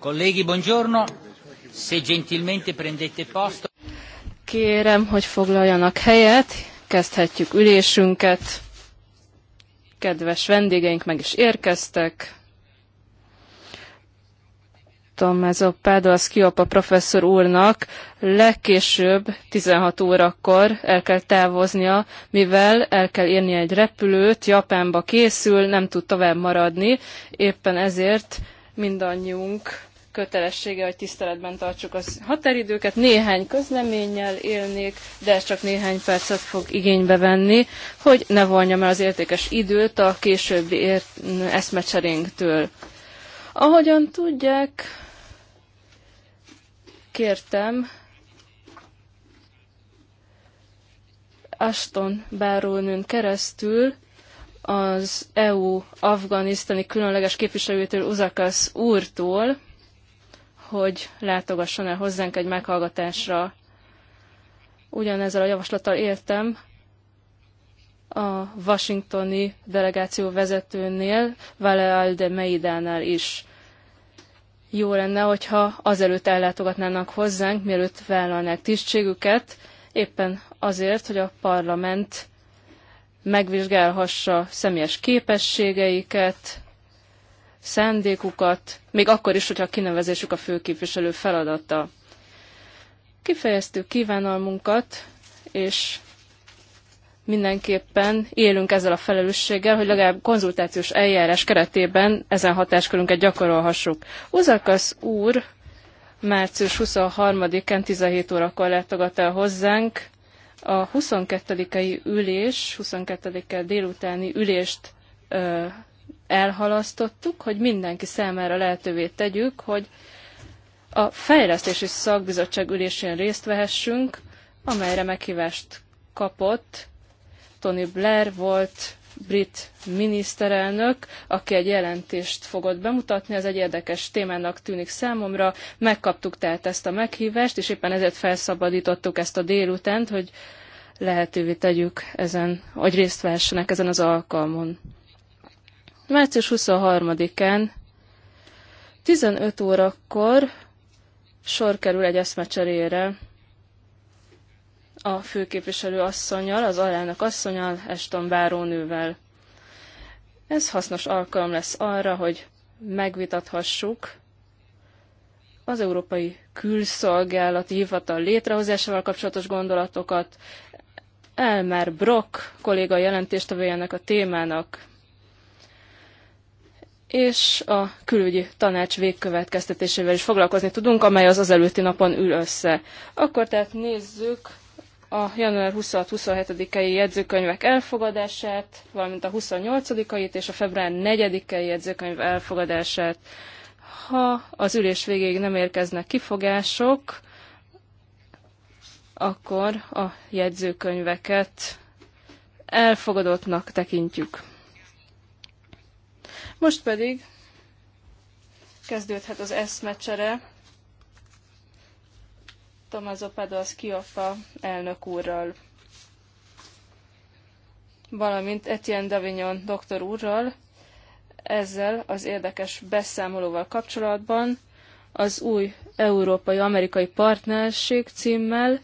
Colleghi, buongiorno. Se gentilmente prendete posto. Kérem, hogy foglaljanak helyet, kezdhetjük ülésünket. Kedves vendégeink meg is érkeztek. Tomázó Pádosz Kiopa professzor úrnak legkésőbb 16 órakor el kell távoznia, mivel el kell érni egy repülőt, Japánba készül, nem tud tovább maradni, éppen ezért mindannyiunk kötelessége, hogy tiszteletben tartsuk a határidőket. Néhány közleménnyel élnék, de ez csak néhány percet fog igénybe venni, hogy ne vonjam el az értékes időt a későbbi ért, eszmecserénktől. Ahogyan tudják, kértem Aston Bárónőn keresztül, az EU afganisztani különleges képviselőjétől Uzakasz úrtól, hogy látogasson el hozzánk egy meghallgatásra. Ugyanezzel a javaslattal éltem a washingtoni delegáció vezetőnél, Vale alde Meidánál is. Jó lenne, hogyha azelőtt ellátogatnának hozzánk, mielőtt vállalnák tisztségüket, éppen azért, hogy a parlament megvizsgálhassa személyes képességeiket, szándékukat, még akkor is, hogyha a kinevezésük a főképviselő feladata. Kifejeztük kívánalmunkat, és mindenképpen élünk ezzel a felelősséggel, hogy legalább konzultációs eljárás keretében ezen hatáskörünket gyakorolhassuk. Uzakasz úr március 23-án 17 órakor látogat el hozzánk. A 22-i ülés, 22-e délutáni ülést elhalasztottuk, hogy mindenki számára lehetővé tegyük, hogy a fejlesztési szakbizottság ülésén részt vehessünk, amelyre meghívást kapott Tony Blair volt brit miniszterelnök, aki egy jelentést fogott bemutatni, ez egy érdekes témának tűnik számomra. Megkaptuk tehát ezt a meghívást, és éppen ezért felszabadítottuk ezt a délutánt, hogy lehetővé tegyük ezen, hogy részt vehessenek ezen az alkalmon. Március 23-án 15 órakor sor kerül egy eszmecserére a főképviselő asszonyal, az alelnök asszonyal, Eston Bárónővel. Ez hasznos alkalom lesz arra, hogy megvitathassuk az Európai Külszolgálati Hivatal létrehozásával kapcsolatos gondolatokat. Elmer Brock kolléga jelentést ennek a témának és a külügyi tanács végkövetkeztetésével is foglalkozni tudunk, amely az az előtti napon ül össze. Akkor tehát nézzük a január 26-27-i jegyzőkönyvek elfogadását, valamint a 28-ait és a február 4-i jegyzőkönyv elfogadását. Ha az ülés végéig nem érkeznek kifogások, akkor a jegyzőkönyveket elfogadottnak tekintjük. Most pedig kezdődhet az eszmecsere Tomazo Pedas Kiafa elnök úrral, valamint Etienne Davignon doktor úrral, ezzel az érdekes beszámolóval kapcsolatban az új európai-amerikai partnerség címmel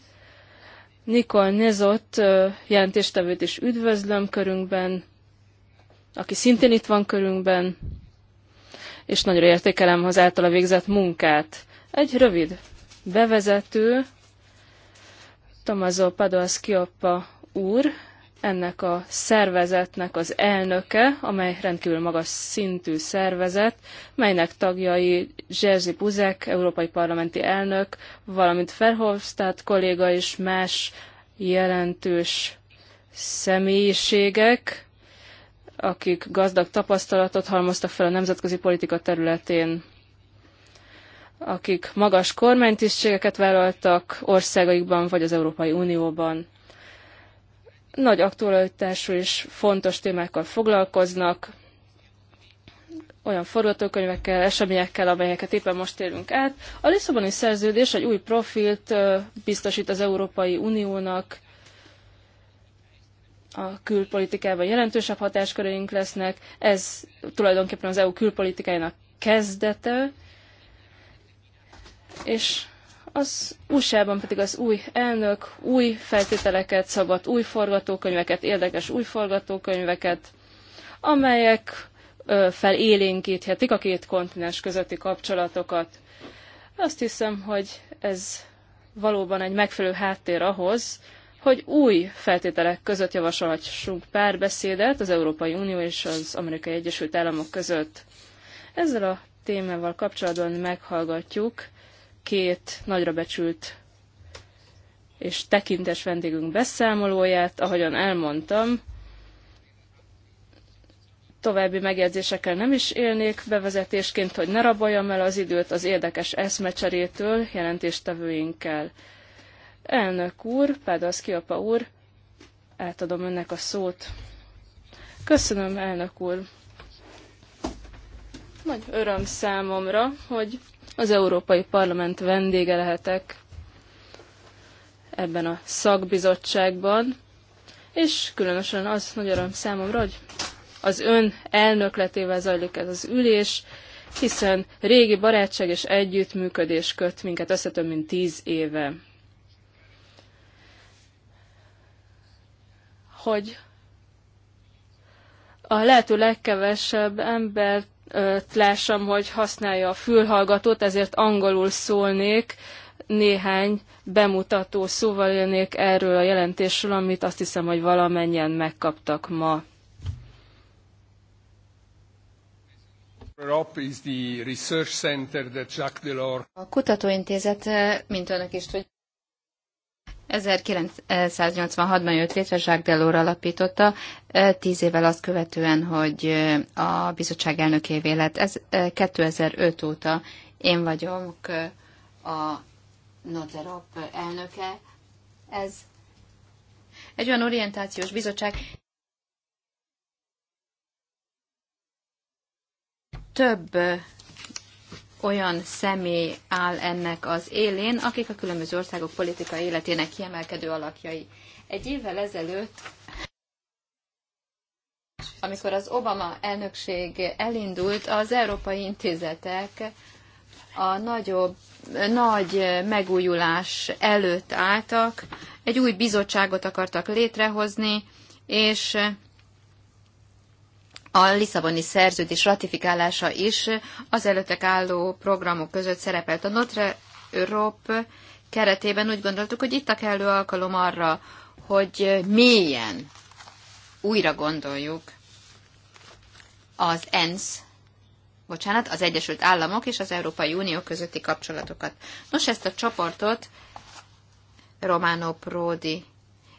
Nikol Nezott jelentéstevőt is üdvözlöm körünkben, aki szintén itt van körünkben, és nagyra értékelem az általa végzett munkát. Egy rövid bevezető, Tomazó Padoas Kioppa úr, ennek a szervezetnek az elnöke, amely rendkívül magas szintű szervezet, melynek tagjai Jerzy Buzek, európai parlamenti elnök, valamint Ferhofstadt kolléga és más jelentős személyiségek, akik gazdag tapasztalatot halmoztak fel a nemzetközi politika területén, akik magas kormánytisztségeket vállaltak országaikban vagy az Európai Unióban. Nagy aktualitású és fontos témákkal foglalkoznak, olyan forgatókönyvekkel, eseményekkel, amelyeket éppen most élünk át. A Lisszaboni szerződés egy új profilt biztosít az Európai Uniónak, a külpolitikában jelentősebb hatásköreink lesznek. Ez tulajdonképpen az EU külpolitikájának kezdete, és az USA-ban pedig az új elnök új feltételeket szabott, új forgatókönyveket, érdekes új forgatókönyveket, amelyek felélénkíthetik a két kontinens közötti kapcsolatokat. Azt hiszem, hogy ez valóban egy megfelelő háttér ahhoz, hogy új feltételek között javasolhassunk párbeszédet az Európai Unió és az Amerikai Egyesült Államok között. Ezzel a témával kapcsolatban meghallgatjuk két nagyra becsült és tekintes vendégünk beszámolóját, ahogyan elmondtam, további megjegyzésekkel nem is élnék bevezetésként, hogy ne raboljam el az időt az érdekes eszmecserétől jelentéstevőinkkel. Elnök úr, Pádaszki apa úr, átadom önnek a szót. Köszönöm, elnök úr. Nagy öröm számomra, hogy az Európai Parlament vendége lehetek ebben a szakbizottságban, és különösen az nagy öröm számomra, hogy az ön elnökletével zajlik ez az ülés, hiszen régi barátság és együttműködés köt minket össze több mint tíz éve. hogy a lehető legkevesebb embert lássam, hogy használja a fülhallgatót, ezért angolul szólnék, néhány bemutató szóval jönnék erről a jelentésről, amit azt hiszem, hogy valamennyien megkaptak ma. A kutatóintézet, mint önök is tudják, 1986-ban jött létre, Jacques Delors alapította, tíz évvel azt követően, hogy a bizottság elnökévé lett. Ez 2005 óta én vagyok a Noterop elnöke. Ez egy olyan orientációs bizottság, több olyan személy áll ennek az élén, akik a különböző országok politikai életének kiemelkedő alakjai. Egy évvel ezelőtt, amikor az Obama elnökség elindult, az európai intézetek a nagyobb, nagy megújulás előtt álltak, egy új bizottságot akartak létrehozni, és a Lisszaboni szerződés ratifikálása is az előttek álló programok között szerepelt. A Notre Europe keretében úgy gondoltuk, hogy itt a kellő alkalom arra, hogy mélyen újra gondoljuk az ENSZ, bocsánat, az Egyesült Államok és az Európai Unió közötti kapcsolatokat. Nos, ezt a csoportot Romano Prodi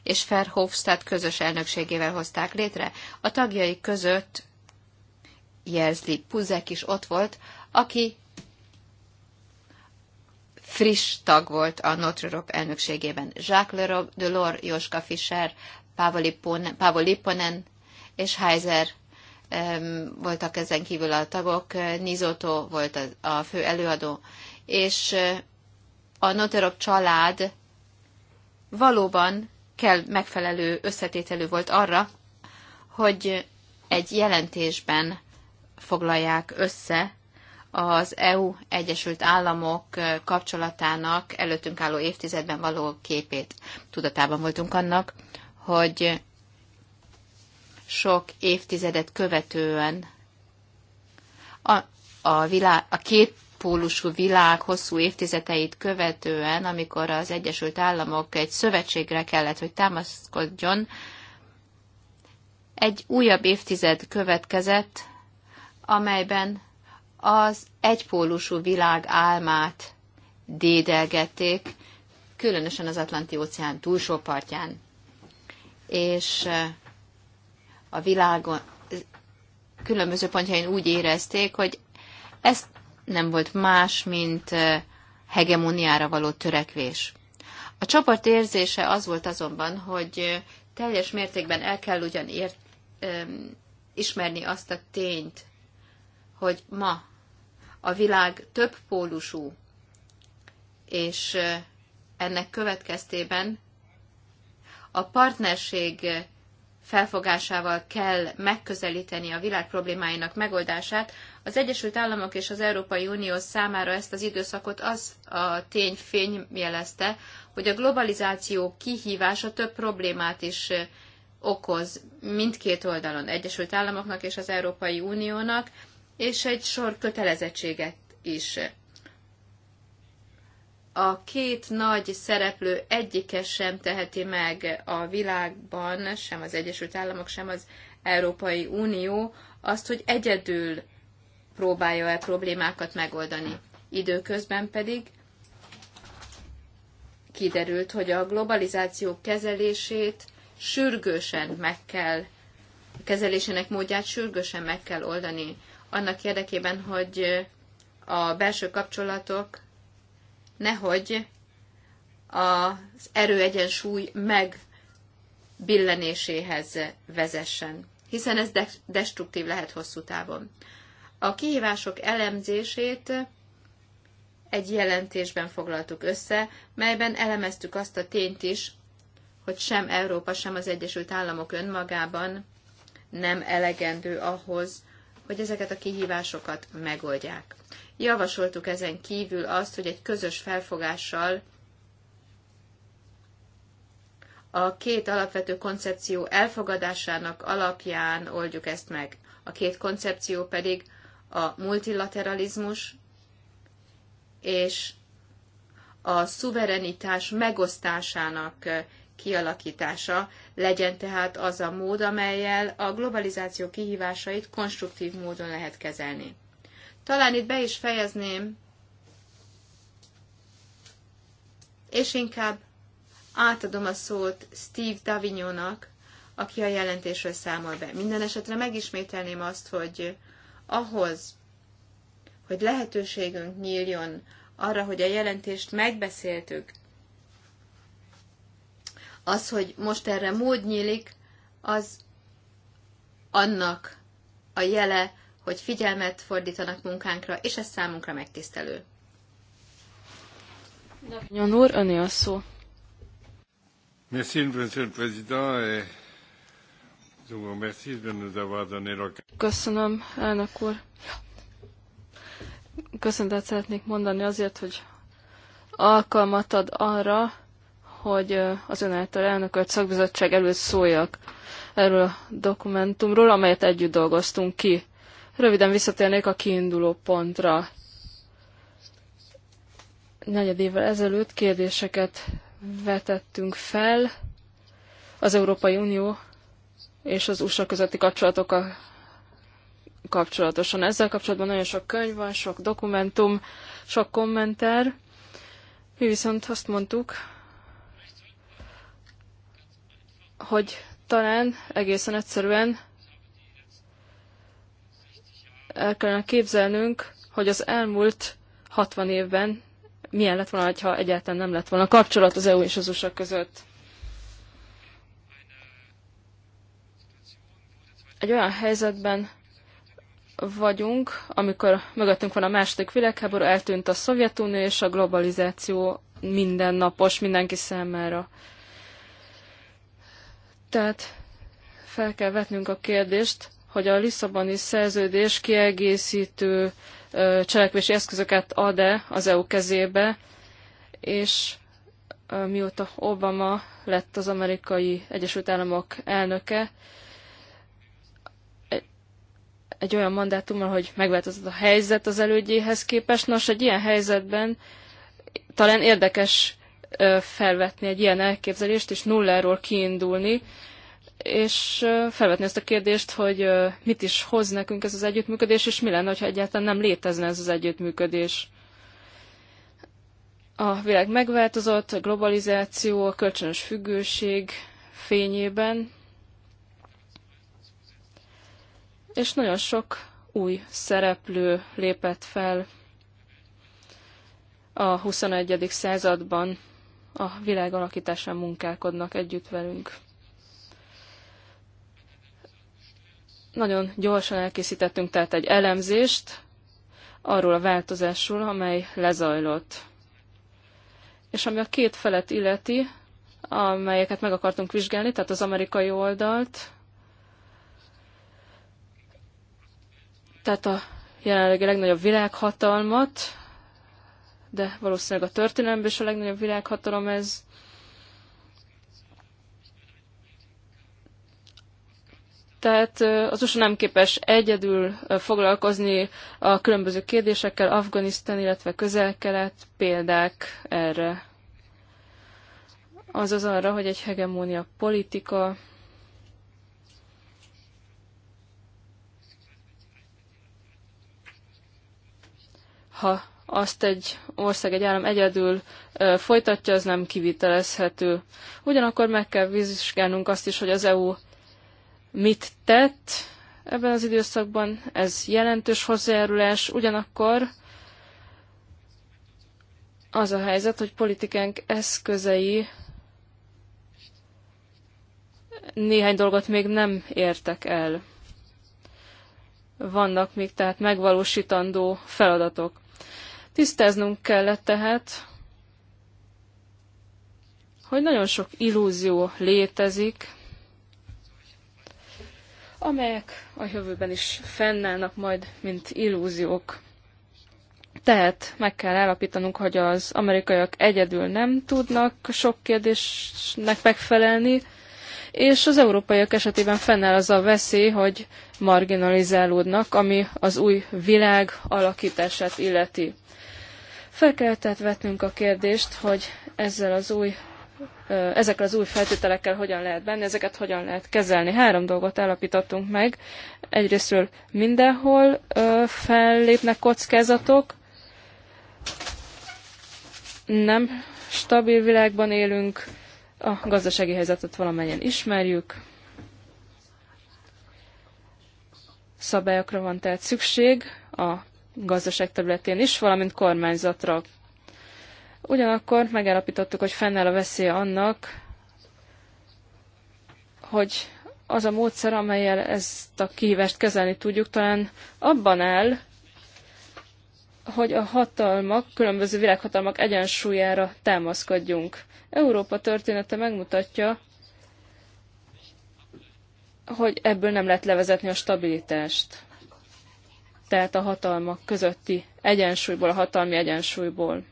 és Verhofstadt közös elnökségével hozták létre. A tagjai között Jelzli Puzek is ott volt, aki friss tag volt a Notre dame elnökségében. Jacques Delors, Joska Fischer, Pavo Lipponen és Heiser voltak ezen kívül a tagok, Nizoto volt a fő előadó, és eh, a Notre-Dame család valóban kell megfelelő összetételű volt arra, hogy egy jelentésben foglalják össze az EU Egyesült Államok kapcsolatának előttünk álló évtizedben való képét. Tudatában voltunk annak, hogy sok évtizedet követően a, a, világ, a két pólusú világ hosszú évtizedeit követően, amikor az Egyesült Államok egy szövetségre kellett, hogy támaszkodjon, egy újabb évtized következett, amelyben az egypólusú világ álmát dédelgették, különösen az Atlanti-óceán túlsó partján. És eh, a világon eh, különböző pontjain úgy érezték, hogy ezt nem volt más, mint hegemoniára való törekvés. A csapat érzése az volt azonban, hogy teljes mértékben el kell ugyan ért, ismerni azt a tényt, hogy ma a világ több pólusú, és ennek következtében a partnerség felfogásával kell megközelíteni a világ problémáinak megoldását, az Egyesült Államok és az Európai Unió számára ezt az időszakot az a tény fényjelezte, hogy a globalizáció kihívása több problémát is okoz mindkét oldalon, Egyesült Államoknak és az Európai Uniónak, és egy sor kötelezettséget is. A két nagy szereplő egyike sem teheti meg a világban, sem az Egyesült Államok, sem az Európai Unió azt, hogy egyedül próbálja-e problémákat megoldani. Időközben pedig kiderült, hogy a globalizáció kezelését sürgősen meg kell, a kezelésének módját sürgősen meg kell oldani, annak érdekében, hogy a belső kapcsolatok nehogy az erőegyensúly billenéséhez vezessen, hiszen ez destruktív lehet hosszú távon. A kihívások elemzését egy jelentésben foglaltuk össze, melyben elemeztük azt a tényt is, hogy sem Európa, sem az Egyesült Államok önmagában nem elegendő ahhoz, hogy ezeket a kihívásokat megoldják. Javasoltuk ezen kívül azt, hogy egy közös felfogással a két alapvető koncepció elfogadásának alapján oldjuk ezt meg. A két koncepció pedig a multilateralizmus és a szuverenitás megosztásának eh, kialakítása legyen tehát az a mód, amelyel a globalizáció kihívásait konstruktív módon lehet kezelni. Talán itt be is fejezném, és inkább átadom a szót Steve Davignonnak, aki a jelentésről számol be. Minden esetre megismételném azt, hogy ahhoz, hogy lehetőségünk nyíljon arra, hogy a jelentést megbeszéltük, az, hogy most erre mód nyílik, az annak a jele, hogy figyelmet fordítanak munkánkra, és ez számunkra megtisztelő. Nyon úr, öné a szó. Merci, monsieur le président, et Köszönöm, elnök úr. Köszönetet szeretnék mondani azért, hogy alkalmat ad arra, hogy az ön által elnökölt szakbizottság előtt szóljak erről a dokumentumról, amelyet együtt dolgoztunk ki. Röviden visszatérnék a kiinduló pontra. Negyed évvel ezelőtt kérdéseket vetettünk fel az Európai Unió és az USA közötti kapcsolatok a kapcsolatosan. Ezzel kapcsolatban nagyon sok könyv van, sok dokumentum, sok kommentár. Mi viszont azt mondtuk, hogy talán egészen egyszerűen el kellene képzelnünk, hogy az elmúlt 60 évben milyen lett volna, ha egyáltalán nem lett volna kapcsolat az EU és az USA között. egy olyan helyzetben vagyunk, amikor mögöttünk van a második világháború, eltűnt a Szovjetunió és a globalizáció mindennapos mindenki számára. Tehát fel kell vetnünk a kérdést, hogy a Lisszaboni szerződés kiegészítő cselekvési eszközöket ad-e az EU kezébe, és mióta Obama lett az amerikai Egyesült Államok elnöke, egy olyan mandátummal, hogy megváltozott a helyzet az elődjéhez képest. Nos, egy ilyen helyzetben talán érdekes felvetni egy ilyen elképzelést, és nulláról kiindulni, és felvetni ezt a kérdést, hogy mit is hoz nekünk ez az együttműködés, és mi lenne, ha egyáltalán nem létezne ez az együttműködés. A világ megváltozott, a globalizáció, a kölcsönös függőség fényében, és nagyon sok új szereplő lépett fel a 21. században a világ alakításán munkálkodnak együtt velünk. Nagyon gyorsan elkészítettünk tehát egy elemzést arról a változásról, amely lezajlott. És ami a két felet illeti, amelyeket meg akartunk vizsgálni, tehát az amerikai oldalt, tehát a a legnagyobb világhatalmat, de valószínűleg a történelemben is a legnagyobb világhatalom ez. Tehát az USA nem képes egyedül foglalkozni a különböző kérdésekkel, Afganisztán, illetve közel-kelet példák erre. Azaz arra, hogy egy hegemónia politika ha azt egy ország, egy állam egyedül folytatja, az nem kivitelezhető. Ugyanakkor meg kell vizsgálnunk azt is, hogy az EU mit tett ebben az időszakban, ez jelentős hozzájárulás, ugyanakkor az a helyzet, hogy politikánk eszközei néhány dolgot még nem értek el. Vannak még tehát megvalósítandó feladatok. Tisztáznunk kellett tehát, hogy nagyon sok illúzió létezik, amelyek a jövőben is fennállnak majd, mint illúziók. Tehát meg kell állapítanunk, hogy az amerikaiak egyedül nem tudnak sok kérdésnek megfelelni, és az európaiak esetében fennáll az a veszély, hogy marginalizálódnak, ami az új világ alakítását illeti. Fel kell tehát vetnünk a kérdést, hogy ezzel az új ezekkel az új feltételekkel hogyan lehet benne, ezeket hogyan lehet kezelni. Három dolgot állapítottunk meg. Egyrésztről mindenhol fellépnek kockázatok, nem stabil világban élünk, a gazdasági helyzetet valamennyien ismerjük, szabályokra van tehát szükség a gazdaság területén is, valamint kormányzatra. Ugyanakkor megállapítottuk, hogy fennáll a veszélye annak, hogy az a módszer, amelyel ezt a kihívást kezelni tudjuk, talán abban áll, hogy a hatalmak, különböző világhatalmak egyensúlyára támaszkodjunk. Európa története megmutatja, hogy ebből nem lehet levezetni a stabilitást tehát a hatalmak közötti egyensúlyból, a hatalmi egyensúlyból.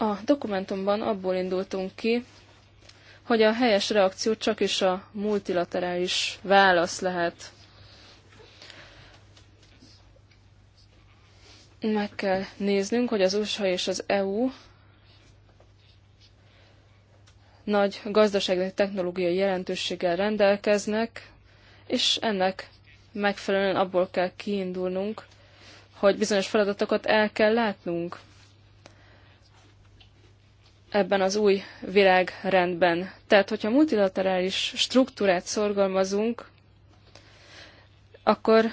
A dokumentumban abból indultunk ki, hogy a helyes reakció csak is a multilaterális válasz lehet. Meg kell néznünk, hogy az USA és az EU nagy gazdasági technológiai jelentőséggel rendelkeznek, és ennek megfelelően abból kell kiindulnunk, hogy bizonyos feladatokat el kell látnunk ebben az új világrendben. Tehát, hogyha multilaterális struktúrát szorgalmazunk, akkor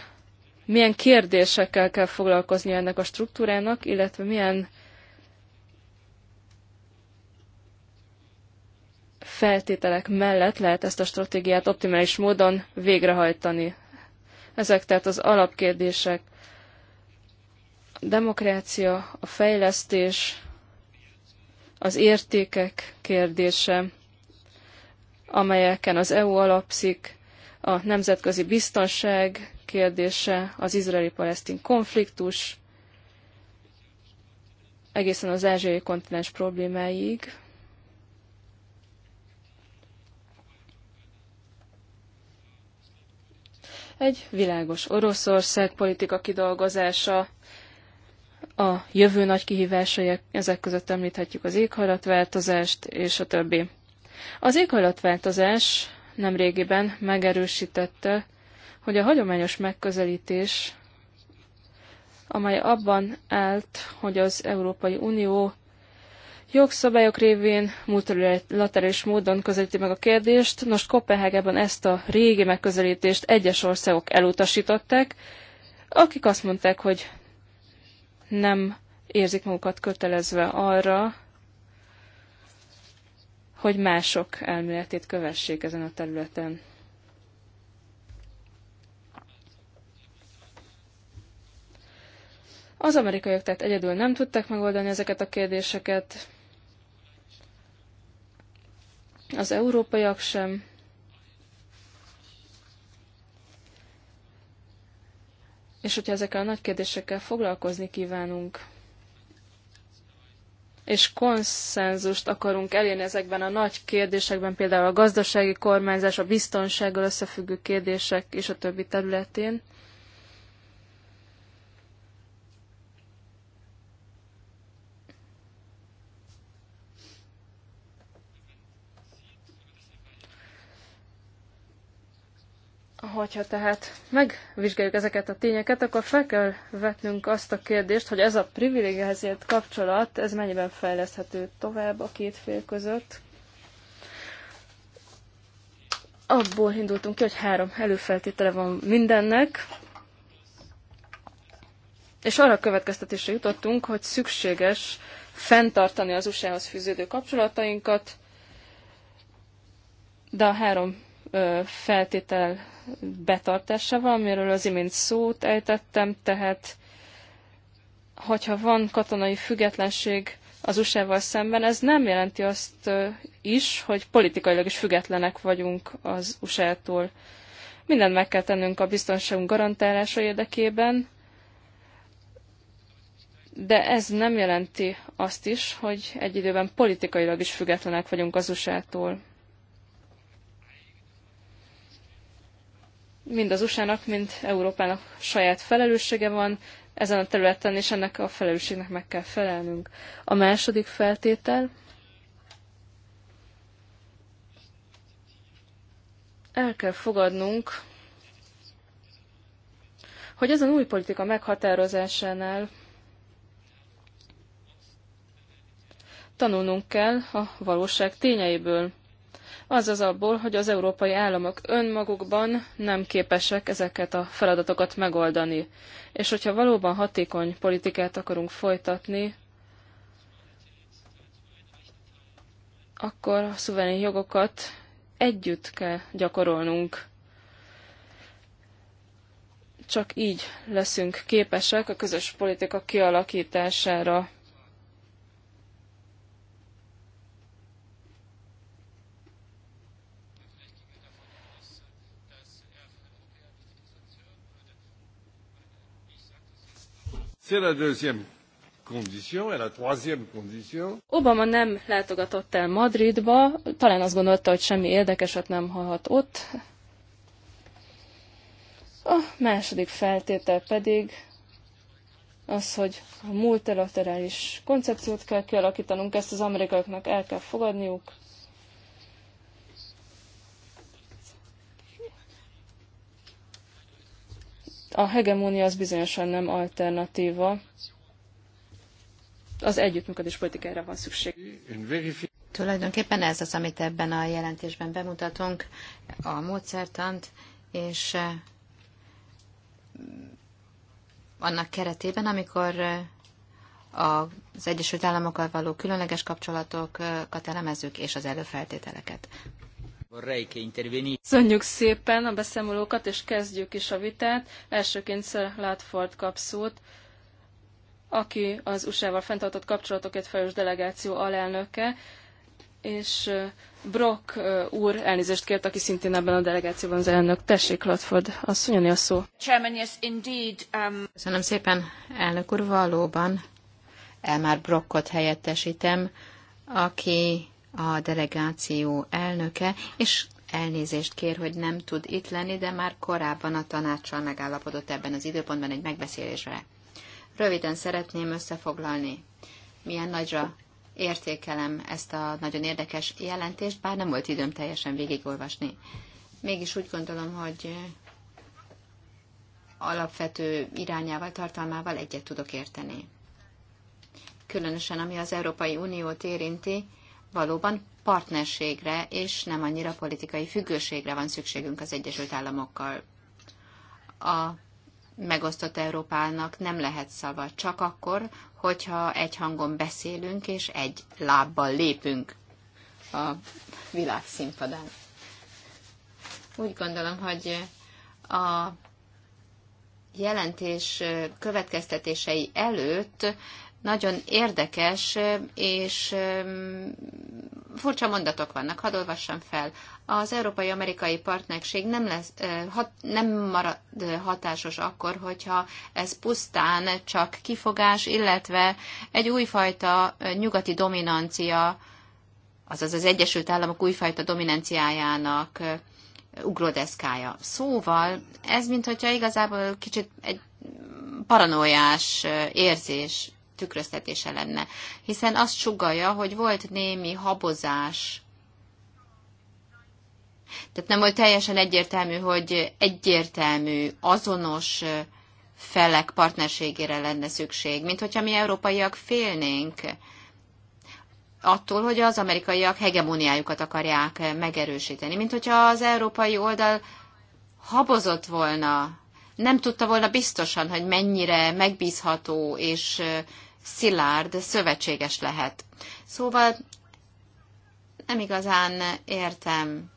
milyen kérdésekkel kell foglalkozni ennek a struktúrának, illetve milyen feltételek mellett lehet ezt a stratégiát optimális módon végrehajtani. Ezek tehát az alapkérdések. A demokrácia, a fejlesztés, az értékek kérdése, amelyeken az EU alapszik, a nemzetközi biztonság kérdése, az izraeli-palesztin konfliktus, egészen az ázsiai kontinens problémáig, egy világos Oroszország politika kidolgozása, a jövő nagy kihívásai, ezek között említhetjük az éghajlatváltozást és a többi. Az éghajlatváltozás nemrégiben megerősítette, hogy a hagyományos megközelítés, amely abban állt, hogy az Európai Unió jogszabályok révén multilaterális módon közelíti meg a kérdést. Nos, Kopenhágában ezt a régi megközelítést egyes országok elutasították, akik azt mondták, hogy nem érzik magukat kötelezve arra, hogy mások elméletét kövessék ezen a területen. Az amerikaiak tehát egyedül nem tudták megoldani ezeket a kérdéseket, az európaiak sem. És hogyha ezekkel a nagy kérdésekkel foglalkozni kívánunk, és konszenzust akarunk elérni ezekben a nagy kérdésekben, például a gazdasági kormányzás, a biztonsággal összefüggő kérdések és a többi területén, Hogyha tehát megvizsgáljuk ezeket a tényeket, akkor fel kell vetnünk azt a kérdést, hogy ez a privilégiázott kapcsolat, ez mennyiben fejleszthető tovább a két fél között. Abból indultunk ki, hogy három előfeltétele van mindennek, és arra következtetésre jutottunk, hogy szükséges fenntartani az USA-hoz fűződő kapcsolatainkat, de a három feltétel betartásával, amiről az imént szót ejtettem, tehát hogyha van katonai függetlenség az USA-val szemben, ez nem jelenti azt is, hogy politikailag is függetlenek vagyunk az USA-tól. Mindent meg kell tennünk a biztonságunk garantálása érdekében, de ez nem jelenti azt is, hogy egy időben politikailag is függetlenek vagyunk az USA-tól. mind az USA-nak, mind Európának saját felelőssége van ezen a területen, és ennek a felelősségnek meg kell felelnünk. A második feltétel, el kell fogadnunk, hogy ezen új politika meghatározásánál tanulnunk kell a valóság tényeiből azaz abból, hogy az európai államok önmagukban nem képesek ezeket a feladatokat megoldani. És hogyha valóban hatékony politikát akarunk folytatni, akkor a szuverén jogokat együtt kell gyakorolnunk. Csak így leszünk képesek a közös politika kialakítására. C'est la deuxième condition, et la troisième condition. Obama nem látogatott el Madridba, talán azt gondolta, hogy semmi érdekeset nem hallhat ott. A második feltétel pedig az, hogy a multilaterális koncepciót kell kialakítanunk, ezt az amerikaiaknak el kell fogadniuk, A hegemónia az bizonyosan nem alternatíva. Az együttműködés politikára van szükség. Tulajdonképpen ez az, amit ebben a jelentésben bemutatunk, a módszertant, és eh, annak keretében, amikor eh, az Egyesült Államokkal való különleges kapcsolatokat elemezzük, és az előfeltételeket. Köszönjük szépen a beszámolókat, és kezdjük is a vitát. Elsőként Sir Látford kap szót, aki az USA-val fenntartott kapcsolatokért felelős delegáció alelnöke, és Brock úr elnézést kért, aki szintén ebben a delegációban az elnök. Tessék, Latford, asszonyani a szó. Chairman, yes, indeed, um, Köszönöm szépen, elnök úr, valóban Elmar Brockot helyettesítem, aki a delegáció elnöke, és elnézést kér, hogy nem tud itt lenni, de már korábban a tanácssal megállapodott ebben az időpontban egy megbeszélésre. Röviden szeretném összefoglalni, milyen nagyra értékelem ezt a nagyon érdekes jelentést, bár nem volt időm teljesen végigolvasni. Mégis úgy gondolom, hogy alapvető irányával, tartalmával egyet tudok érteni. Különösen ami az Európai Uniót érinti, valóban partnerségre és nem annyira politikai függőségre van szükségünk az Egyesült Államokkal. A megosztott Európának nem lehet szava, csak akkor, hogyha egy hangon beszélünk és egy lábbal lépünk a világ színpadán. Úgy gondolom, hogy a jelentés következtetései előtt nagyon érdekes, és furcsa mondatok vannak, hadd olvassam fel. Az Európai-Amerikai Partnerség nem, lesz, eh, hat, nem marad eh, hatásos akkor, hogyha ez pusztán csak kifogás, illetve egy újfajta eh, nyugati dominancia, azaz az Egyesült Államok újfajta dominanciájának ugródeszkája. Szóval ez, mintha igazából kicsit egy paranoiás érzés tükröztetése lenne, hiszen azt sugalja, hogy volt némi habozás. Tehát nem volt teljesen egyértelmű, hogy egyértelmű, azonos felek partnerségére lenne szükség, mint hogyha mi európaiak félnénk attól, hogy az amerikaiak hegemóniájukat akarják megerősíteni, mint hogyha az európai oldal habozott volna, nem tudta volna biztosan, hogy mennyire megbízható és szilárd szövetséges lehet. Szóval nem igazán értem.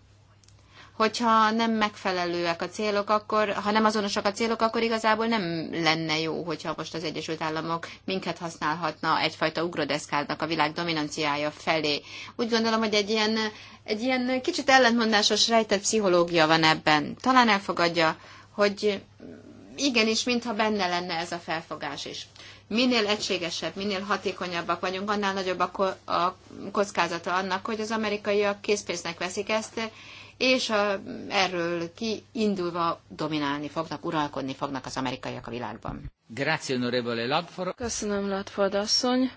Hogyha nem megfelelőek a célok, akkor, ha nem azonosak a célok, akkor igazából nem lenne jó, hogyha most az Egyesült Államok minket használhatna egyfajta ugrodeszkádnak a világ dominanciája felé. Úgy gondolom, hogy egy ilyen, egy ilyen kicsit ellentmondásos rejtett pszichológia van ebben. Talán elfogadja, hogy igenis, mintha benne lenne ez a felfogás is minél egységesebb, minél hatékonyabbak vagyunk, annál nagyobb a, ko- a kockázata annak, hogy az amerikaiak készpénznek veszik ezt, és a, erről kiindulva dominálni fognak, uralkodni fognak az amerikaiak a világban. Köszönöm, Latford asszony.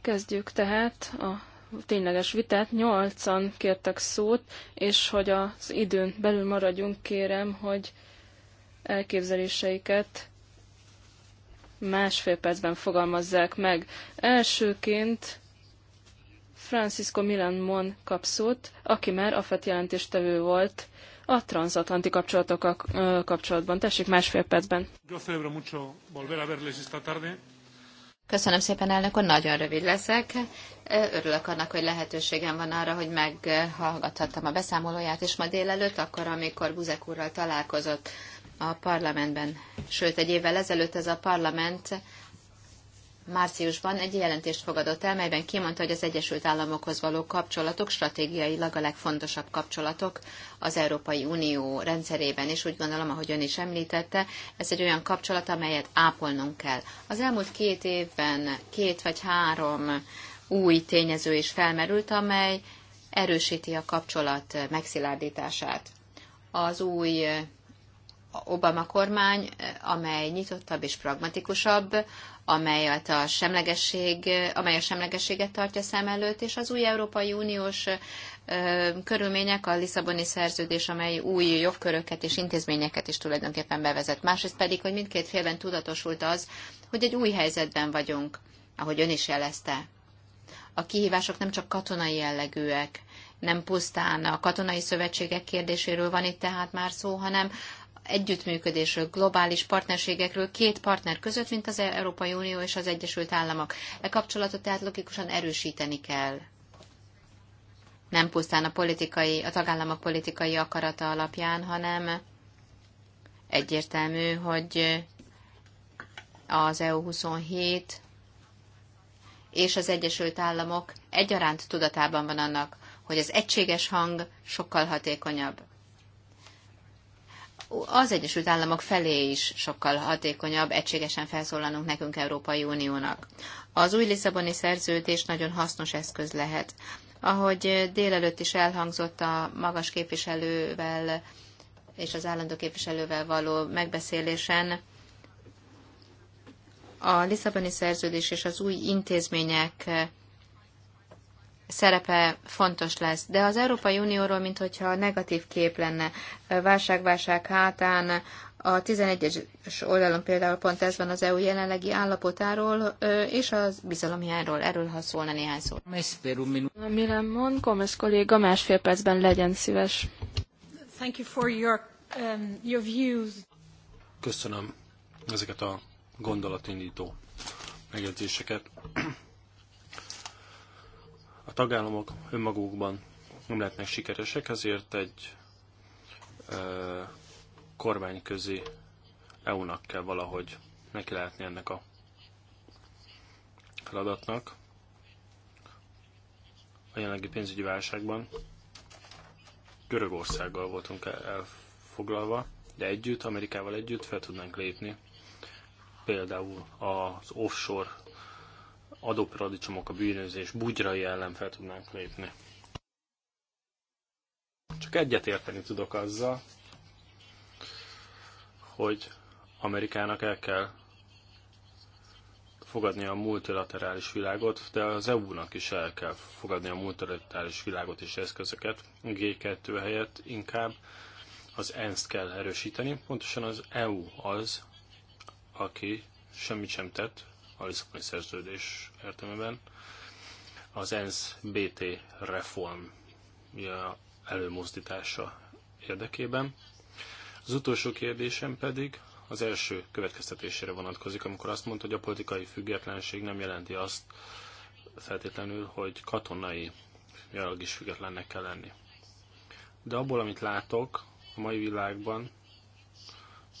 Kezdjük tehát a tényleges vitát. Nyolcan kértek szót, és hogy az időn belül maradjunk, kérem, hogy elképzeléseiket másfél percben fogalmazzák meg. Elsőként Francisco Milan Mon kap szót, aki már AFET jelentéstevő volt a transatlanti kapcsolatokkal kapcsolatban. Tessék másfél percben. Köszönöm szépen, elnök úr, nagyon rövid leszek. Örülök annak, hogy lehetőségem van arra, hogy meghallgathattam a beszámolóját, és ma délelőtt, akkor, amikor Buzek úrral találkozott, a parlamentben. Sőt, egy évvel ezelőtt ez a parlament márciusban egy jelentést fogadott el, melyben kimondta, hogy az Egyesült Államokhoz való kapcsolatok stratégiailag a legfontosabb kapcsolatok az Európai Unió rendszerében, és úgy gondolom, ahogy ön is említette, ez egy olyan kapcsolat, amelyet ápolnunk kell. Az elmúlt két évben két vagy három új tényező is felmerült, amely erősíti a kapcsolat megszilárdítását. Az új Obama kormány, amely nyitottabb és pragmatikusabb, amely a semlegesség, amely a semlegességet tartja szem előtt, és az új Európai Uniós körülmények, a Lisszaboni szerződés, amely új jogköröket és intézményeket is tulajdonképpen bevezet. Másrészt pedig, hogy mindkét félben tudatosult az, hogy egy új helyzetben vagyunk, ahogy ön is jelezte. A kihívások nem csak katonai jellegűek, nem pusztán a katonai szövetségek kérdéséről van itt tehát már szó, hanem együttműködésről, globális partnerségekről két partner között, mint az Európai Unió és az Egyesült Államok. E kapcsolatot tehát logikusan erősíteni kell. Nem pusztán a politikai, a tagállamok politikai akarata alapján, hanem egyértelmű, hogy az EU27 és az Egyesült Államok egyaránt tudatában van annak, hogy az egységes hang sokkal hatékonyabb az Egyesült Államok felé is sokkal hatékonyabb, egységesen felszólalnunk nekünk Európai Uniónak. Az új Lisszaboni szerződés nagyon hasznos eszköz lehet. Ahogy délelőtt is elhangzott a magas képviselővel és az állandó képviselővel való megbeszélésen, a Lisszaboni szerződés és az új intézmények szerepe fontos lesz. De az Európai Unióról, mint hogyha negatív kép lenne, válság-válság hátán, a 11-es oldalon például pont ez van az EU jelenlegi állapotáról és az bizalomhiányról. Erről, ha szólna néhány szó. Mire mond, Gomez kolléga, másfél percben legyen szíves. Thank you for your, um, your views. Köszönöm ezeket a gondolatindító megjegyzéseket a tagállamok önmagukban nem lehetnek sikeresek, ezért egy ö, kormányközi EU-nak kell valahogy neki látni ennek a feladatnak a jelenlegi pénzügyi válságban. Görögországgal voltunk elfoglalva, de együtt, Amerikával együtt fel tudnánk lépni. Például az offshore adóparadicsomok, a bűnözés bugyrai ellen fel tudnánk lépni. Csak egyet érteni tudok azzal, hogy Amerikának el kell fogadni a multilaterális világot, de az EU-nak is el kell fogadni a multilaterális világot és eszközöket. G2 helyett inkább az ENSZ-t kell erősíteni. Pontosan az EU az, aki semmit sem tett a Lisszaboni szerződés értelmében. Az ENSZ BT reform előmozdítása érdekében. Az utolsó kérdésem pedig az első következtetésére vonatkozik, amikor azt mondta, hogy a politikai függetlenség nem jelenti azt feltétlenül, hogy katonai jelenleg is függetlennek kell lenni. De abból, amit látok a mai világban,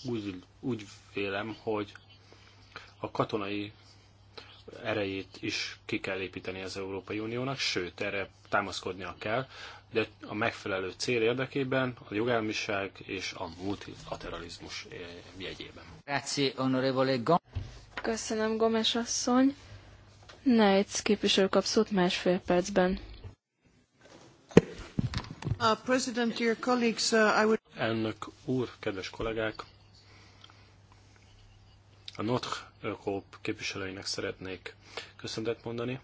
úgy, úgy vélem, hogy a katonai erejét is ki kell építeni az Európai Uniónak, sőt, erre támaszkodnia kell, de a megfelelő cél érdekében a jogállamiság és a multilateralizmus eh, jegyében. Köszönöm, Gomes asszony. Neitz képviselő kap szót másfél percben. Uh, President, colleagues, uh, I would... Elnök úr, kedves kollégák! A Notre Ökóp képviselőinek szeretnék köszöntet mondani,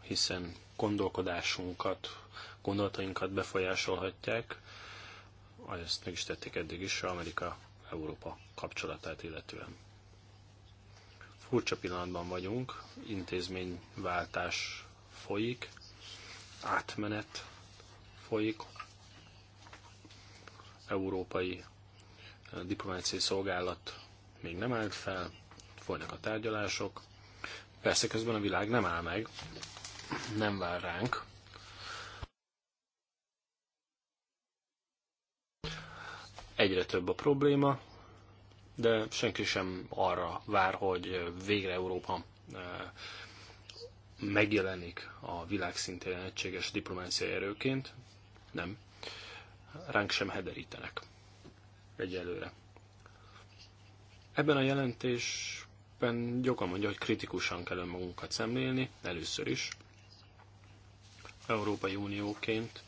hiszen gondolkodásunkat, gondolatainkat befolyásolhatják, ezt meg is tették eddig is, Amerika-Európa kapcsolatát illetően. Furcsa pillanatban vagyunk, intézményváltás folyik, átmenet folyik, európai diplomáciai szolgálat még nem állt fel, folynak a tárgyalások. Persze közben a világ nem áll meg, nem vár ránk. Egyre több a probléma, de senki sem arra vár, hogy végre Európa eh, megjelenik a világ szintén egységes diplomáciai erőként. Nem. Ránk sem hederítenek. Egyelőre. Ebben a jelentésben joga mondja, hogy kritikusan kell önmagunkat szemlélni, először is. Európai Unióként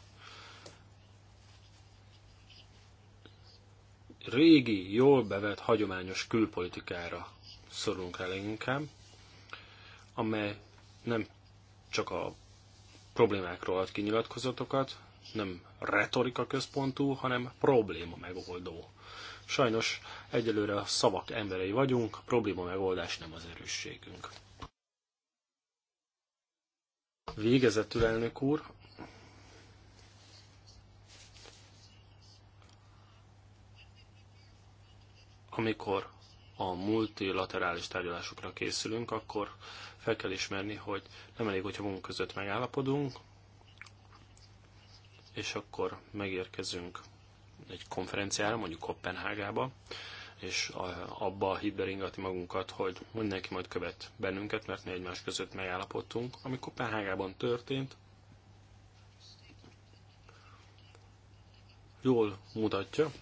régi, jól bevett, hagyományos külpolitikára szorulunk rá leginkább, amely nem csak a problémákról ad kinyilatkozatokat, nem retorika központú, hanem probléma megoldó Sajnos egyelőre a szavak emberei vagyunk, a probléma megoldás nem az erősségünk. Végezetül elnök úr, amikor a multilaterális tárgyalásokra készülünk, akkor fel kell ismerni, hogy nem elég, hogyha magunk között megállapodunk, és akkor megérkezünk egy konferenciára, mondjuk Kopenhágába, és abba a hitbe ringatni magunkat, hogy mindenki majd követ bennünket, mert mi egymás között megállapodtunk. Ami Kopenhágában történt, jól mutatja,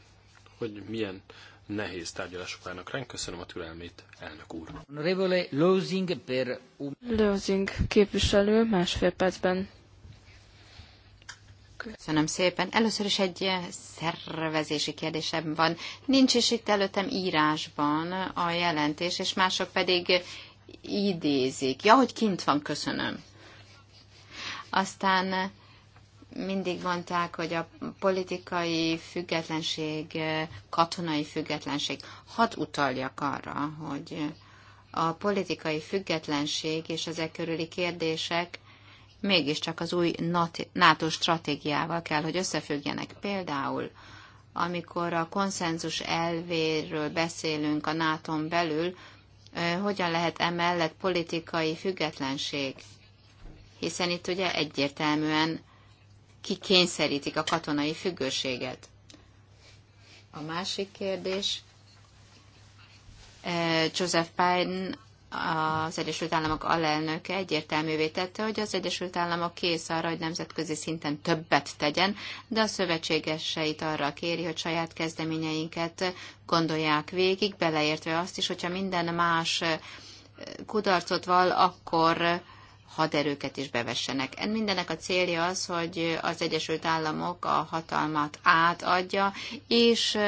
hogy milyen nehéz tárgyalások várnak ránk. Köszönöm a türelmét, elnök úr. Lőzing képviselő másfél percben. Köszönöm szépen. Először is egy szervezési kérdésem van. Nincs is itt előttem írásban a jelentés, és mások pedig idézik. Ja, hogy kint van, köszönöm. Aztán mindig mondták, hogy a politikai függetlenség, katonai függetlenség. Hadd utaljak arra, hogy a politikai függetlenség és ezek körüli kérdések mégiscsak az új NATO stratégiával kell, hogy összefüggjenek. Például, amikor a konszenzus elvéről beszélünk a nato belül, hogyan lehet emellett politikai függetlenség? Hiszen itt ugye egyértelműen kikényszerítik a katonai függőséget. A másik kérdés, Joseph Biden az Egyesült Államok alelnöke egyértelművé tette, hogy az Egyesült Államok kész arra, hogy nemzetközi szinten többet tegyen, de a szövetségeseit arra kéri, hogy saját kezdeményeinket gondolják végig, beleértve azt is, hogyha minden más kudarcot val, akkor haderőket is bevessenek. En mindenek a célja az, hogy az Egyesült Államok a hatalmat átadja, és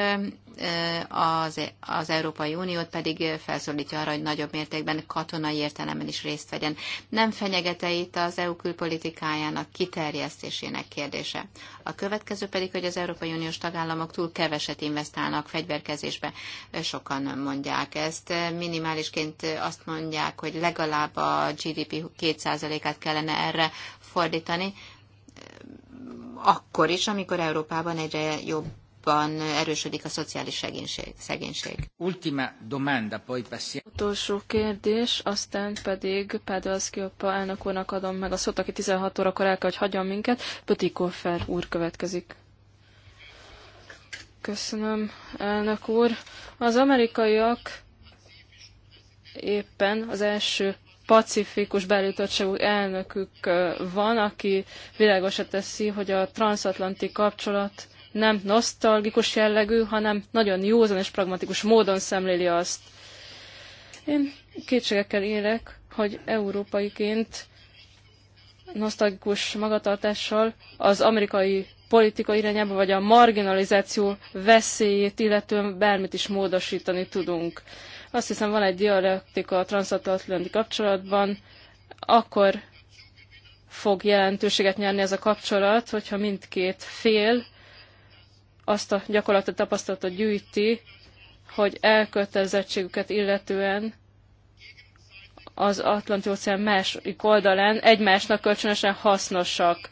az, az Európai Uniót pedig felszólítja arra, hogy nagyobb mértékben katonai értelemben is részt vegyen. Nem fenyegete itt az EU külpolitikájának kiterjesztésének kérdése. A következő pedig, hogy az Európai Uniós tagállamok túl keveset investálnak fegyverkezésbe. Sokan mondják ezt. Minimálisként azt mondják, hogy legalább a GDP 200 százalékát kellene erre fordítani, akkor is, amikor Európában egyre jobban erősödik a szociális segénység, szegénység. Ultima domanda, poi passiamo. Utolsó kérdés, aztán pedig Pádalszki apa, elnök úrnak adom meg a szót, aki 16 órakor el kell, hogy hagyjon minket. Pötikoffer úr következik. Köszönöm, elnök úr. Az amerikaiak éppen az első pacifikus belütöttségű elnökük van, aki világosra teszi, hogy a transatlanti kapcsolat nem nosztalgikus jellegű, hanem nagyon józan és pragmatikus módon szemléli azt. Én kétségekkel élek, hogy európaiként nosztalgikus magatartással az amerikai politika irányába, vagy a marginalizáció veszélyét illetően bármit is módosítani tudunk. Azt hiszem van egy dialektika a transatlanti kapcsolatban, akkor fog jelentőséget nyerni ez a kapcsolat, hogyha mindkét fél azt a gyakorlati tapasztalatot gyűjti, hogy elkötelezettségüket illetően az Atlanti óceán másik oldalán egymásnak kölcsönösen hasznosak.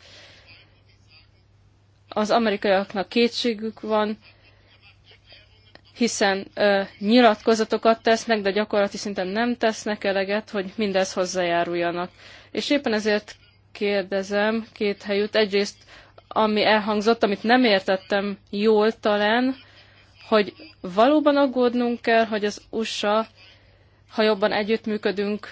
Az amerikaiaknak kétségük van, hiszen ö, nyilatkozatokat tesznek, de gyakorlati szinten nem tesznek eleget, hogy mindez hozzájáruljanak. És éppen ezért kérdezem két helyütt. Egyrészt, ami elhangzott, amit nem értettem jól talán, hogy valóban aggódnunk kell, hogy az USA, ha jobban együttműködünk,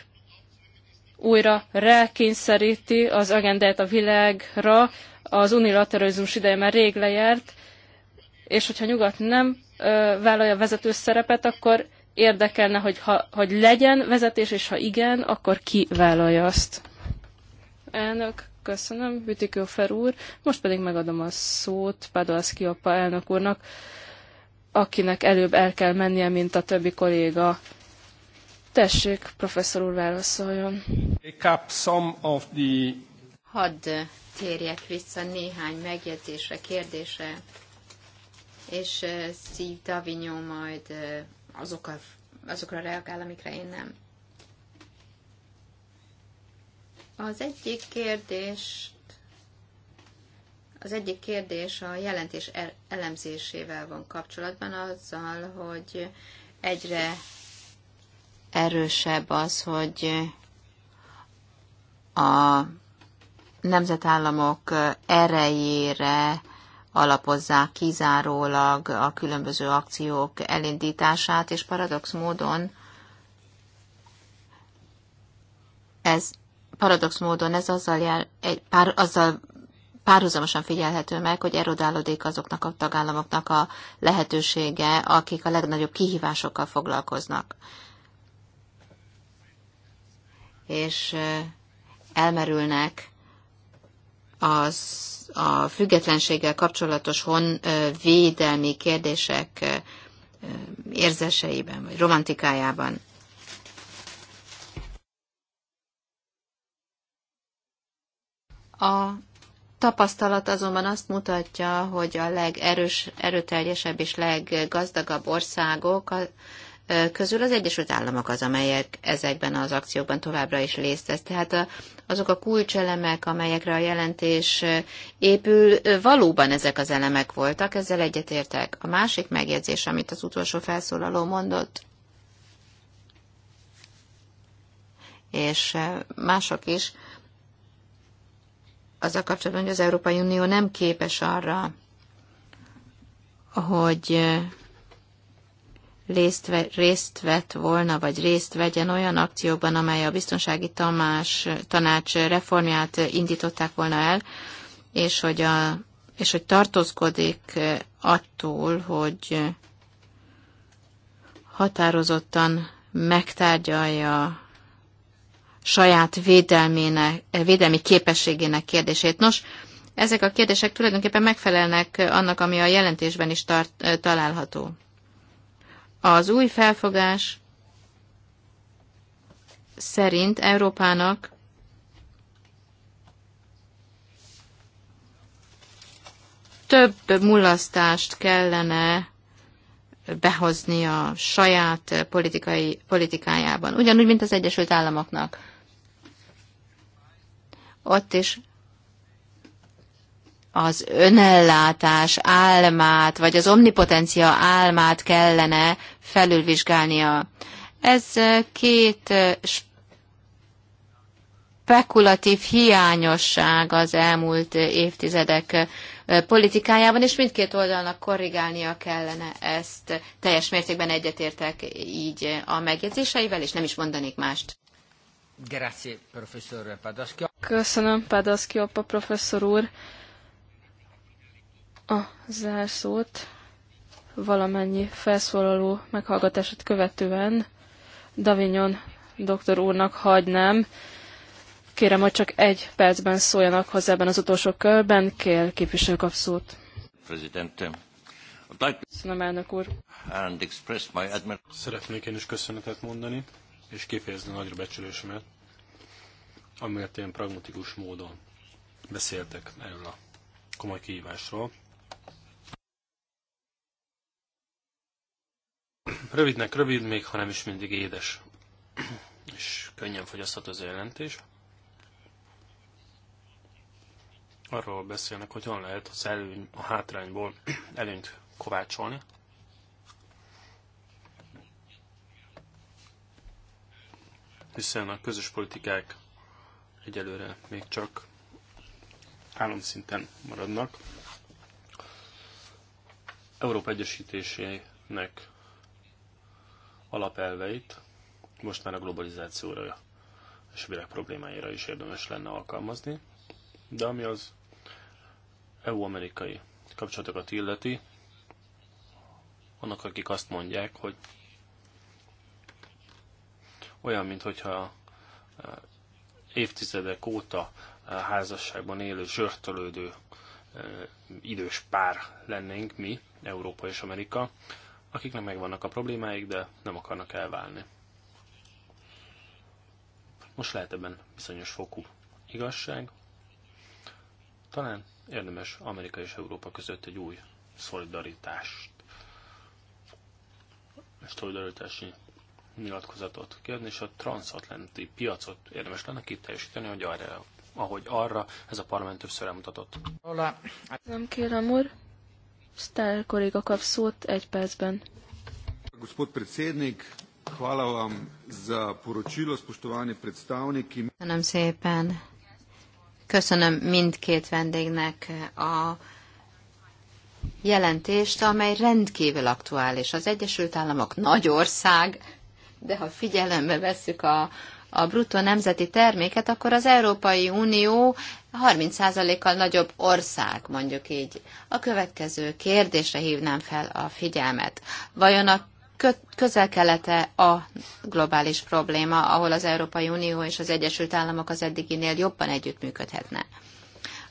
újra rákényszeríti az agendát a világra, az unilateralizmus ideje már rég lejárt, és hogyha nyugat nem vállalja vezető szerepet, akkor érdekelne, hogy, ha, hogy legyen vezetés, és ha igen, akkor ki vállalja azt. Elnök, köszönöm, Bütikőfer úr. Most pedig megadom a szót Padolaszki apa elnök úrnak, akinek előbb el kell mennie, mint a többi kolléga. Tessék, professzor úr válaszoljon. Hadd térjek vissza néhány megjegyzésre, kérdésre, és Steve Davignon majd azokkal, azokra reagál, amikre én nem. Az egyik kérdés az egyik kérdés a jelentés elemzésével van kapcsolatban, azzal, hogy egyre erősebb az, hogy a nemzetállamok erejére alapozzák kizárólag a különböző akciók elindítását, és paradox módon ez paradox módon ez azzal, jár, egy pár, azzal párhuzamosan figyelhető meg, hogy erodálódik azoknak a tagállamoknak a lehetősége, akik a legnagyobb kihívásokkal foglalkoznak. És elmerülnek az, a függetlenséggel kapcsolatos hon védelmi kérdések érzéseiben vagy romantikájában. A tapasztalat azonban azt mutatja, hogy a legerős, erőteljesebb és leggazdagabb országok közül az Egyesült Államok az, amelyek ezekben az akciókban továbbra is részt vesz. Tehát azok a kulcselemek, amelyekre a jelentés épül, valóban ezek az elemek voltak, ezzel egyetértek. A másik megjegyzés, amit az utolsó felszólaló mondott, és mások is, azzal kapcsolatban, hogy az Európai Unió nem képes arra, hogy részt, ve, részt vett volna, vagy részt vegyen olyan akciókban, amely a biztonsági tamás, tanács reformját indították volna el, és hogy, a, és hogy tartózkodik attól, hogy határozottan megtárgyalja saját védelmének, védelmi képességének kérdését. Nos, ezek a kérdések tulajdonképpen megfelelnek annak, ami a jelentésben is tart, található. Az új felfogás szerint Európának több mulasztást kellene behozni a saját politikai, politikájában. Ugyanúgy, mint az Egyesült Államoknak. Ott is az önellátás álmát, vagy az omnipotencia álmát kellene felülvizsgálnia. Ez két spekulatív hiányosság az elmúlt évtizedek politikájában, és mindkét oldalnak korrigálnia kellene ezt. Teljes mértékben egyetértek így a megjegyzéseivel, és nem is mondanék mást. Grazie, professor Padoszki. Köszönöm, Padoszki, professzor úr a zárszót valamennyi felszólaló meghallgatását követően Davignon doktor úrnak hagynám. Kérem, hogy csak egy percben szóljanak hozzá ebben az utolsó körben. Kér képviselő kapszót. Köszönöm, elnök úr. Szeretnék én is köszönetet mondani, és kifejezni nagyra becsülésemet, amiért ilyen pragmatikus módon beszéltek erről a komoly kihívásról, Rövidnek rövid, még ha nem is mindig édes. És könnyen fogyasztható az jelentés. Arról beszélnek, hogy hogyan lehet az előny, a hátrányból előnyt kovácsolni. Hiszen a közös politikák egyelőre még csak államszinten maradnak. Európa Egyesítésének alapelveit most már a globalizációra és a világ problémáira is érdemes lenne alkalmazni. De ami az EU-amerikai kapcsolatokat illeti, annak akik azt mondják, hogy olyan, mintha eh, évtizedek óta eh, házasságban élő, zsörtölődő eh, idős pár lennénk mi, Európa és Amerika akiknek megvannak a problémáik, de nem akarnak elválni. Most lehet ebben bizonyos fokú igazság. Talán érdemes Amerika és Európa között egy új szolidaritást, szolidaritási nyilatkozatot kiadni, és a transatlanti piacot érdemes lenne kiteljesíteni, hogy arra, ahogy arra ez a parlament többször elmutatott. Hola. Nem kérem úr. Sztár kolléga kap szót egy percben. Gospod predsednik, hvala vam za poročilo, spoštovani predstavniki. Köszönöm szépen. Köszönöm mindkét vendégnek a jelentést, amely rendkívül aktuális. Az Egyesült Államok nagy ország, de ha figyelembe vesszük a, a bruttó nemzeti terméket, akkor az Európai Unió 30%-kal nagyobb ország, mondjuk így. A következő kérdésre hívnám fel a figyelmet. Vajon a közel-kelete a globális probléma, ahol az Európai Unió és az Egyesült Államok az eddiginél jobban együttműködhetne?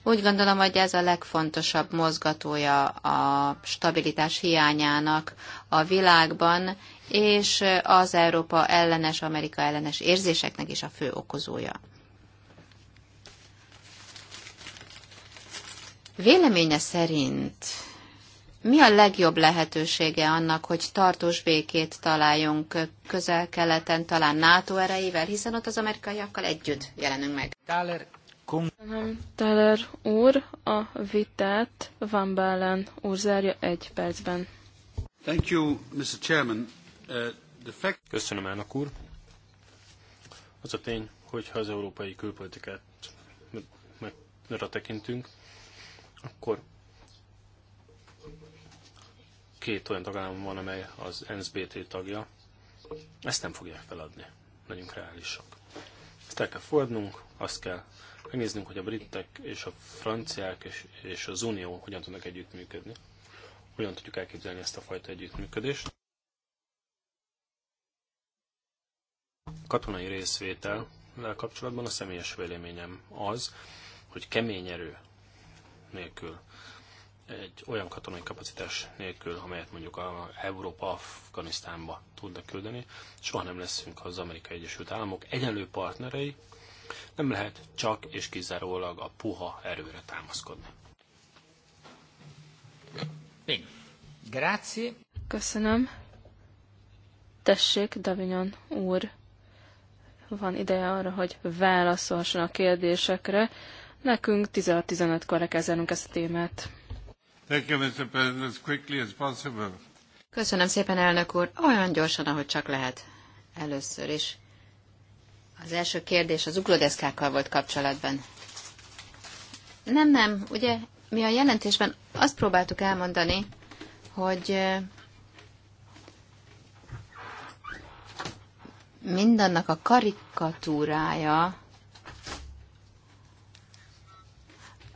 Úgy gondolom, hogy ez a legfontosabb mozgatója a stabilitás hiányának a világban, és az Európa ellenes, Amerika ellenes érzéseknek is a fő okozója. Véleménye szerint mi a legjobb lehetősége annak, hogy tartós békét találjunk közel-keleten, talán NATO erejével, hiszen ott az amerikaiakkal együtt jelenünk meg? Táler, kom- úr, a vitát Van Balen úr zárja egy percben. Thank you, Mr. Chairman. Köszönöm, elnök úr. Az a tény, ha az európai külpolitikát megra tekintünk, akkor két olyan tagállam van, amely az NSBT tagja. Ezt nem fogják feladni. Legyünk reálisak. Ezt el kell fordnunk, azt kell megnéznünk, hogy a britek és a franciák és, és az Unió hogyan tudnak együttműködni. Hogyan tudjuk elképzelni ezt a fajta együttműködést. katonai részvétel kapcsolatban a személyes véleményem az, hogy kemény erő nélkül, egy olyan katonai kapacitás nélkül, amelyet mondjuk a Európa Afganisztánba tudnak küldeni, soha nem leszünk az Amerikai Egyesült Államok egyenlő partnerei, nem lehet csak és kizárólag a puha erőre támaszkodni. Grazie. Köszönöm. Tessék, Davignon úr van ideje arra, hogy válaszolson a kérdésekre. Nekünk 16-15-kor kezelünk ezt a témát. Köszönöm szépen, elnök úr. Olyan gyorsan, ahogy csak lehet. Először is. Az első kérdés az uglódeszkákkal volt kapcsolatban. Nem, nem, ugye mi a jelentésben azt próbáltuk elmondani, hogy mindannak a karikatúrája,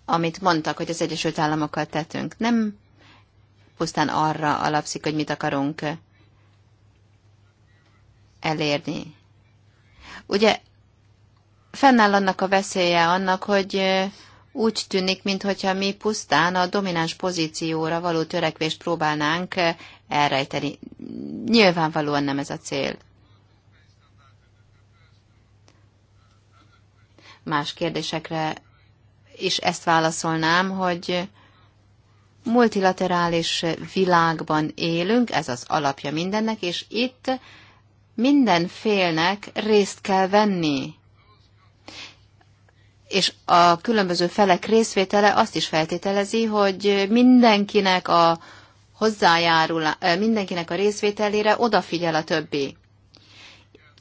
amit mondtak, hogy az Egyesült Államokkal tettünk, nem pusztán arra alapszik, hogy mit akarunk elérni. Ugye fennáll annak a veszélye annak, hogy úgy tűnik, mintha mi pusztán a domináns pozícióra való törekvést próbálnánk elrejteni. Nyilvánvalóan nem ez a cél. más kérdésekre is ezt válaszolnám, hogy multilaterális világban élünk, ez az alapja mindennek, és itt minden félnek részt kell venni. És a különböző felek részvétele azt is feltételezi, hogy mindenkinek a hozzájárul, eh, mindenkinek a részvételére odafigyel a többi.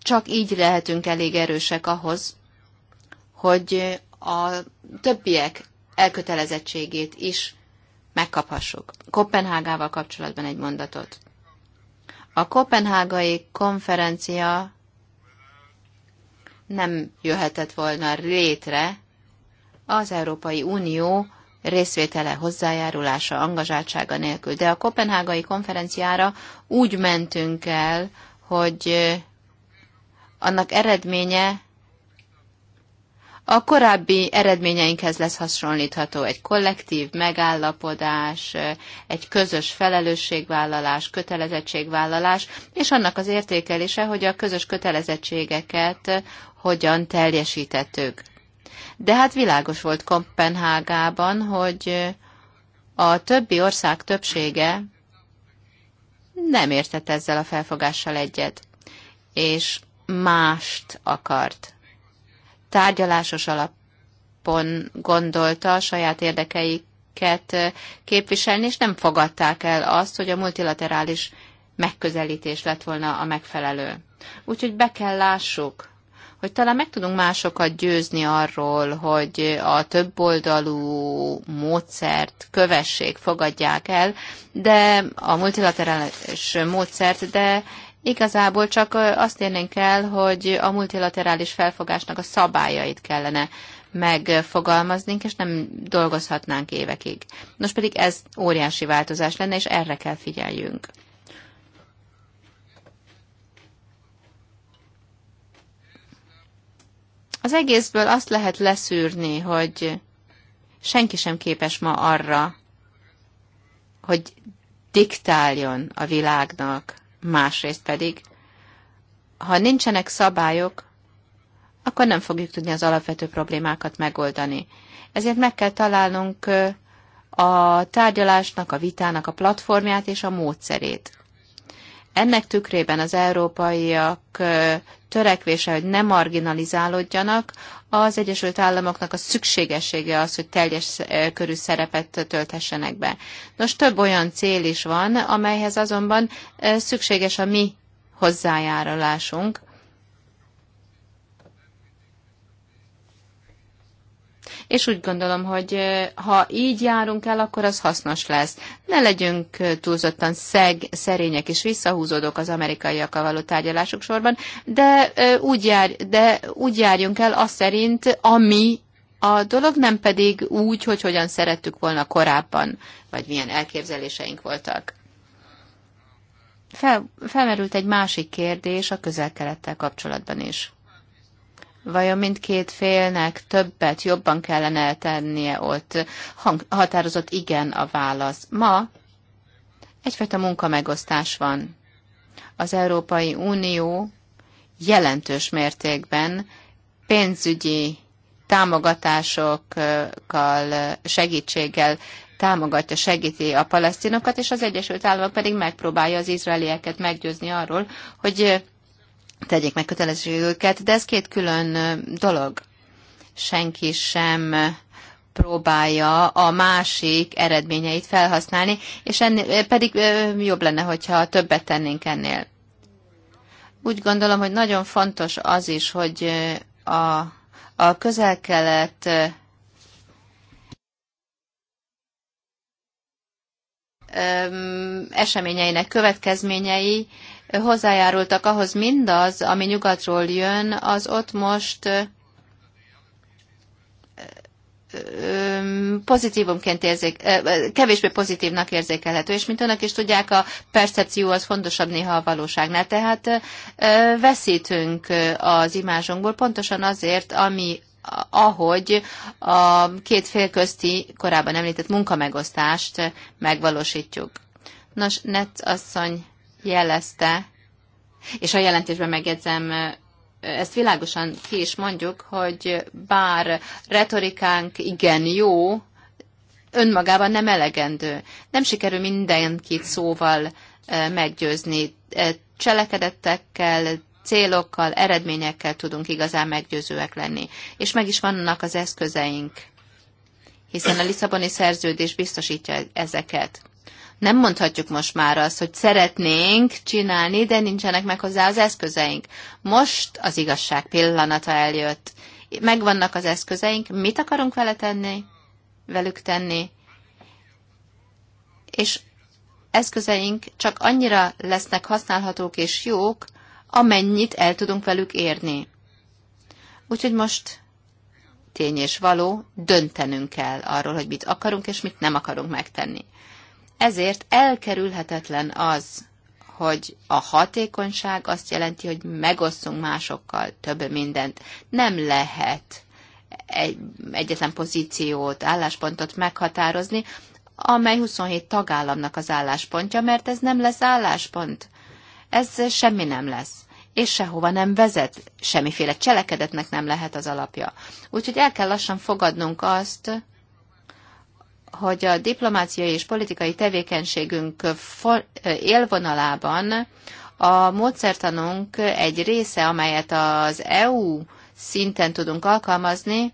Csak így lehetünk elég erősek ahhoz, hogy a többiek elkötelezettségét is megkaphassuk. Kopenhágával kapcsolatban egy mondatot. A kopenhágai konferencia nem jöhetett volna létre az Európai Unió részvétele, hozzájárulása, angazsátsága nélkül. De a kopenhágai konferenciára úgy mentünk el, hogy annak eredménye a korábbi eredményeinkhez lesz hasonlítható egy kollektív megállapodás, egy közös felelősségvállalás, kötelezettségvállalás, és annak az értékelése, hogy a közös kötelezettségeket hogyan teljesítettük. De hát világos volt Kopenhágában, hogy a többi ország többsége nem értett ezzel a felfogással egyet, és mást akart tárgyalásos alapon gondolta a saját érdekeiket képviselni, és nem fogadták el azt, hogy a multilaterális megközelítés lett volna a megfelelő. Úgyhogy be kell lássuk, hogy talán meg tudunk másokat győzni arról, hogy a többoldalú módszert kövessék, fogadják el, de a multilaterális módszert, de Igazából csak azt érnénk el, hogy a multilaterális felfogásnak a szabályait kellene megfogalmaznunk, és nem dolgozhatnánk évekig. Nos pedig ez óriási változás lenne, és erre kell figyeljünk. Az egészből azt lehet leszűrni, hogy senki sem képes ma arra, hogy diktáljon a világnak, másrészt pedig, ha nincsenek szabályok, akkor nem fogjuk tudni az alapvető problémákat megoldani. Ezért meg kell találnunk a tárgyalásnak, a vitának a platformját és a módszerét. Ennek tükrében az európaiak törekvése, hogy ne marginalizálódjanak, az Egyesült Államoknak a szükségessége az, hogy teljes körű szerepet tölthessenek be. Nos, több olyan cél is van, amelyhez azonban szükséges a mi hozzájárulásunk, és úgy gondolom, hogy ha így járunk el, akkor az hasznos lesz. Ne legyünk túlzottan szeg, szerények és visszahúzódók az amerikaiakkal való tárgyalások sorban, de úgy, jár, de úgy járjunk el azt szerint, ami a dolog nem pedig úgy, hogy hogyan szerettük volna korábban, vagy milyen elképzeléseink voltak. Fel, felmerült egy másik kérdés a közel-kelettel kapcsolatban is. Vajon mindkét félnek többet, jobban kellene tennie ott? Hang, határozott igen a válasz. Ma egyfajta munkamegosztás van. Az Európai Unió jelentős mértékben pénzügyi támogatásokkal, segítséggel támogatja, segíti a palesztinokat, és az Egyesült Államok pedig megpróbálja az izraelieket meggyőzni arról, hogy tegyék meg kötelezőségüket, de ez két külön dolog. Senki sem próbálja a másik eredményeit felhasználni, és ennél, pedig jobb lenne, hogyha többet tennénk ennél. Úgy gondolom, hogy nagyon fontos az is, hogy a, a közel-kelet eseményeinek következményei hozzájárultak ahhoz mindaz, ami nyugatról jön, az ott most pozitívumként érzék, kevésbé pozitívnak érzékelhető, és mint önök is tudják, a percepció az fontosabb néha a valóságnál. Tehát veszítünk az imázsunkból pontosan azért, ami ahogy a két fél közti korábban említett munkamegosztást megvalósítjuk. Nos, Netz asszony jelezte, és a jelentésben megjegyzem, ezt világosan ki is mondjuk, hogy bár retorikánk igen jó, önmagában nem elegendő. Nem sikerül mindenkit szóval meggyőzni. Cselekedettekkel, célokkal, eredményekkel tudunk igazán meggyőzőek lenni. És meg is vannak az eszközeink, hiszen a Lisszaboni szerződés biztosítja ezeket. Nem mondhatjuk most már azt, hogy szeretnénk csinálni, de nincsenek meg hozzá az eszközeink. Most az igazság pillanata eljött. Megvannak az eszközeink, mit akarunk vele tenni, velük tenni, és eszközeink csak annyira lesznek használhatók és jók, amennyit el tudunk velük érni. Úgyhogy most tény és való, döntenünk kell arról, hogy mit akarunk és mit nem akarunk megtenni. Ezért elkerülhetetlen az, hogy a hatékonyság azt jelenti, hogy megosszunk másokkal több mindent. Nem lehet egy, egyetlen pozíciót, álláspontot meghatározni, amely 27 tagállamnak az álláspontja, mert ez nem lesz álláspont. Ez semmi nem lesz és sehova nem vezet, semmiféle cselekedetnek nem lehet az alapja. Úgyhogy el kell lassan fogadnunk azt, hogy a diplomáciai és politikai tevékenységünk élvonalában a módszertanunk egy része, amelyet az EU szinten tudunk alkalmazni,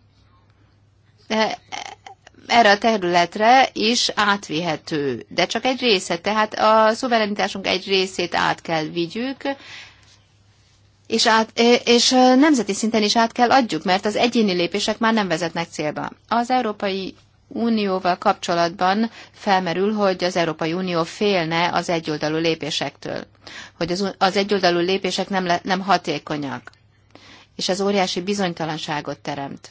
erre a területre is átvihető, de csak egy része, tehát a szuverenitásunk egy részét át kell vigyük, és, át, és nemzeti szinten is át kell adjuk, mert az egyéni lépések már nem vezetnek célba. Az Európai Unióval kapcsolatban felmerül, hogy az Európai Unió félne az egyoldalú lépésektől, hogy az, az egyoldalú lépések nem, le, nem hatékonyak, és az óriási bizonytalanságot teremt.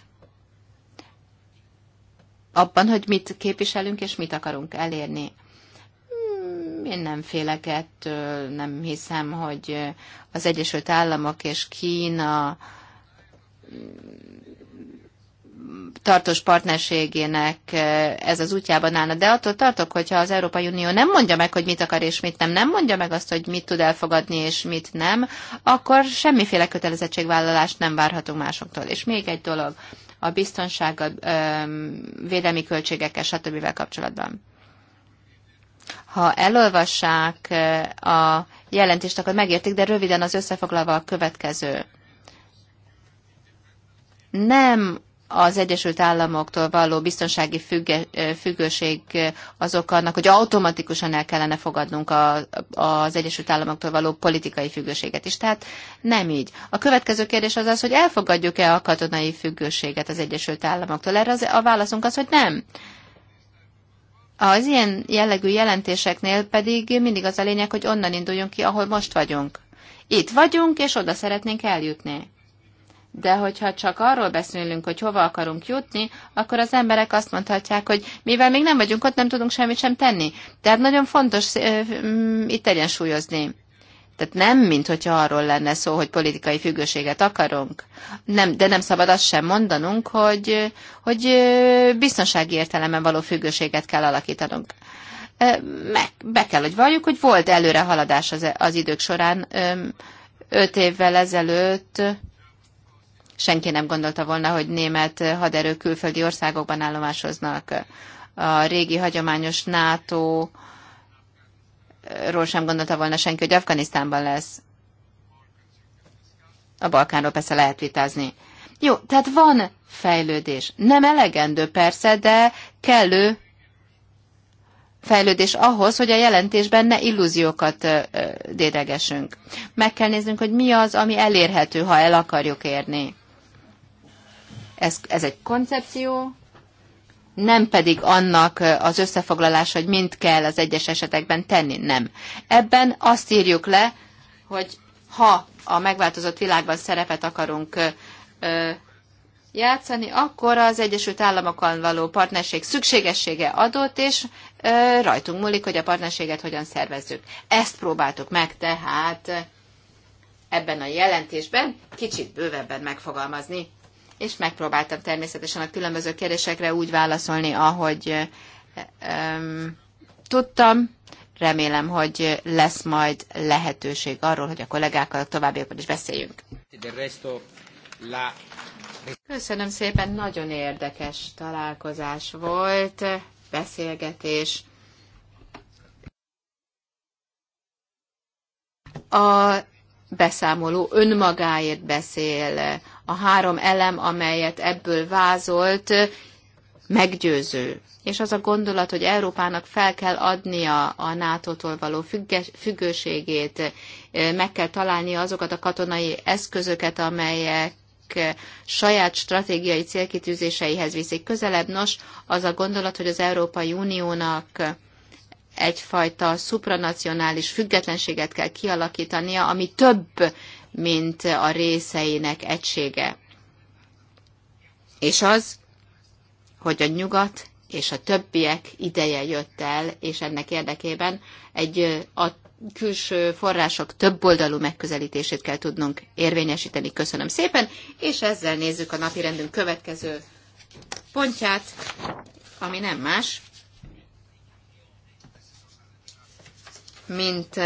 Abban, hogy mit képviselünk és mit akarunk elérni. Hmm, én nem félek ettől, nem hiszem, hogy az Egyesült Államok és Kína tartós partnerségének ez az útjában állna. De attól tartok, hogyha az Európai Unió nem mondja meg, hogy mit akar és mit nem, nem mondja meg azt, hogy mit tud elfogadni és mit nem, akkor semmiféle kötelezettségvállalást nem várhatunk másoktól. És még egy dolog, a biztonság a védelmi költségekkel, stb. kapcsolatban. Ha elolvassák a jelentést, akkor megértik, de röviden az összefoglalva a következő. Nem az Egyesült Államoktól való biztonsági függe, függőség az oka annak, hogy automatikusan el kellene fogadnunk a, az Egyesült Államoktól való politikai függőséget is. Tehát nem így. A következő kérdés az az, hogy elfogadjuk-e a katonai függőséget az Egyesült Államoktól. Erre az, a válaszunk az, hogy nem. Az ilyen jellegű jelentéseknél pedig mindig az a lényeg, hogy onnan induljunk ki, ahol most vagyunk. Itt vagyunk, és oda szeretnénk eljutni de hogyha csak arról beszélünk, hogy hova akarunk jutni, akkor az emberek azt mondhatják, hogy mivel még nem vagyunk ott, nem tudunk semmit sem tenni. Tehát nagyon fontos mm, itt egyensúlyozni. Tehát nem, mint hogyha arról lenne szó, hogy politikai függőséget akarunk, nem, de nem szabad azt sem mondanunk, hogy, hogy biztonsági értelemben való függőséget kell alakítanunk. Meg, be kell, hogy valljuk, hogy volt előrehaladás az, az idők során. Öt évvel ezelőtt senki nem gondolta volna, hogy német haderő külföldi országokban állomásoznak. A régi hagyományos NATO ról sem gondolta volna senki, hogy Afganisztánban lesz. A Balkánról persze lehet vitázni. Jó, tehát van fejlődés. Nem elegendő persze, de kellő fejlődés ahhoz, hogy a jelentésben ne illúziókat dédegesünk. Meg kell néznünk, hogy mi az, ami elérhető, ha el akarjuk érni. Ez, ez egy koncepció, nem pedig annak az összefoglalása, hogy mind kell az egyes esetekben tenni. Nem. Ebben azt írjuk le, hogy ha a megváltozott világban szerepet akarunk játszani, akkor az Egyesült Államokon való partnerség szükségessége adott, és rajtunk múlik, hogy a partnerséget hogyan szervezzük. Ezt próbáltuk meg tehát ebben a jelentésben kicsit bővebben megfogalmazni, és megpróbáltam természetesen a különböző kérdésekre úgy válaszolni, ahogy um, tudtam. Remélem, hogy lesz majd lehetőség arról, hogy a kollégákkal a továbbiakban is beszéljünk. Köszönöm szépen, nagyon érdekes találkozás volt, beszélgetés. A beszámoló önmagáért beszél, a három elem, amelyet ebből vázolt, meggyőző. És az a gondolat, hogy Európának fel kell adnia a NATO-tól való függőségét, meg kell találnia azokat a katonai eszközöket, amelyek saját stratégiai célkitűzéseihez viszik közelebb. Nos, az a gondolat, hogy az Európai Uniónak egyfajta szupranacionális függetlenséget kell kialakítania, ami több, mint a részeinek egysége. És az, hogy a nyugat és a többiek ideje jött el, és ennek érdekében egy a külső források többoldalú megközelítését kell tudnunk érvényesíteni. Köszönöm szépen, és ezzel nézzük a napi rendünk következő pontját, ami nem más, mint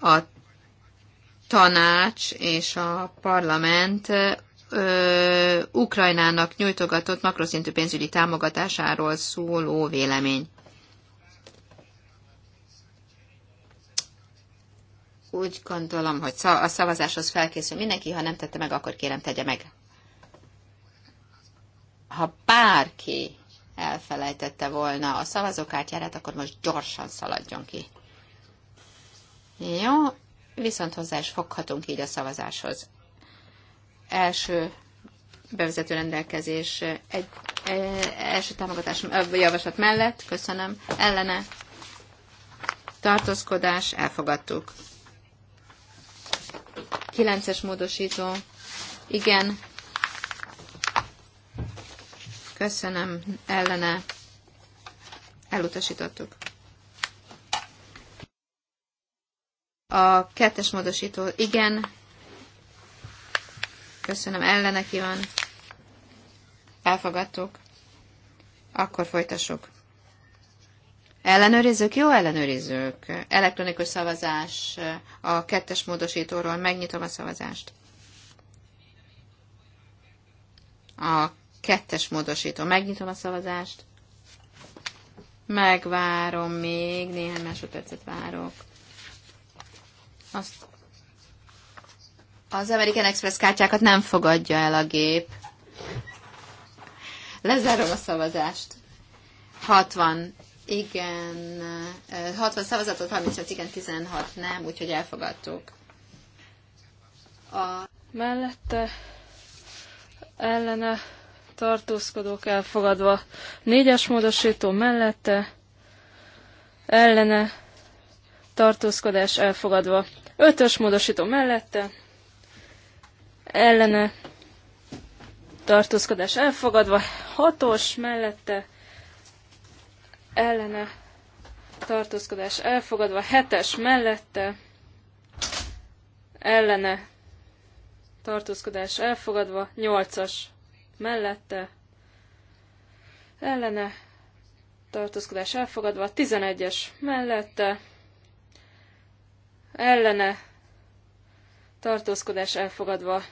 a tanács és a parlament ö, Ukrajnának nyújtogatott makroszintű pénzügyi támogatásáról szóló vélemény. Úgy gondolom, hogy a szavazáshoz felkészül mindenki, ha nem tette meg, akkor kérem, tegye meg. Ha bárki elfelejtette volna a szavazókártyáját, akkor most gyorsan szaladjon ki. Jó, viszont hozzá is foghatunk így a szavazáshoz. Első bevezető rendelkezés egy, első támogatás javaslat mellett, köszönöm, ellene tartózkodás, elfogadtuk. Kilences módosító, igen, köszönöm, ellene elutasítottuk. A kettes módosító igen. Köszönöm, ellene ki van. Elfogadtuk. Akkor folytassuk. Ellenőrizők, jó ellenőrizők. Elektronikus szavazás a kettes módosítóról. Megnyitom a szavazást. A kettes módosító. Megnyitom a szavazást. Megvárom még, néhány másodpercet várok. Azt az American Express kártyákat nem fogadja el a gép. Lezárom a szavazást. 60 igen, 60 eh, szavazatot, 35 igen, 16 nem, úgyhogy elfogadtuk. A mellette ellene tartózkodók elfogadva. Négyes módosító mellette ellene tartózkodás elfogadva. Ötös módosító mellette, ellene, tartózkodás elfogadva. Hatos mellette, ellene, tartózkodás elfogadva. Hetes mellette, ellene, tartózkodás elfogadva. Nyolcas mellette, ellene, tartózkodás elfogadva, tizenegyes mellette, ellene tartózkodás elfogadva.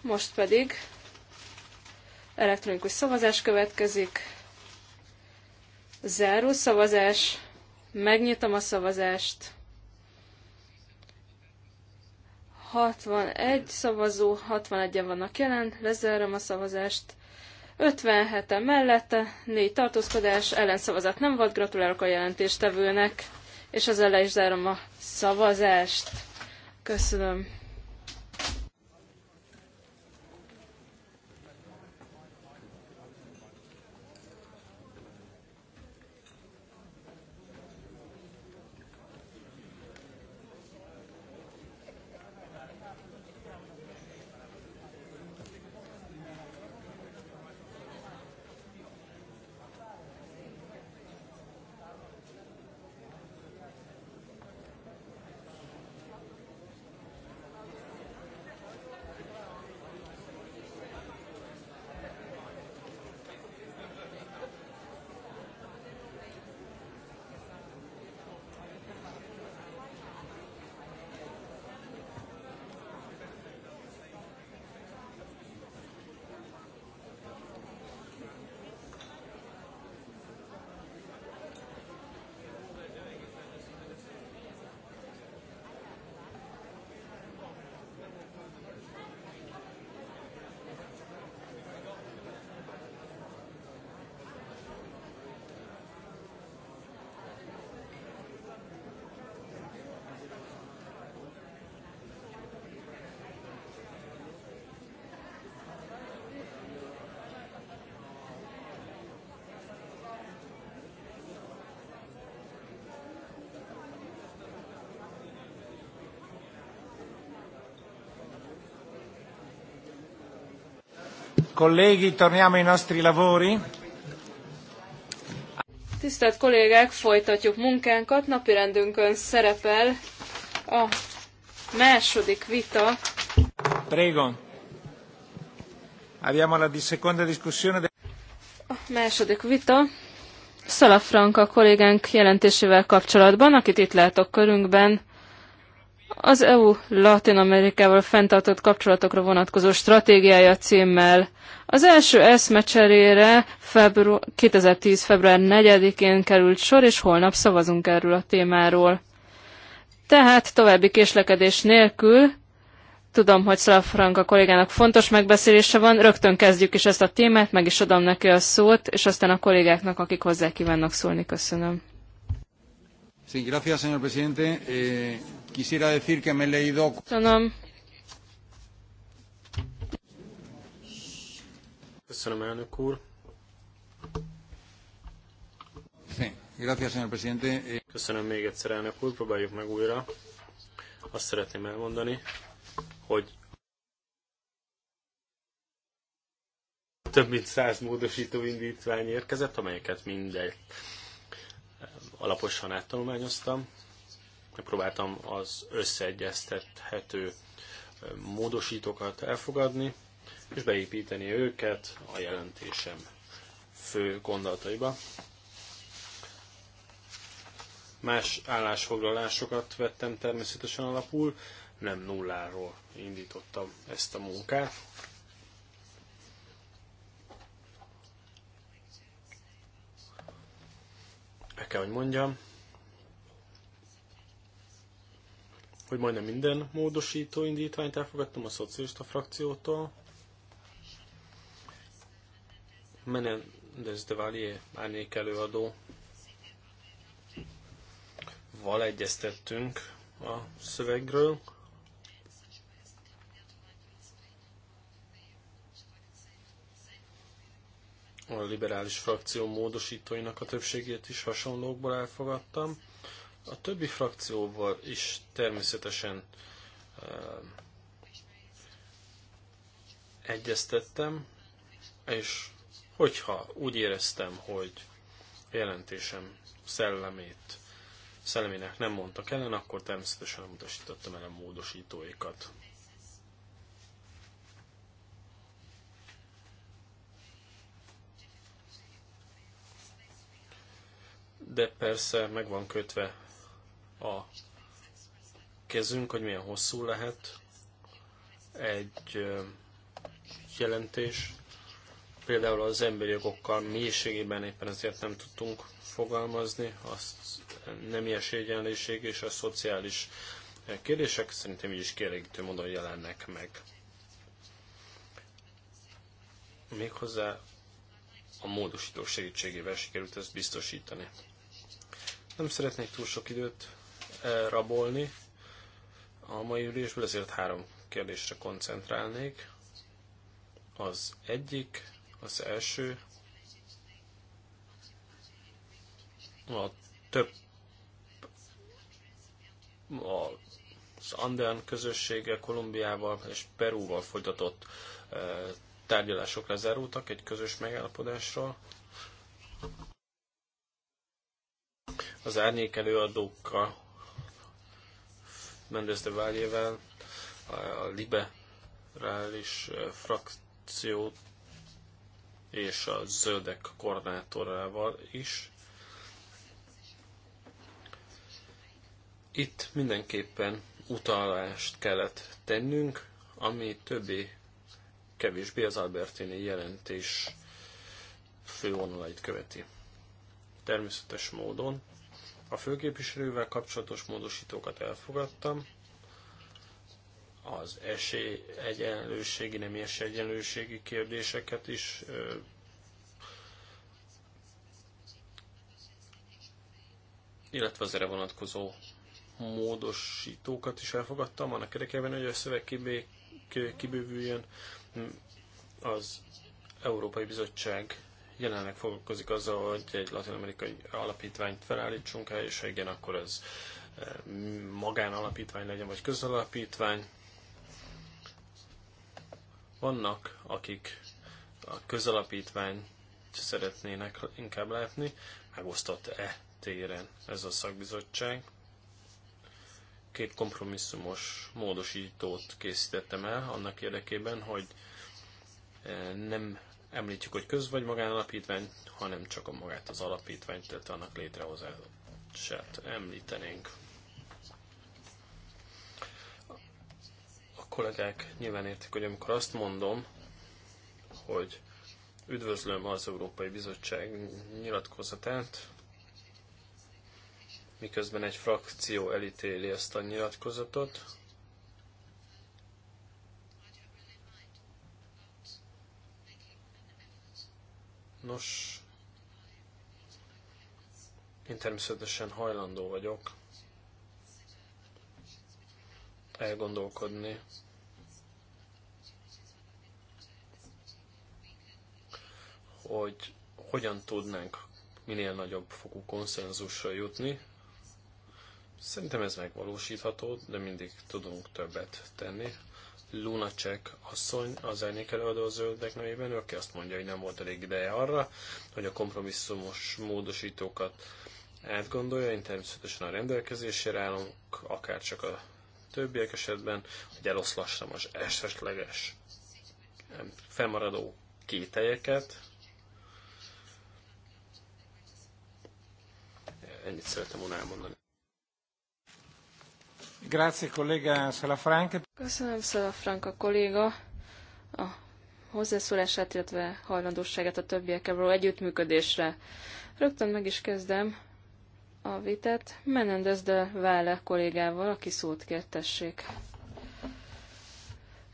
Most pedig elektronikus szavazás következik. Záró szavazás. Megnyitom a szavazást. 61 szavazó, 61-en vannak jelen, lezárom a szavazást. 57-en mellette, 4 tartózkodás, ellenszavazat nem volt, gratulálok a jelentéstevőnek és ezzel le is zárom a szavazást. Köszönöm. Colleghi, torniamo ai nostri lavori. Tisztelt kollégák, folytatjuk munkánkat. Napirendünkön szerepel a második vita. Prego. Abbiamo la seconda discussione. De... A második vita Szalafranka kollégánk jelentésével kapcsolatban, akit itt látok körünkben, az EU Latin Amerikával fenntartott kapcsolatokra vonatkozó stratégiája címmel. Az első eszmecserére febru- 2010. február 4-én került sor, és holnap szavazunk erről a témáról. Tehát további késlekedés nélkül, tudom, hogy Szlafrank a kollégának fontos megbeszélése van, rögtön kezdjük is ezt a témát, meg is adom neki a szót, és aztán a kollégáknak, akik hozzá kívánnak szólni, köszönöm. Sí, gracias, señor presidente. Eh, quisiera decir que me he leído... Köszönöm. Köszönöm, elnök úr. Sí, gracias, señor presidente. Eh, Köszönöm még egyszer, elnök úr. Próbáljuk meg újra. Azt szeretném elmondani, hogy több mint száz módosító indítvány érkezett, amelyeket mindegy alaposan áttanulmányoztam, megpróbáltam az összeegyeztethető módosítókat elfogadni, és beépíteni őket a jelentésem fő gondolataiba. Más állásfoglalásokat vettem természetesen alapul, nem nulláról indítottam ezt a munkát. be kell, hogy mondjam, hogy majdnem minden módosító indítványt elfogadtam a szocialista frakciótól. Menendez de Valier árnyék előadó val egyeztettünk a szövegről, a liberális frakció módosítóinak a többségét is hasonlókból elfogadtam. A többi frakcióval is természetesen eh, egyeztettem, és hogyha úgy éreztem, hogy jelentésem szellemét, szellemének nem mondtak ellen, akkor természetesen nem utasítottam el a módosítóikat. de persze meg van kötve a kezünk, hogy milyen hosszú lehet egy jelentés. Például az emberi jogokkal mélységében éppen ezért nem tudtunk fogalmazni, az nemies egyenlőség és a szociális kérdések szerintem így is kielégítő módon jelennek meg. Méghozzá a módosító segítségével sikerült ezt biztosítani. Nem szeretnék túl sok időt eh, rabolni a mai ülésből, ezért három kérdésre koncentrálnék. Az egyik, az első, a több az Andean közössége Kolumbiával és Perúval folytatott eh, tárgyalások lezárultak egy közös megállapodásról. az árnyék előadókkal, Mendes de Váljével, a liberális frakciót és a zöldek koordinátorával is. Itt mindenképpen utalást kellett tennünk, ami többé kevésbé az Albertini jelentés fővonalait követi. Természetes módon a főképviselővel kapcsolatos módosítókat elfogadtam. Az esély egyenlőségi, nem esély egyenlőségi kérdéseket is illetve az erre vonatkozó módosítókat is elfogadtam, annak érdekében, hogy a szöveg kibé, kibővüljön az Európai Bizottság jelenleg foglalkozik azzal, hogy egy latin-amerikai alapítványt felállítsunk el, és ha igen, akkor ez eh, magánalapítvány legyen, vagy közalapítvány. Vannak, akik a közalapítvány szeretnének inkább látni, megosztott-e téren ez a szakbizottság. Két kompromisszumos módosítót készítettem el annak érdekében, hogy eh, nem említjük, hogy köz vagy magánalapítvány, hanem csak a magát az alapítványt, tehát annak létrehozását említenénk. A kollégák nyilván értik, hogy amikor azt mondom, hogy üdvözlöm az Európai Bizottság nyilatkozatát, miközben egy frakció elítéli ezt a nyilatkozatot, Nos, én természetesen hajlandó vagyok elgondolkodni hogy hogyan tudnánk minél nagyobb fokú konszenzusra jutni. Szerintem ez megvalósítható, de mindig tudunk többet tenni. Lunacek asszony, az elnék előadó a zöldek nevében, aki azt mondja, hogy nem volt elég ideje arra, hogy a kompromisszumos módosítókat átgondolja. Én természetesen a rendelkezésére állunk, akár csak a többiek esetben, hogy eloszlassam az esetleges felmaradó kételyeket. Ennyit szeretem volna elmondani. Köszönöm, kolléga Salafranca. Köszönöm, Salafranca kolléga. A hozzászólását, illetve hajlandóságát a többiekkel való együttműködésre. Rögtön meg is kezdem a vitát Menendez de Vále kollégával, aki szót kértessék.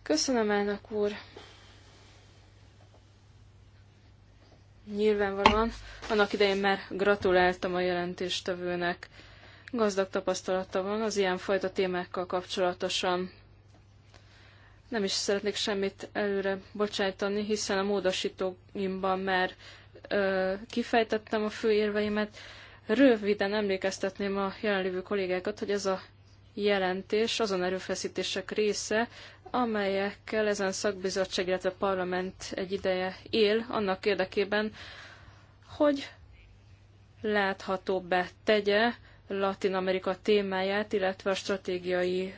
Köszönöm, elnök úr! Nyilvánvalóan annak idején már gratuláltam a jelentéstevőnek gazdag tapasztalata van az ilyenfajta témákkal kapcsolatosan. Nem is szeretnék semmit előre bocsájtani, hiszen a módosítóimban már ö, kifejtettem a fő érveimet. Röviden emlékeztetném a jelenlévő kollégákat, hogy ez a jelentés azon erőfeszítések része, amelyekkel ezen szakbizottság, illetve parlament egy ideje él annak érdekében, hogy láthatóbbá tegye Latin Amerika témáját, illetve a stratégiai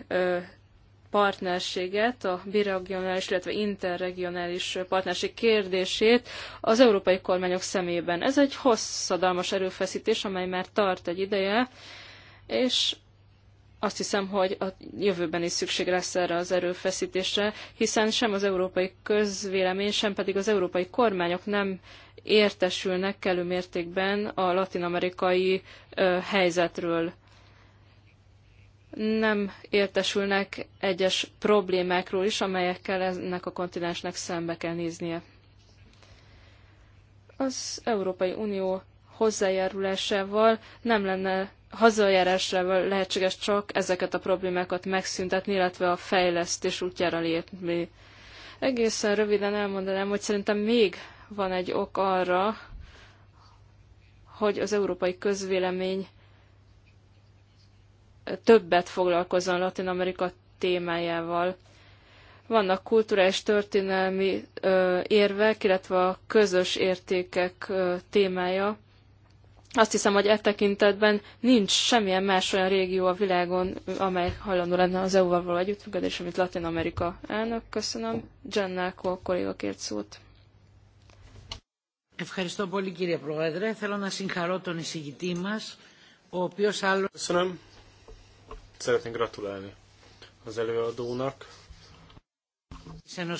partnerséget, a biregionális, illetve interregionális partnerség kérdését az európai kormányok szemében. Ez egy hosszadalmas erőfeszítés, amely már tart egy ideje, és azt hiszem, hogy a jövőben is szükség lesz erre az erőfeszítésre, hiszen sem az európai közvélemény, sem pedig az európai kormányok nem értesülnek kellő mértékben a latinamerikai helyzetről. Nem értesülnek egyes problémákról is, amelyekkel ennek a kontinensnek szembe kell néznie. Az Európai Unió hozzájárulásával nem lenne hazajárásával lehetséges csak ezeket a problémákat megszüntetni, illetve a fejlesztés útjára lépni. Egészen röviden elmondanám, hogy szerintem még van egy ok arra, hogy az európai közvélemény többet foglalkozzon Latin Amerika témájával. Vannak kulturális történelmi ö, érvek, illetve a közös értékek ö, témája. Azt hiszem, hogy e tekintetben nincs semmilyen más olyan régió a világon, amely hajlandó lenne az EU-val való együttműködés, mint Latin Amerika elnök. Köszönöm. Jennel a kért szót. Ευχαριστώ πολύ κύριε Πρόεδρε. Θέλω να συγχαρώ τον εισηγητή ο άλλο... gratulálni az előadónak.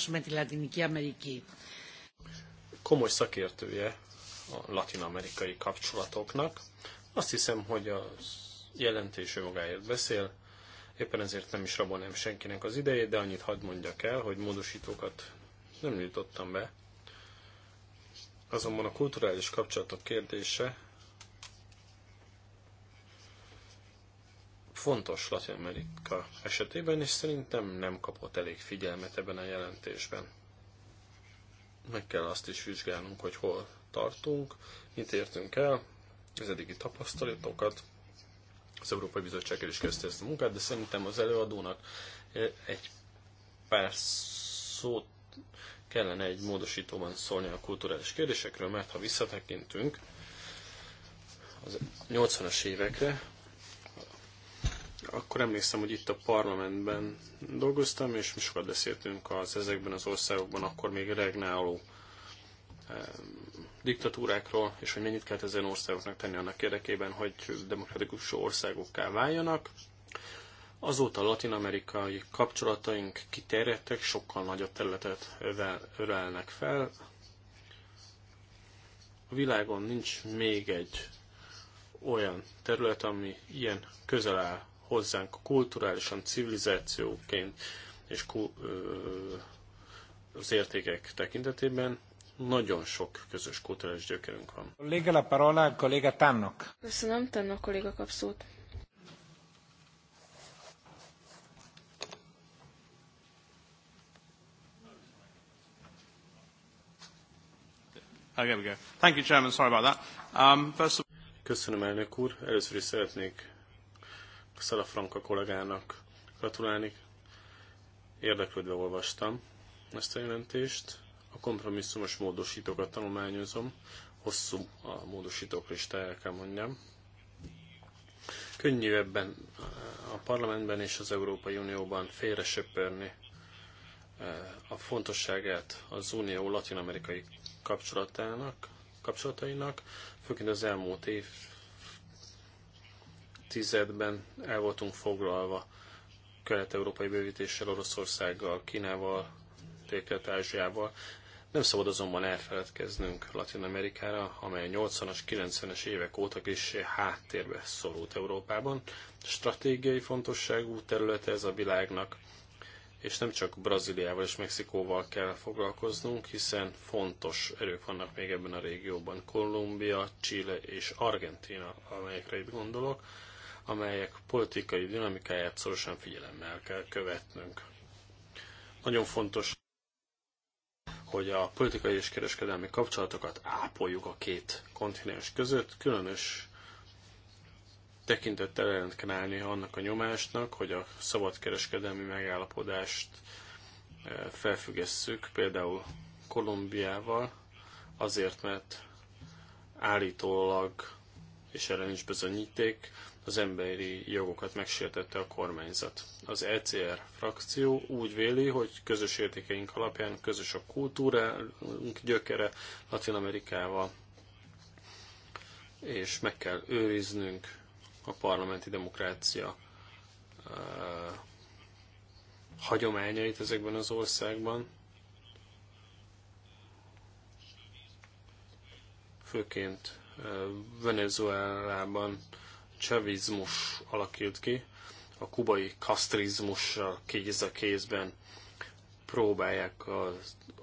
με τη Λατινική Αμερική. Komoly szakértője a latin-amerikai kapcsolatoknak. Azt hiszem, hogy a jelentés önmagáért beszél, éppen ezért nem is rabolnám senkinek az idejét, de annyit hadd mondjak el, hogy módosítókat nem nyújtottam be, Azonban a kulturális kapcsolatok kérdése fontos Latin Amerika esetében, és szerintem nem kapott elég figyelmet ebben a jelentésben. Meg kell azt is vizsgálnunk, hogy hol tartunk, mit értünk el, az eddigi tapasztalatokat. Az Európai Bizottság is kezdte ezt a munkát, de szerintem az előadónak eh, egy pár szót kellene egy módosítóban szólni a kulturális kérdésekről, mert ha visszatekintünk az 80-as évekre, akkor emlékszem, hogy itt a parlamentben dolgoztam, és mi sokat beszéltünk az ezekben az országokban akkor még regnáló eh, diktatúrákról, és hogy mennyit kellett ezen országoknak tenni annak érdekében, hogy demokratikus országokká váljanak. Azóta latin-amerikai kapcsolataink kiterjedtek, sokkal nagyobb területet ölelnek fel. A világon nincs még egy olyan terület, ami ilyen közel áll hozzánk kulturálisan, civilizációként és az értékek tekintetében nagyon sok közös kulturális gyökerünk van. Kolléga la parola, kolléga Tannok. Köszönöm, Tannok kolléga kap szót. Köszönöm, elnök úr. Először is szeretnék Franka kollégának gratulálni. Érdeklődve olvastam ezt a jelentést. A kompromisszumos módosítókat tanulmányozom. Hosszú a módosítók lista, el kell mondjam. Könnyű ebben a parlamentben és az Európai Unióban félresöpörni eh, a fontosságát az Unió latin-amerikai kapcsolatának, kapcsolatainak, főként az elmúlt év tizedben el voltunk foglalva kelet-európai bővítéssel, Oroszországgal, Kínával, dél ázsiával Nem szabad azonban elfeledkeznünk Latin Amerikára, amely 80-as, 90-es évek óta is háttérbe szorult Európában. Stratégiai fontosságú terület ez a világnak, és nem csak Brazíliával és Mexikóval kell foglalkoznunk, hiszen fontos erők vannak még ebben a régióban. Kolumbia, Chile és Argentina, amelyekre itt gondolok, amelyek politikai dinamikáját szorosan figyelemmel kell követnünk. Nagyon fontos, hogy a politikai és kereskedelmi kapcsolatokat ápoljuk a két kontinens között, különös tekintettel ellent kell állni annak a nyomásnak, hogy a szabadkereskedelmi megállapodást eh, felfüggesszük, például Kolumbiával, azért, mert állítólag, és erre nincs bizonyíték, az emberi jogokat megsértette a kormányzat. Az ECR frakció úgy véli, hogy közös értékeink alapján közös a kultúránk gyökere Latin Amerikával, és meg kell őriznünk a parlamenti demokrácia hagyományait ezekben az országban, főként Venezuelában csavizmus alakult ki, a kubai kasztrizmussal kéz a kézben próbálják a,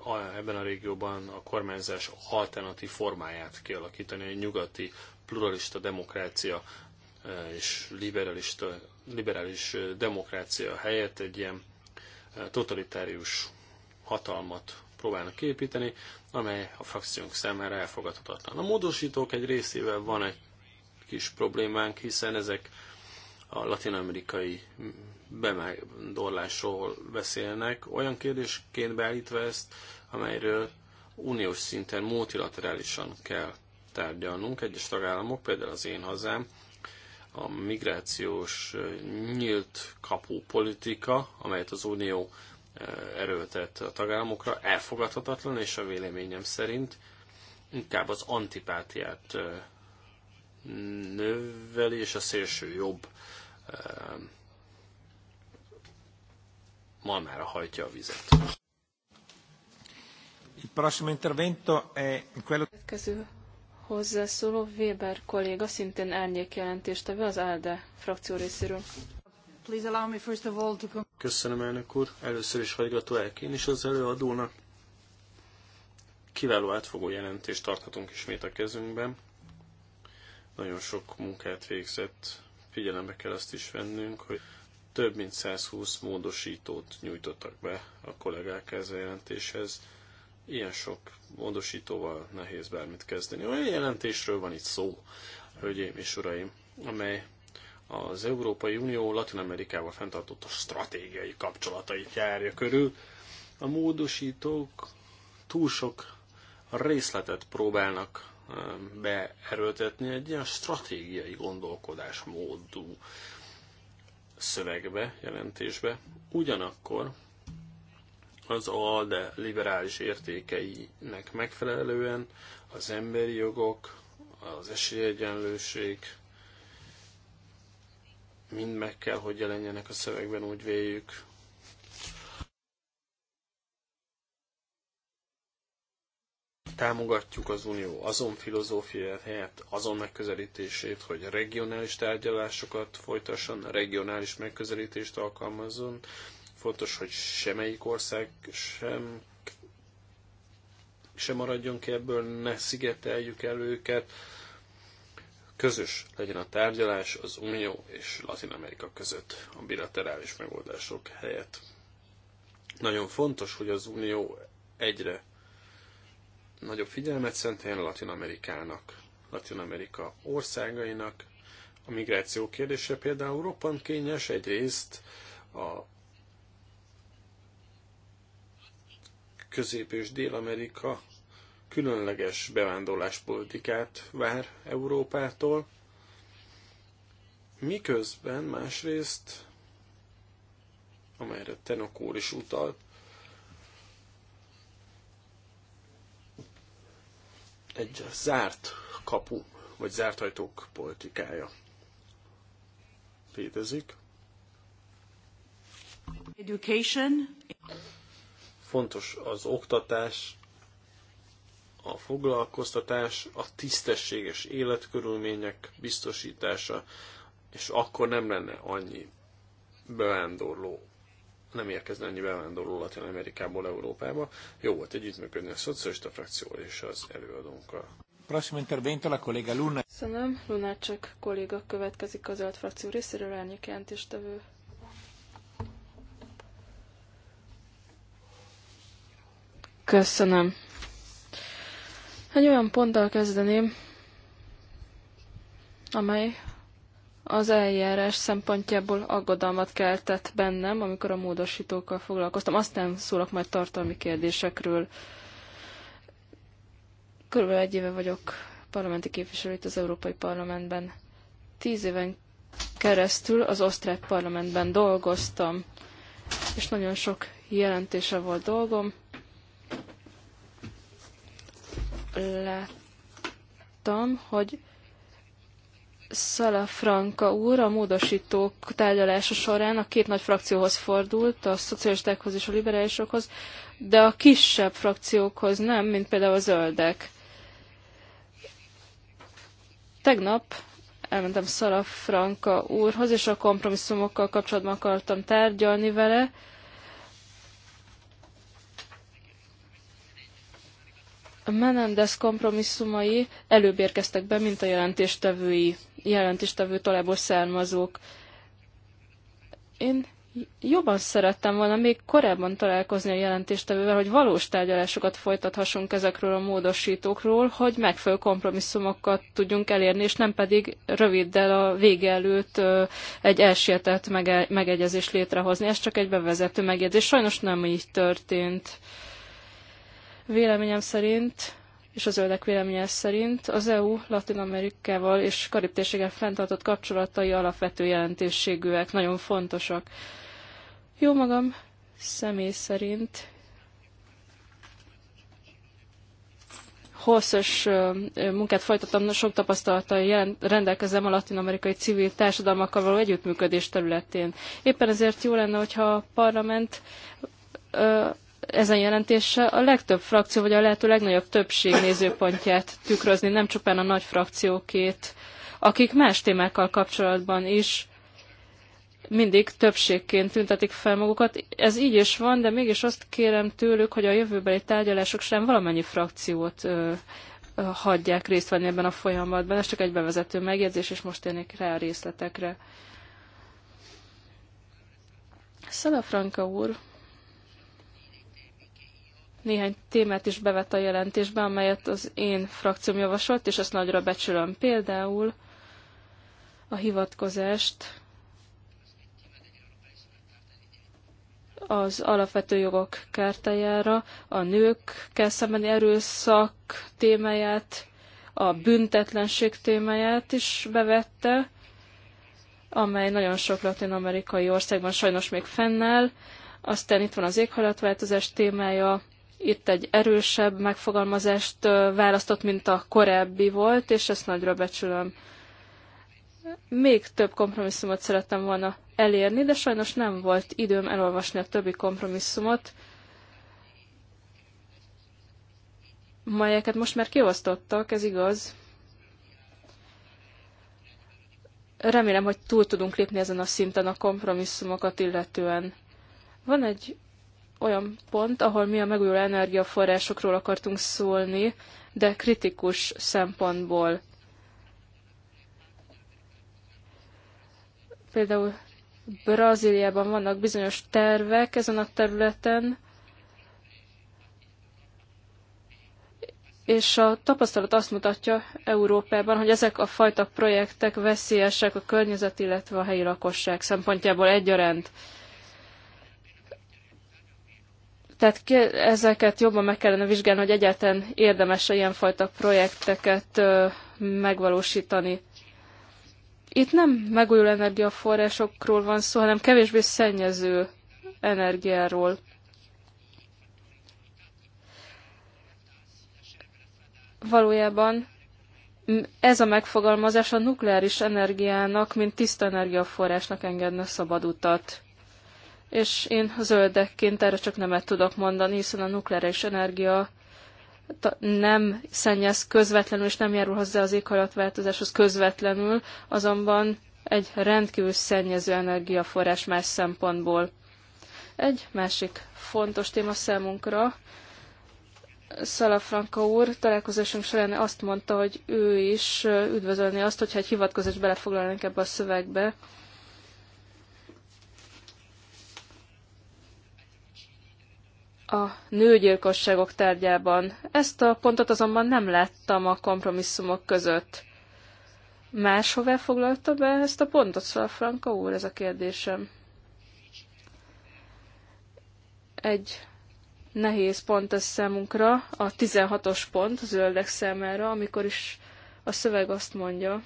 a, ebben a régióban a kormányzás alternatív formáját kialakítani, egy nyugati pluralista demokrácia Eh, és liberális, liberális eh, demokrácia helyett egy ilyen eh, totalitárius hatalmat próbálnak képíteni, amely a frakciónk számára elfogadhatatlan. A módosítók egy részével van egy kis problémánk, hiszen ezek a latinamerikai bemándorlásról beszélnek, olyan kérdésként beállítva ezt, amelyről uniós szinten multilaterálisan kell tárgyalnunk. Egyes tagállamok, például az én hazám, a migrációs nyílt kapu politika, amelyet az Unió erőtett a tagállamokra, elfogadhatatlan, és a véleményem szerint inkább az antipátiát növeli, és a szélső jobb malmára hajtja a vizet. Il prossimo intervento è quello hozzászóló Weber kolléga, szintén árnyékjelentéstevő az ALDE frakció részéről. Please allow Köszönöm, elnök úr. Először is hallgatóják én is az előadónak. Kiváló átfogó jelentést tarthatunk ismét a kezünkben. Nagyon sok munkát végzett. Figyelembe kell azt is vennünk, hogy több mint 120 módosítót nyújtottak be a kollégák ez a jelentéshez ilyen sok módosítóval nehéz bármit kezdeni. Olyan jelentésről van itt szó, hölgyeim és uraim, amely az Európai Unió Latin Amerikával fenntartott stratégiai kapcsolatait járja körül. A módosítók túl sok részletet próbálnak beerőltetni egy ilyen stratégiai gondolkodásmódú szövegbe, jelentésbe. Ugyanakkor az ALDE liberális értékeinek megfelelően az emberi jogok, az esélyegyenlőség mind meg kell, hogy jelenjenek a szövegben, úgy véljük. Támogatjuk az Unió azon filozófiáját, azon megközelítését, hogy regionális tárgyalásokat folytasson, regionális megközelítést alkalmazzon, Fontos, hogy semmelyik ország sem, sem maradjon ki ebből, ne szigeteljük el őket. Közös legyen a tárgyalás az Unió és Latin Amerika között a bilaterális megoldások helyett. Nagyon fontos, hogy az Unió egyre nagyobb figyelmet szenteljen Latin Amerikának, Latin Amerika országainak. A migráció kérdése például roppant kényes egyrészt a Közép- és Dél-Amerika különleges bevándorláspolitikát vár Európától, miközben másrészt, amelyre Tenok úr is utalt, egy zárt kapu, vagy zárt ajtók politikája létezik. Education. Fontos az oktatás, a foglalkoztatás, a tisztességes életkörülmények biztosítása, és akkor nem lenne annyi bevándorló, nem érkezne annyi bevándorló Latin Amerikából Európába. Jó volt együttműködni a szocialista frakcióval és az előadónkkal. Prossimo intervento la collega Luna. Köszönöm. csak kolléga következik a zöld frakció részéről, elnyiként is tevő. Köszönöm. Egy olyan ponttal kezdeném, amely az eljárás szempontjából aggodalmat keltett bennem, amikor a módosítókkal foglalkoztam. Aztán szólok majd tartalmi kérdésekről. Körülbelül egy éve vagyok parlamenti képviselő itt az Európai Parlamentben. Tíz éven keresztül az osztrák parlamentben dolgoztam, és nagyon sok jelentése volt dolgom. láttam, hogy Szala Franka úr a módosítók tárgyalása során a két nagy frakcióhoz fordult, a szocialistákhoz és a liberálisokhoz, de a kisebb frakciókhoz nem, mint például a zöldek. Tegnap elmentem Szala Franka úrhoz, és a kompromisszumokkal kapcsolatban akartam tárgyalni vele, Menendez kompromisszumai előbb érkeztek be, mint a jelentéstevői, jelentéstevő tolából származók. Én jobban szerettem volna még korábban találkozni a jelentéstevővel, hogy valós tárgyalásokat folytathassunk ezekről a módosítókról, hogy megfelelő kompromisszumokat tudjunk elérni, és nem pedig röviddel a vége előtt egy elsietett mege- megegyezést létrehozni. Ez csak egy bevezető megjegyzés. Sajnos nem így történt. Véleményem szerint és a zöldek véleménye szerint az EU Latin Amerikával és karib térséggel fenntartott kapcsolatai alapvető jelentőségűek, nagyon fontosak. Jó magam személy szerint hosszas munkát folytattam, sok tapasztalattal rendelkezem a latin-amerikai civil társadalmakkal való együttműködés területén. Éppen ezért jó lenne, hogyha a parlament ezen jelentéssel a legtöbb frakció, vagy a lehető legnagyobb többség nézőpontját tükrözni, nem csupán a nagy frakciókét, akik más témákkal kapcsolatban is mindig többségként tüntetik fel magukat. Ez így is van, de mégis azt kérem tőlük, hogy a jövőbeli tárgyalások sem valamennyi frakciót ö, ö, hagyják részt venni ebben a folyamatban. Ez csak egy bevezető megjegyzés, és most érnék rá a részletekre. Szala Franka úr néhány témát is bevet a jelentésbe, amelyet az én frakcióm javasolt, és ezt nagyra becsülöm. Például a hivatkozást az alapvető jogok kártájára, a nőkkel szembeni erőszak témáját, a büntetlenség témáját is bevette, amely nagyon sok latin-amerikai országban sajnos még fennáll. Aztán itt van az éghajlatváltozás témája, itt egy erősebb megfogalmazást választott, mint a korábbi volt, és ezt nagyra becsülöm. Még több kompromisszumot szerettem volna elérni, de sajnos nem volt időm elolvasni a többi kompromisszumot, melyeket most már kiosztottak, ez igaz. Remélem, hogy túl tudunk lépni ezen a szinten a kompromisszumokat illetően. Van egy olyan pont, ahol mi a megújuló energiaforrásokról akartunk szólni, de kritikus szempontból. Például Brazíliában vannak bizonyos tervek ezen a területen, és a tapasztalat azt mutatja Európában, hogy ezek a fajta projektek veszélyesek a környezet, illetve a helyi lakosság szempontjából egyaránt. Tehát ezeket jobban meg kellene vizsgálni, hogy egyáltalán érdemes-e ilyenfajta projekteket megvalósítani. Itt nem megújuló energiaforrásokról van szó, hanem kevésbé szennyező energiáról. Valójában ez a megfogalmazás a nukleáris energiának, mint tiszta energiaforrásnak engedne szabad utat és én zöldekként erre csak nemet tudok mondani, hiszen a nukleáris energia nem szennyez közvetlenül, és nem járul hozzá az éghajlatváltozáshoz közvetlenül, azonban egy rendkívül szennyező energiaforrás más szempontból. Egy másik fontos téma számunkra, Szalafranka úr találkozásunk során azt mondta, hogy ő is üdvözölni azt, hogyha egy hivatkozás belefoglalnánk ebbe a szövegbe, a nőgyilkosságok tárgyában. Ezt a pontot azonban nem láttam a kompromisszumok között. Máshová foglalta be ezt a pontot, szóval Franka úr, ez a kérdésem. Egy nehéz pont ez számunkra, a 16-os pont zöldek számára, amikor is a szöveg azt mondja,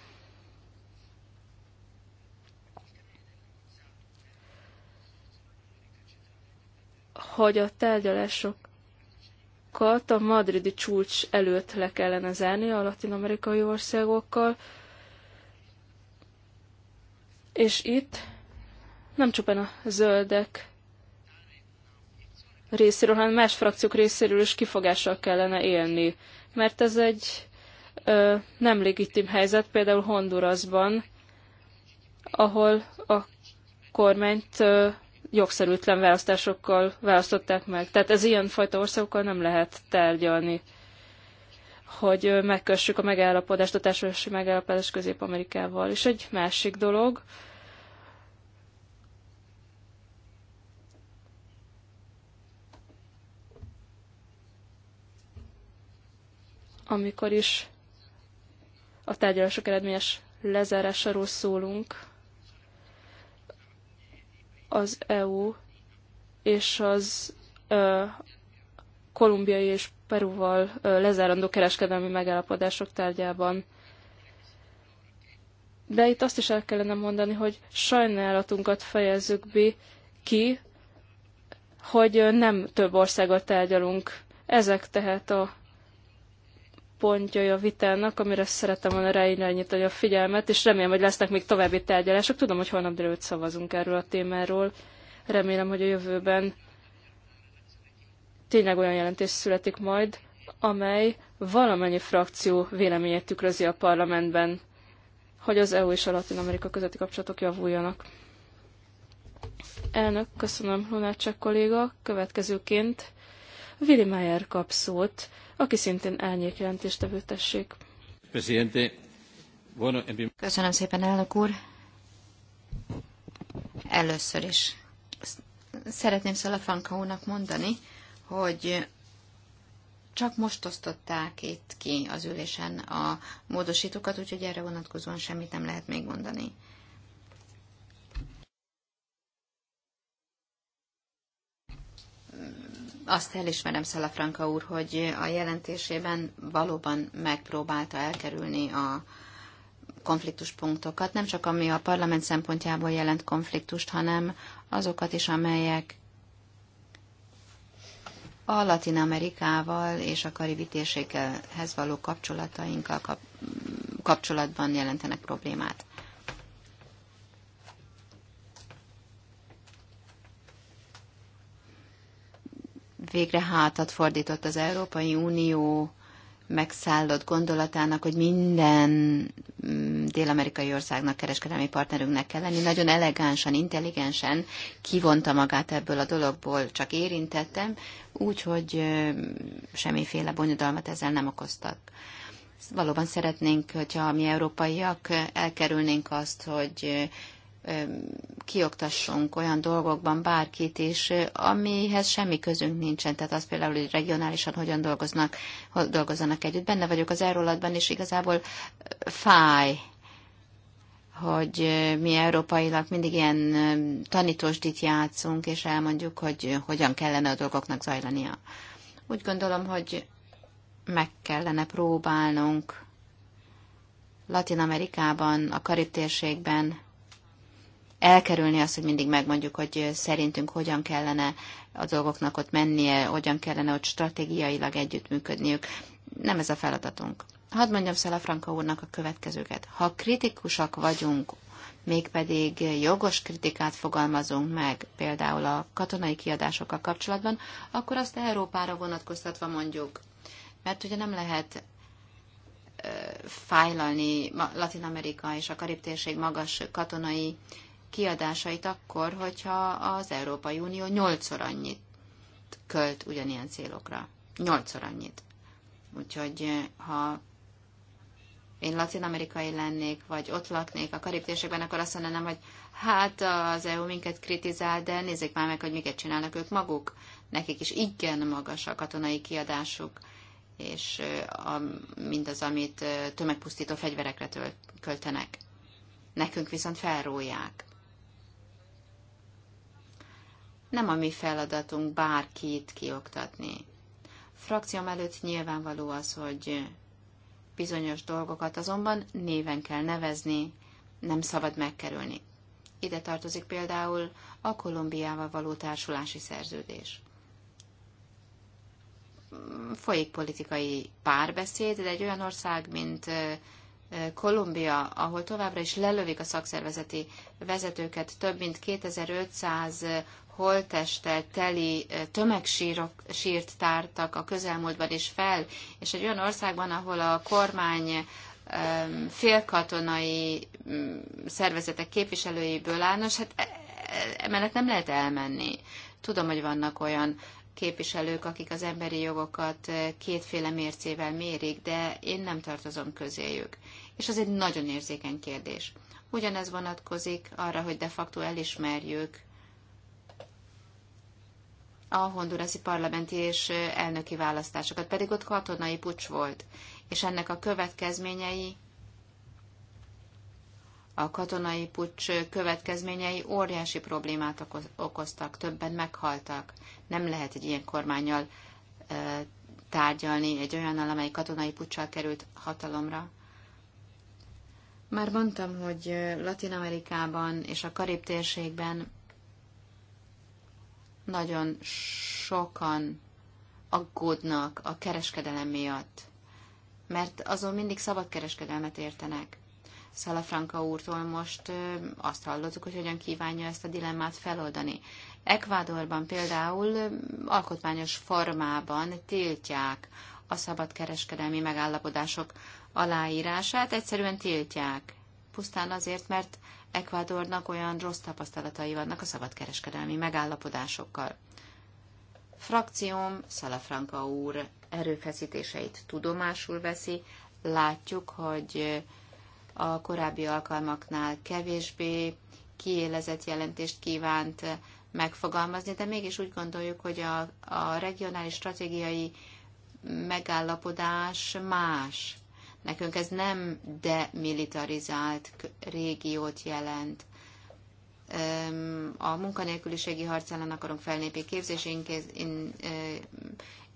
hogy a tárgyalásokat a madridi csúcs előtt le kellene zárni a latin-amerikai országokkal, és itt nem csupán a zöldek részéről, hanem más frakciók részéről is kifogással kellene élni. Mert ez egy ö, nem legitim helyzet, például Hondurasban, ahol a kormányt ö, jogszerűtlen választásokkal választották meg. Tehát ez ilyen fajta országokkal nem lehet tárgyalni, hogy megkössük a megállapodást, a társadalmi megállapodást Közép-Amerikával. És egy másik dolog, amikor is a tárgyalások eredményes lezárásáról szólunk, az EU és az ö, kolumbiai és Peruval ö, lezárandó kereskedelmi megállapodások tárgyában. De itt azt is el kellene mondani, hogy sajnálatunkat fejezzük be ki, hogy nem több országot tárgyalunk. Ezek tehát a pontjai a vitának, amire szerettem volna ráirányítani a figyelmet, és remélem, hogy lesznek még további tárgyalások. Tudom, hogy holnap délőtt szavazunk erről a témáról. Remélem, hogy a jövőben tényleg olyan jelentés születik majd, amely valamennyi frakció véleményét tükrözi a parlamentben, hogy az EU és a Latin Amerika közötti kapcsolatok javuljanak. Elnök, köszönöm, Lunácsek kolléga. Következőként Willi Meyer kap szót aki szintén elnyék jelentéstevő tessék. Köszönöm szépen, elnök úr. Először is szeretném Szalafanka úrnak mondani, hogy csak most osztották itt ki az ülésen a módosítókat, úgyhogy erre vonatkozóan semmit nem lehet még mondani. azt elismerem Szalafranka úr, hogy a jelentésében valóban megpróbálta elkerülni a konfliktuspunktokat, nem csak ami a parlament szempontjából jelent konfliktust, hanem azokat is, amelyek a Latin Amerikával és a karibi való kapcsolatainkkal kap, kapcsolatban jelentenek problémát. végre hátat fordított az Európai Unió megszállott gondolatának, hogy minden mm, dél-amerikai országnak kereskedelmi partnerünknek kell lenni. Nagyon elegánsan, intelligensen kivonta magát ebből a dologból, csak érintettem, úgyhogy semmiféle bonyodalmat ezzel nem okoztak. Valóban szeretnénk, hogyha mi európaiak elkerülnénk azt, hogy kioktassunk olyan dolgokban bárkit is, amihez semmi közünk nincsen. Tehát az például, hogy regionálisan hogyan dolgoznak, dolgozzanak együtt. Benne vagyok az erőlatban, és igazából fáj, hogy mi európailag mindig ilyen tanítósdit játszunk, és elmondjuk, hogy hogyan kellene a dolgoknak zajlania. Úgy gondolom, hogy meg kellene próbálnunk Latin Amerikában, a Karib térségben elkerülni azt, hogy mindig megmondjuk, hogy szerintünk hogyan kellene a dolgoknak ott mennie, hogyan kellene ott stratégiailag együttműködniük. Nem ez a feladatunk. Hadd mondjam Szelafranka úrnak a következőket. Ha kritikusak vagyunk, mégpedig jogos kritikát fogalmazunk meg, például a katonai kiadásokkal kapcsolatban, akkor azt Európára vonatkoztatva mondjuk. Mert ugye nem lehet fájlalni Latin Amerika és a Karib térség magas katonai kiadásait akkor, hogyha az Európai Unió nyolcszor annyit költ ugyanilyen célokra. Nyolcszor annyit. Úgyhogy eh, ha én latin-amerikai lennék, vagy ott laknék a karib akkor azt mondanám, hogy hát az EU minket kritizál, de nézzék már meg, hogy miket csinálnak ők maguk. Nekik is igen magas a katonai kiadásuk, és eh, a, mindaz, amit eh, tömegpusztító fegyverekre töl, költenek. Nekünk viszont felróják. Nem a mi feladatunk bárkit kioktatni. Frakcióm előtt nyilvánvaló az, hogy bizonyos dolgokat azonban néven kell nevezni, nem szabad megkerülni. Ide tartozik például a Kolumbiával való társulási szerződés. Folyik politikai párbeszéd, de egy olyan ország, mint Eh, Kolumbia, ahol továbbra is lelövik a szakszervezeti vezetőket, több mint 2500 eh, holttesttel teli eh, tömegsírt tártak a közelmúltban is fel, és egy olyan országban, ahol a kormány félkatonai mm, szervezetek képviselőiből áll, nos, hát e-, e-, e-, emellett nem lehet elmenni. Tudom, hogy vannak olyan képviselők, akik az emberi jogokat kétféle mércével mérik, de én nem tartozom közéjük. És ez egy nagyon érzékeny kérdés. Ugyanez vonatkozik arra, hogy de facto elismerjük a hondurasi parlamenti és elnöki választásokat, pedig ott katonai pucs volt, és ennek a következményei a katonai pucs következményei óriási problémát okoztak, többen meghaltak. Nem lehet egy ilyen kormányjal tárgyalni, egy olyannal, amely katonai pucsal került hatalomra. Már mondtam, hogy Latin Amerikában és a Karib térségben nagyon sokan aggódnak a kereskedelem miatt, mert azon mindig szabad kereskedelmet értenek. Szalafranka úrtól most azt hallottuk, hogy hogyan kívánja ezt a dilemmát feloldani. Ekvádorban például alkotmányos formában tiltják a szabadkereskedelmi megállapodások aláírását, egyszerűen tiltják. Pusztán azért, mert Ekvádornak olyan rossz tapasztalatai vannak a szabadkereskedelmi megállapodásokkal. Frakcióm Szalafranka úr erőfeszítéseit tudomásul veszi, látjuk, hogy a korábbi alkalmaknál kevésbé kiélezett jelentést kívánt megfogalmazni, de mégis úgy gondoljuk, hogy a, a regionális stratégiai megállapodás más. Nekünk ez nem demilitarizált régiót jelent. A munkanélküliségi harc ellen akarunk felnépi képzési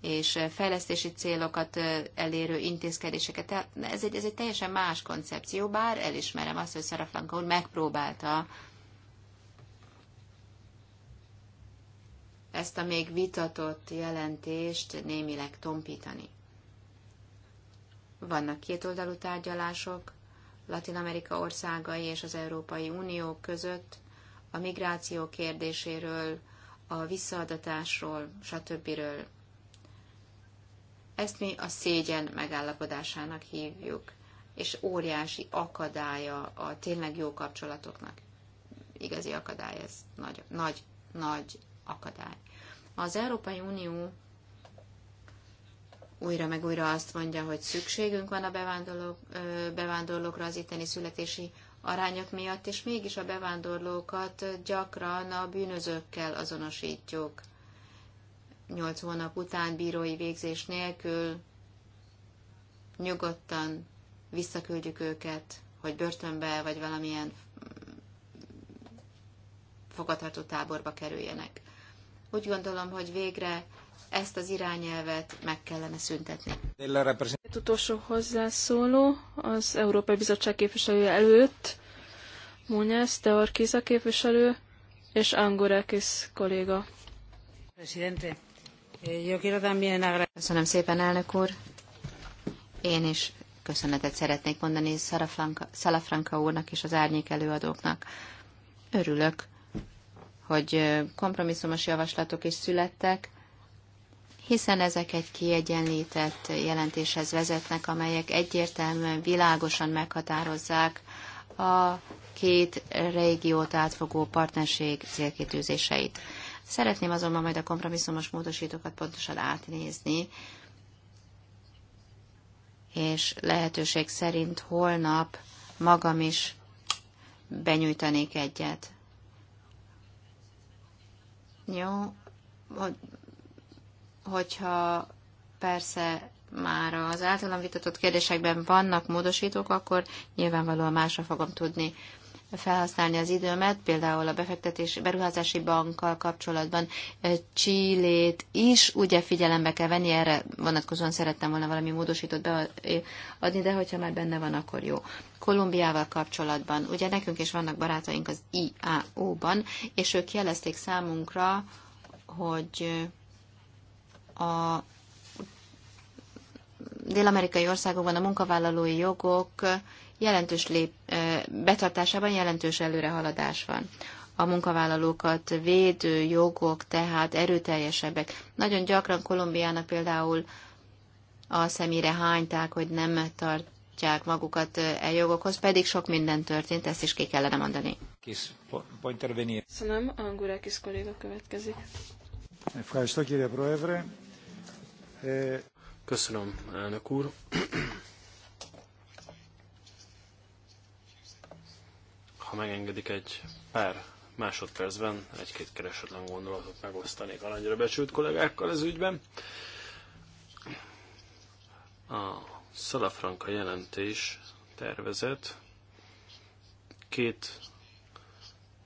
és eh, fejlesztési célokat eh, elérő intézkedéseket. ez egy, ez egy teljesen más koncepció, bár elismerem azt, hogy Szaraflanka úr megpróbálta ezt a még vitatott jelentést némileg tompítani. Vannak kétoldalú tárgyalások Latin Amerika országai és az Európai Unió között a migráció kérdéséről, a visszaadatásról, stb. Ezt mi a szégyen megállapodásának hívjuk, és óriási akadálya a tényleg jó kapcsolatoknak. Igazi akadály ez, nagy, nagy, nagy akadály. Az Európai Unió újra meg újra azt mondja, hogy szükségünk van a bevándorlók, bevándorlókra az itteni születési arányok miatt, és mégis a bevándorlókat gyakran a bűnözőkkel azonosítjuk. 8 hónap után bírói végzés nélkül nyugodtan visszaküldjük őket, hogy börtönbe vagy valamilyen mm, fogadható táborba kerüljenek. Úgy gondolom, hogy végre ezt az irányelvet meg kellene szüntetni. Egy utolsó hozzászóló az Európai Bizottság képviselője előtt, Múnyász, Teorkiza képviselő és Angorakis kolléga. Presidente. Köszönöm szépen, elnök úr. Én is köszönetet szeretnék mondani Szalafranka, úrnak és az árnyék előadóknak. Örülök, hogy kompromisszumos javaslatok is születtek, hiszen ezek egy kiegyenlített jelentéshez vezetnek, amelyek egyértelműen világosan meghatározzák a két régiót átfogó partnerség célkitűzéseit. Szeretném azonban majd a kompromisszumos módosítókat pontosan átnézni, és lehetőség szerint holnap magam is benyújtanék egyet. Jó, hogy, hogyha persze már az általam vitatott kérdésekben vannak módosítók, akkor nyilvánvalóan másra fogom tudni felhasználni az időmet, például a befektetési beruházási bankkal kapcsolatban Csillét is ugye figyelembe kell venni, erre vonatkozóan szerettem volna valami módosított beadni, de hogyha már benne van, akkor jó. Kolumbiával kapcsolatban, ugye nekünk is vannak barátaink az IAO-ban, és ők jelezték számunkra, hogy a dél-amerikai országokban a munkavállalói jogok jelentős lép, betartásában jelentős előrehaladás van. A munkavállalókat védő jogok tehát erőteljesebbek. Nagyon gyakran Kolumbiának például a szemére hányták, hogy nem tartják magukat e jogokhoz, pedig sok minden történt, ezt is ki kellene mondani. Kis, pont Köszönöm, Angurakis kolléga következik. Köszönöm, elnök úr. ha megengedik egy pár másodpercben egy-két keresetlen gondolatot megosztanék a nagyra becsült kollégákkal ez ügyben. A Szalafranka jelentés tervezet két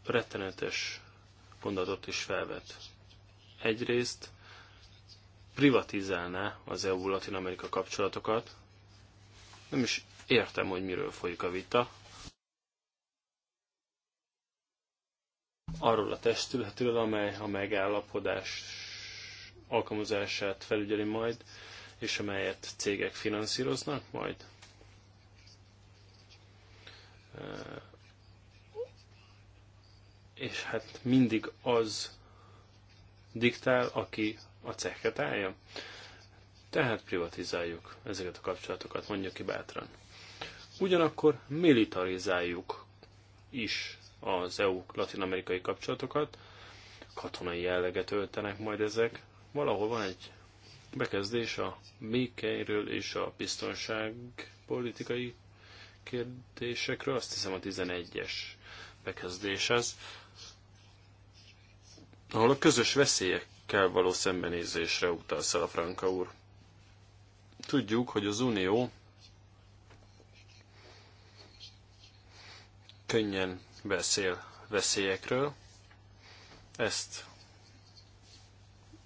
rettenetes gondolatot is felvet. Egyrészt privatizálná az EU-Latin Amerika kapcsolatokat. Nem is értem, hogy miről folyik a vita, arról a testületről, amely a megállapodás alkalmazását felügyeli majd, és amelyet cégek finanszíroznak majd? És hát mindig az diktál, aki a cehket állja. Tehát privatizáljuk ezeket a kapcsolatokat, mondja ki bátran. Ugyanakkor militarizáljuk is az EU-latin-amerikai kapcsolatokat, katonai jelleget öltenek majd ezek. Valahol van egy bekezdés a békéről és a biztonságpolitikai kérdésekről, azt hiszem a 11-es bekezdés az, ahol a közös veszélyekkel való szembenézésre utal Franka úr. Tudjuk, hogy az Unió könnyen beszél veszélyekről. Ezt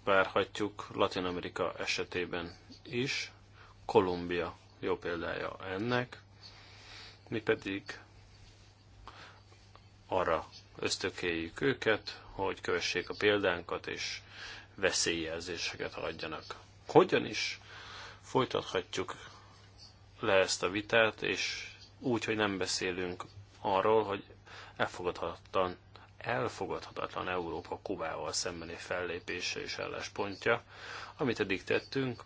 várhatjuk Latin Amerika esetében is. Kolumbia jó példája ennek. Mi pedig arra ösztökéljük őket, hogy kövessék a példánkat és veszélyjelzéseket adjanak. Hogyan is folytathatjuk le ezt a vitát, és úgy, hogy nem beszélünk arról, hogy elfogadhatatlan, elfogadhatatlan Európa Kubával szembeni fellépése és álláspontja. Amit eddig tettünk,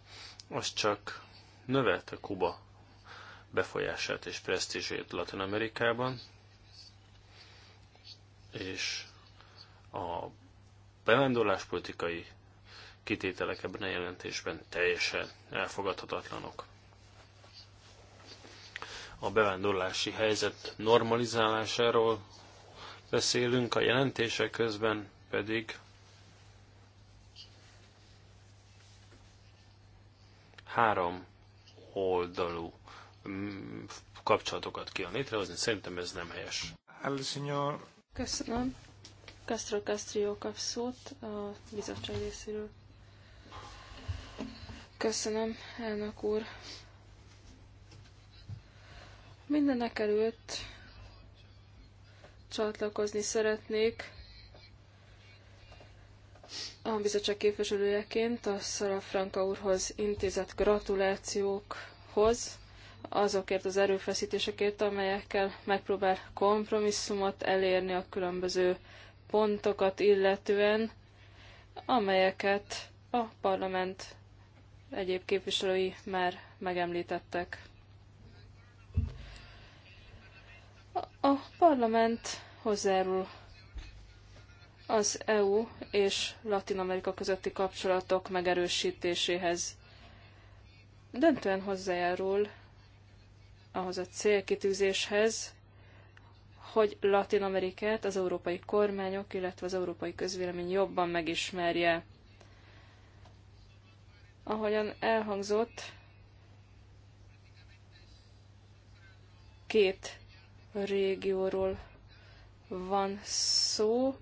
az csak növelte Kuba befolyását és presztízsét Latin Amerikában, és a bevándorláspolitikai kitételek ebben a jelentésben teljesen elfogadhatatlanok a bevándorlási helyzet normalizálásáról beszélünk, a jelentések közben pedig három oldalú mm, kapcsolatokat kell létrehozni. Szerintem ez nem helyes. Köszönöm. Castro Castrio kap szót a bizottság részéről. Köszönöm, elnök úr. Mindenek előtt csatlakozni szeretnék a bizottság képviselőjeként a Szara Franka úrhoz intézett gratulációkhoz, azokért az erőfeszítésekért, amelyekkel megpróbál kompromisszumot elérni a különböző pontokat illetően, amelyeket a parlament egyéb képviselői már megemlítettek. A parlament hozzájárul az EU és Latin Amerika közötti kapcsolatok megerősítéséhez. Döntően hozzájárul ahhoz a célkitűzéshez, hogy Latin Amerikát az európai kormányok, illetve az európai közvélemény jobban megismerje. Ahogyan elhangzott, két régióról van szó,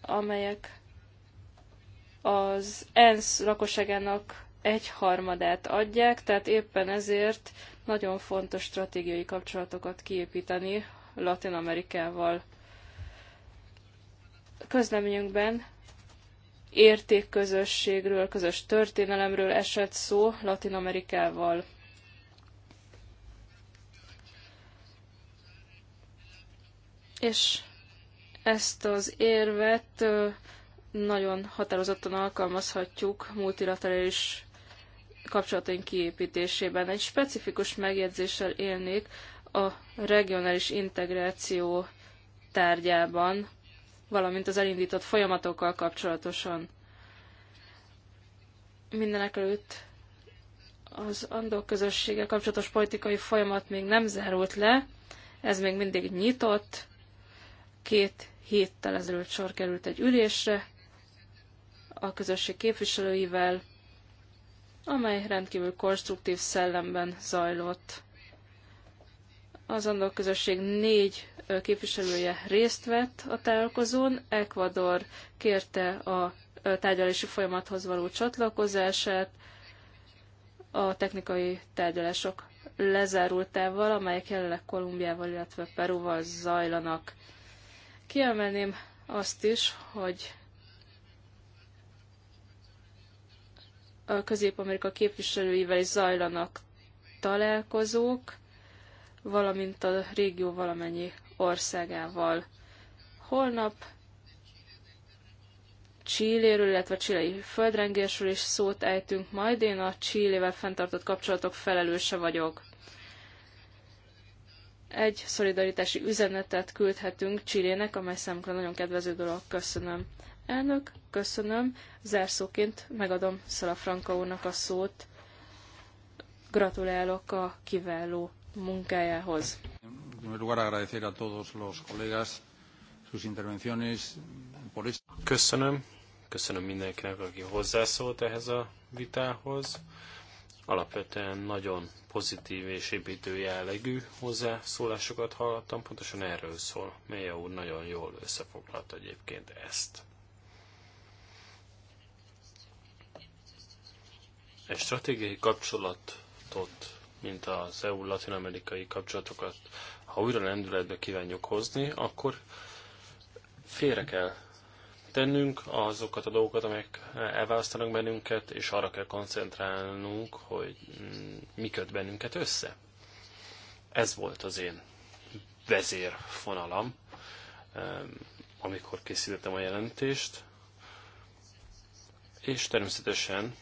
amelyek az ENSZ lakosságának egyharmadát adják, tehát éppen ezért nagyon fontos stratégiai kapcsolatokat kiépíteni Latin Amerikával. Közleményünkben értékközösségről, közös történelemről esett szó Latin Amerikával. és ezt az érvet nagyon határozottan alkalmazhatjuk multilaterális kapcsolataink kiépítésében. Egy specifikus megjegyzéssel élnék a regionális integráció tárgyában, valamint az elindított folyamatokkal kapcsolatosan. Mindenek előtt az andok közössége kapcsolatos politikai folyamat még nem zárult le, ez még mindig nyitott, Két héttel ezelőtt sor került egy ülésre a közösség képviselőivel, amely rendkívül konstruktív szellemben zajlott. Az andó közösség négy képviselője részt vett a találkozón. Ecuador kérte a tárgyalási folyamathoz való csatlakozását a technikai tárgyalások lezárultával, amelyek jelenleg Kolumbiával, illetve Peruval zajlanak. Kiemelném azt is, hogy a Közép-Amerika képviselőivel is zajlanak találkozók, valamint a régió valamennyi országával. Holnap Csilléről, illetve csilei földrengésről is szót ejtünk majd. Én a Csillével fenntartott kapcsolatok felelőse vagyok egy szolidaritási üzenetet küldhetünk Csillének, amely számunkra nagyon kedvező dolog. Köszönöm. Elnök, köszönöm. Zárszóként megadom Franka úrnak a szót. Gratulálok a kiváló munkájához. Köszönöm. Köszönöm mindenkinek, aki hozzászólt ehhez a vitához. Alapvetően nagyon pozitív és építő jellegű hozzászólásokat hallottam, pontosan erről szól. Melye úr nagyon jól összefoglalta egyébként ezt. Egy stratégiai kapcsolatot, mint az EU-latin-amerikai kapcsolatokat, ha újra lendületbe kívánjuk hozni, akkor félre kell tennünk, azokat a dolgokat, amelyek elválasztanak bennünket, és arra kell koncentrálnunk, hogy mm, mi köt bennünket össze. Ez volt az én vezérfonalam, amikor készítettem a jelentést, és természetesen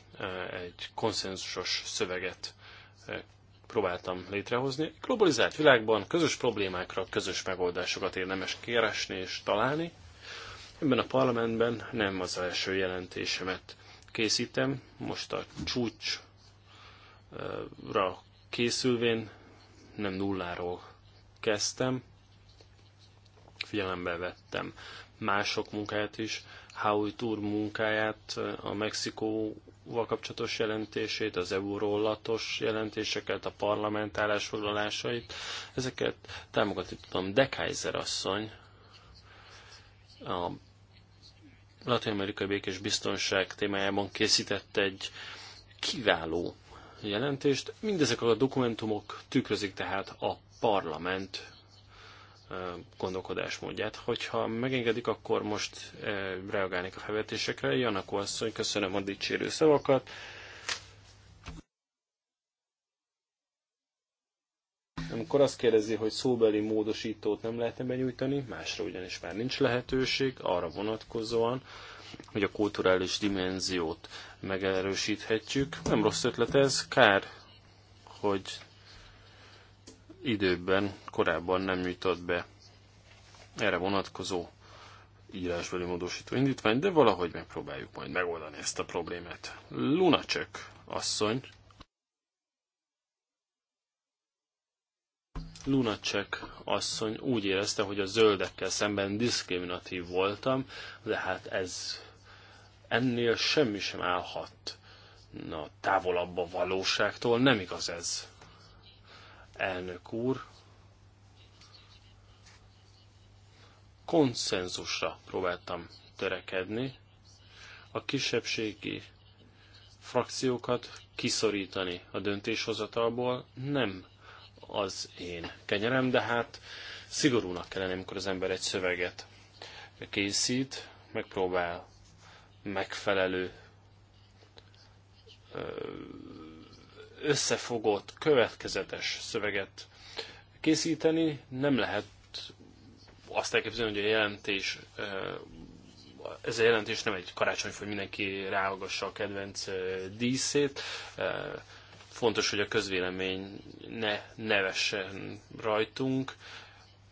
egy konszenzusos szöveget próbáltam létrehozni. Globalizált világban közös problémákra közös megoldásokat érdemes keresni és találni. Ebben a parlamentben nem az első jelentésemet készítem, most a csúcsra készülvén nem nulláról kezdtem, figyelembe vettem mások munkáját is, Howie Tour munkáját, a Mexikóval kapcsolatos jelentését, az eurólatos jelentéseket, a parlament állásfoglalásait, ezeket támogatni De Kaiser asszony, a Latin-Amerikai békés biztonság témájában készített egy kiváló jelentést. Mindezek a dokumentumok tükrözik tehát a parlament gondolkodásmódját. Hogyha megengedik, akkor most reagálnék a felvetésekre. Janakó asszony, köszönöm a dicsérő szavakat. Amikor azt kérdezi, hogy szóbeli módosítót nem lehetne benyújtani, másra ugyanis már nincs lehetőség, arra vonatkozóan, hogy a kulturális dimenziót megerősíthetjük. Nem rossz ötlet ez, kár, hogy időben, korábban nem nyújtott be erre vonatkozó írásbeli módosító indítvány, de valahogy megpróbáljuk majd megoldani ezt a problémát. Lunacsök asszony Lunacek asszony úgy érezte, hogy a zöldekkel szemben diszkriminatív voltam, de hát ez ennél semmi sem állhat na, távolabb a valóságtól. Nem igaz ez, elnök úr. Konszenzusra próbáltam törekedni, a kisebbségi frakciókat kiszorítani a döntéshozatalból nem az én kenyerem, de hát szigorúnak kellene, amikor az ember egy szöveget készít, megpróbál megfelelő összefogott, következetes szöveget készíteni. Nem lehet azt elképzelni, hogy a jelentés ez a jelentés nem egy karácsony, hogy mindenki ráhagassa a kedvenc díszét, Fontos, hogy a közvélemény ne nevessen rajtunk.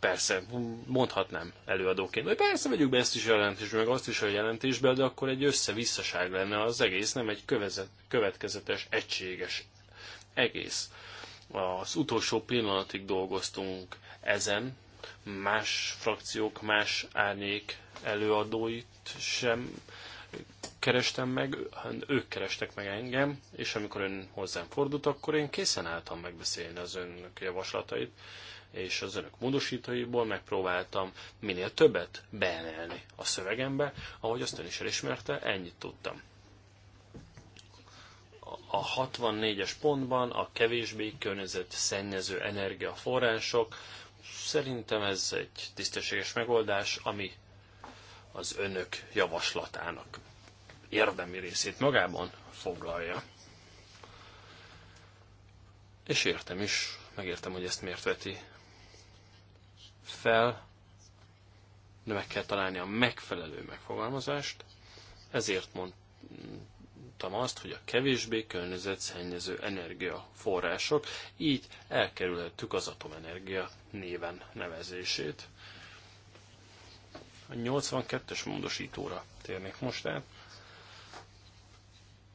Persze, mondhatnám előadóként, hogy persze vegyük be ezt is a jelentésbe, meg azt is a jelentésbe, de akkor egy összevisszaság lenne az egész, nem egy kövezet, következetes, egységes egész. Az utolsó pillanatig dolgoztunk ezen, más frakciók, más árnyék előadóit sem kerestem meg, ők kerestek meg engem, és amikor ön hozzám fordult, akkor én készen álltam megbeszélni az önök javaslatait, és az önök módosítóiból megpróbáltam minél többet beemelni a szövegembe, ahogy azt ön is elismerte, ennyit tudtam. A 64-es pontban a kevésbé környezet szennyező energiaforrások, szerintem ez egy tisztességes megoldás, ami az önök javaslatának érdemi részét magában foglalja. És értem is, megértem, hogy ezt miért veti fel, de meg kell találni a megfelelő megfogalmazást. Ezért mondtam azt, hogy a kevésbé környezetszennyező energiaforrások, így elkerülhettük az atomenergia néven nevezését. A 82-es módosítóra térnék most el,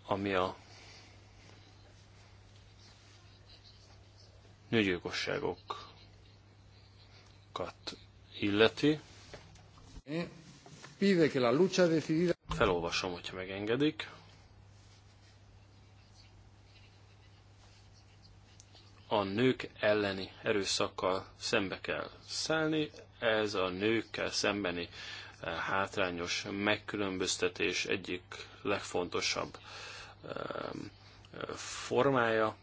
ami a nőgyilkosságokat illeti. Felolvasom, hogyha megengedik. a nők elleni erőszakkal szembe kell szállni, ez a nőkkel szembeni eh, hátrányos megkülönböztetés egyik legfontosabb formája,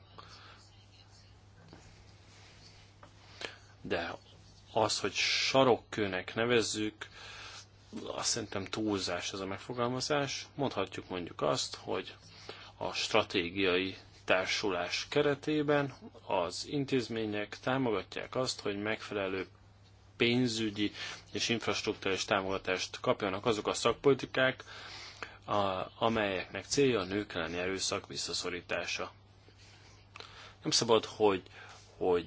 de az, hogy sarokkőnek nevezzük, azt szerintem túlzás ez a megfogalmazás. Mondhatjuk mondjuk azt, hogy a stratégiai társulás keretében az intézmények támogatják azt, hogy megfelelő pénzügyi és infrastruktúrális támogatást kapjanak azok a szakpolitikák, a, amelyeknek célja a nők elleni erőszak visszaszorítása. Nem szabad, hogy, hogy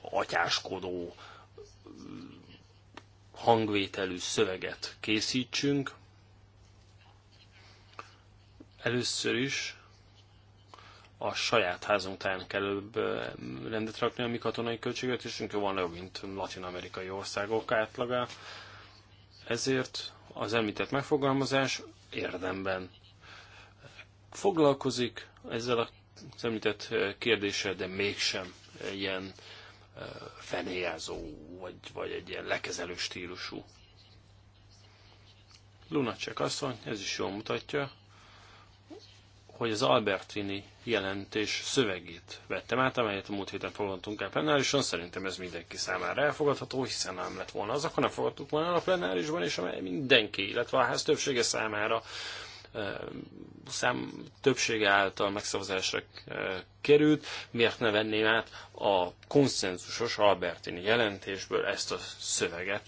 atyáskodó hangvételű szöveget készítsünk. Először is a saját házunk táján kell rendet rakni a mi katonai költségvetésünk, van jobb, mint latin-amerikai országok átlagá. Ezért az említett megfogalmazás érdemben foglalkozik ezzel az említett kérdéssel, de mégsem ilyen fenéjázó, vagy, vagy egy ilyen lekezelő stílusú. Lunacek asszony, ez is jól mutatja, hogy az Albertini jelentés szövegét vettem át, amelyet a múlt héten fogadtunk el plenárison. Szerintem ez mindenki számára elfogadható, hiszen nem lett volna az, akkor nem fogadtuk volna a plenárisban, és amely mindenki, illetve a ház többsége számára szám többsége által megszavazásra került, miért ne venném át a konszenzusos Albertini jelentésből ezt a szöveget,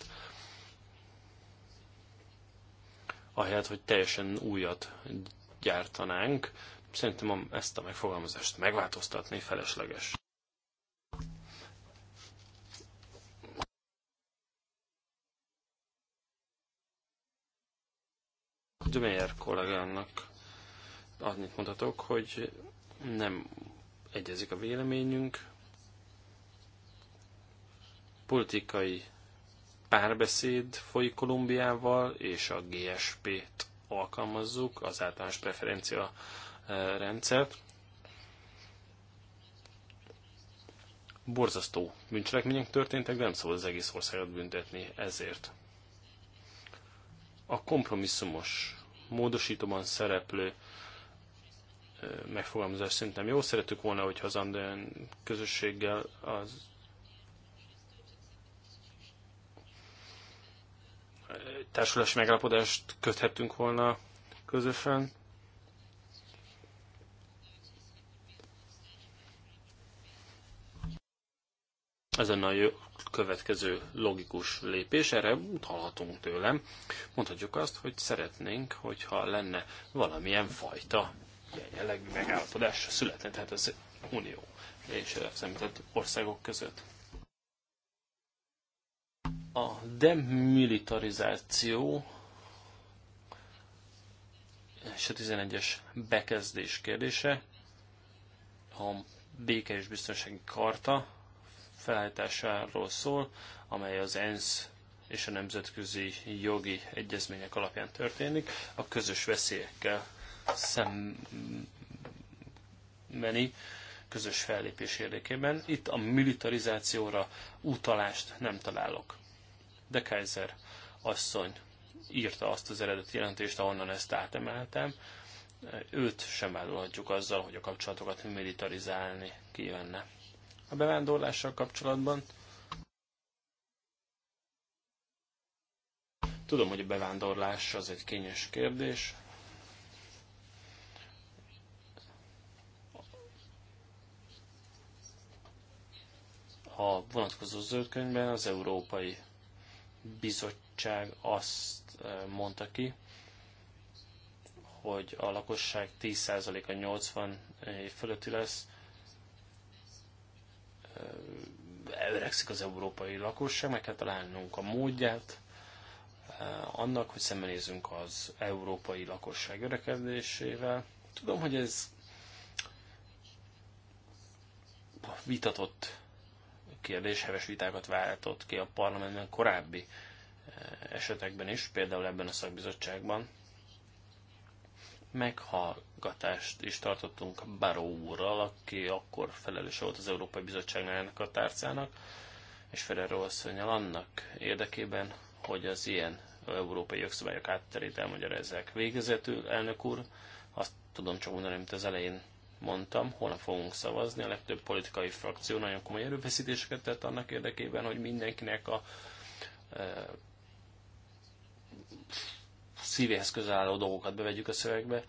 ahelyett, hogy teljesen újat gyártanánk, szerintem ezt a megfogalmazást megváltoztatni felesleges. Dömeyer kollégának annyit mondhatok, hogy nem egyezik a véleményünk. Politikai párbeszéd folyik Kolumbiával és a GSP-t alkalmazzuk, az általános preferencia eh, rendszert. Borzasztó bűncselekmények történtek, de nem szabad az egész országot büntetni ezért. A kompromisszumos módosítóban szereplő eh, megfogalmazás szerintem jó. Szeretük volna, hogyha az közösséggel az társulási megállapodást köthettünk volna közösen. Ez a jó következő logikus lépés, erre utalhatunk tőlem. Mondhatjuk azt, hogy szeretnénk, hogyha lenne valamilyen fajta ilyen jellegű megállapodás születne, tehát az Unió és az említett országok között. A demilitarizáció és a 11-es bekezdés kérdése, a béke és biztonsági karta felállításáról szól, amely az ENSZ és a nemzetközi jogi egyezmények alapján történik, a közös veszélyekkel szembeni közös fellépés érdekében. Itt a militarizációra utalást nem találok. De Kaiser asszony írta azt az eredeti jelentést, ahonnan ezt átemeltem. Őt sem vádolhatjuk azzal, hogy a kapcsolatokat militarizálni kívánne. A bevándorlással kapcsolatban Tudom, hogy a bevándorlás az egy kényes kérdés. A vonatkozó zöldkönyvben az európai bizottság azt mondta ki, hogy a lakosság 10%-a 80 év fölötti lesz, öregszik az európai lakosság, meg kell találnunk a módját annak, hogy szembenézzünk az európai lakosság öregedésével. Tudom, hogy ez vitatott kérdés heves vitákat váltott ki a parlamentben korábbi eh, esetekben is, például ebben a szakbizottságban. Meghallgatást is tartottunk Baró úrral, aki akkor felelős volt az Európai Bizottságnál ennek a tárcának, és Ferrero asszonynal annak érdekében, hogy az ilyen európai jogszabályok átterét elmagyarázzák. Végezetül, elnök úr, azt tudom csak mondani, amit az elején mondtam, holnap fogunk szavazni, a legtöbb politikai frakció nagyon komoly erőfeszítéseket tett annak érdekében, hogy mindenkinek a e, szívéhez közel álló dolgokat bevegyük a szövegbe,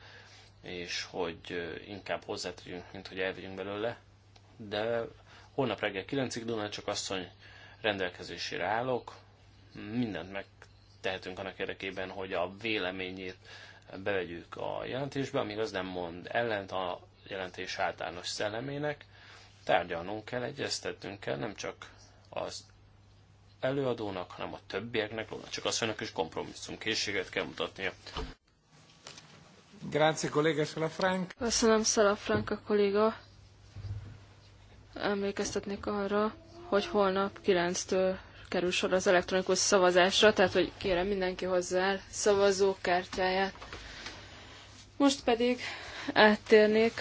és hogy e, inkább hozzátegyünk, mint hogy elvegyünk belőle. De holnap reggel 9-ig csak asszony rendelkezésére állok, mindent megtehetünk annak érdekében, hogy a véleményét bevegyük a jelentésbe, amíg az nem mond ellent a jelentés általános szellemének. Tárgyalnunk kell, egyeztetnünk kell, nem csak az előadónak, hanem a többieknek, csak az önök is kompromisszum készséget kell mutatnia. Grazie, kolléga Frank. Köszönöm, Salafranc a kolléga. Emlékeztetnék arra, hogy holnap 9-től kerül sor az elektronikus szavazásra, tehát hogy kérem mindenki hozzá el szavazókártyáját. Most pedig áttérnék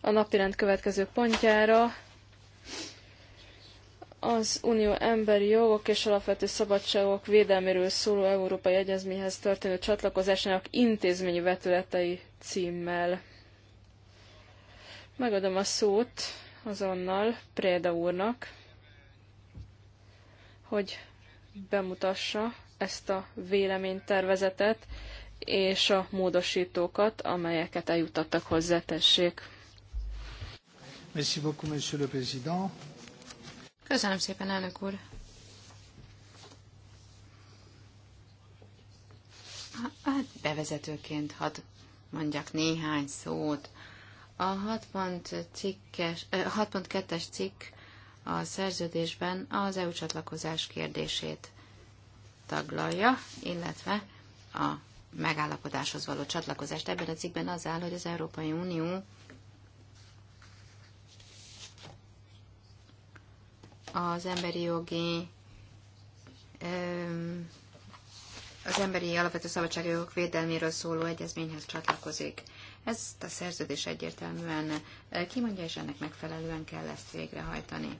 a napirend következő pontjára, az Unió emberi jogok és alapvető szabadságok védelméről szóló Európai Egyezményhez történő csatlakozásának intézményi vetületei címmel. Megadom a szót azonnal Préda úrnak, hogy bemutassa ezt a véleménytervezetet, és a módosítókat, amelyeket eljutottak hozzá, tessék. Köszönöm szépen, elnök úr. Hát bevezetőként hadd mondjak néhány szót. A 6.2-es cikk a szerződésben az EU csatlakozás kérdését taglalja, illetve a megállapodáshoz való csatlakozást. Ebben a cikkben az áll, hogy az Európai Unió az emberi jogi az emberi alapvető szabadságjogok védelméről szóló egyezményhez csatlakozik. Ezt a szerződés egyértelműen kimondja, és ennek megfelelően kell ezt végrehajtani.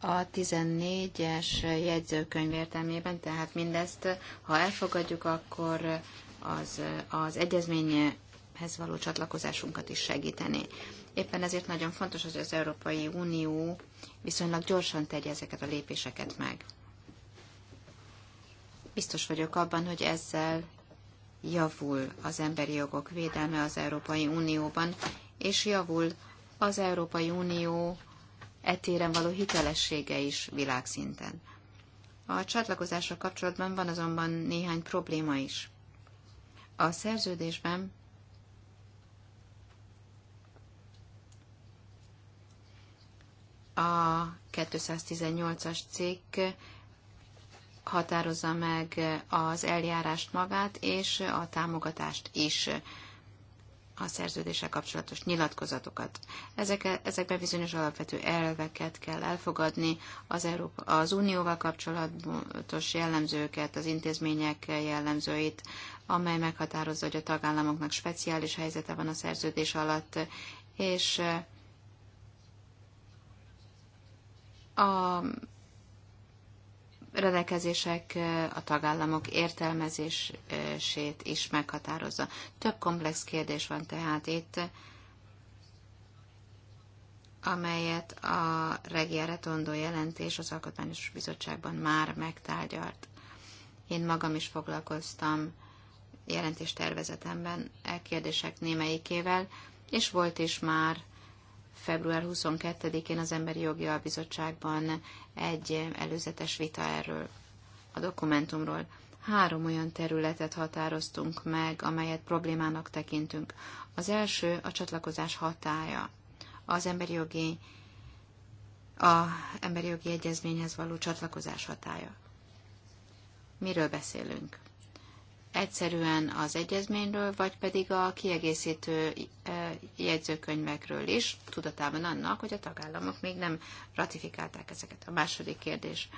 a 14-es jegyzőkönyv értelmében, tehát mindezt, ha elfogadjuk, akkor az, az egyezményhez való csatlakozásunkat is segíteni. Éppen ezért nagyon fontos, hogy az Európai Unió viszonylag gyorsan tegye ezeket a lépéseket meg. Biztos vagyok abban, hogy ezzel javul az emberi jogok védelme az Európai Unióban, és javul az Európai Unió E téren való hitelessége is világszinten. A csatlakozásra kapcsolatban van azonban néhány probléma is. A szerződésben a 218-as cikk határozza meg az eljárást magát és a támogatást is a szerződéssel kapcsolatos nyilatkozatokat. Ezek, ezekben bizonyos alapvető elveket kell elfogadni, az, Európa, az unióval kapcsolatos jellemzőket, az intézmények jellemzőit, amely meghatározza, hogy a tagállamoknak speciális helyzete van a szerződés alatt, és a rendelkezések a tagállamok értelmezését is meghatározza. Több komplex kérdés van tehát itt, amelyet a Regia jelentés az Alkotmányos Bizottságban már megtárgyalt. Én magam is foglalkoztam jelentéstervezetemben e kérdések némelyikével, és volt is már február 22-én az Emberi Jogi Albizottságban egy előzetes vita erről a dokumentumról. Három olyan területet határoztunk meg, amelyet problémának tekintünk. Az első a csatlakozás hatája. Az emberi jogi, a emberi jogi egyezményhez való csatlakozás hatája. Miről beszélünk? egyszerűen az egyezményről, vagy pedig a kiegészítő jegyzőkönyvekről is, tudatában annak, hogy a tagállamok még nem ratifikálták ezeket. A második kérdés.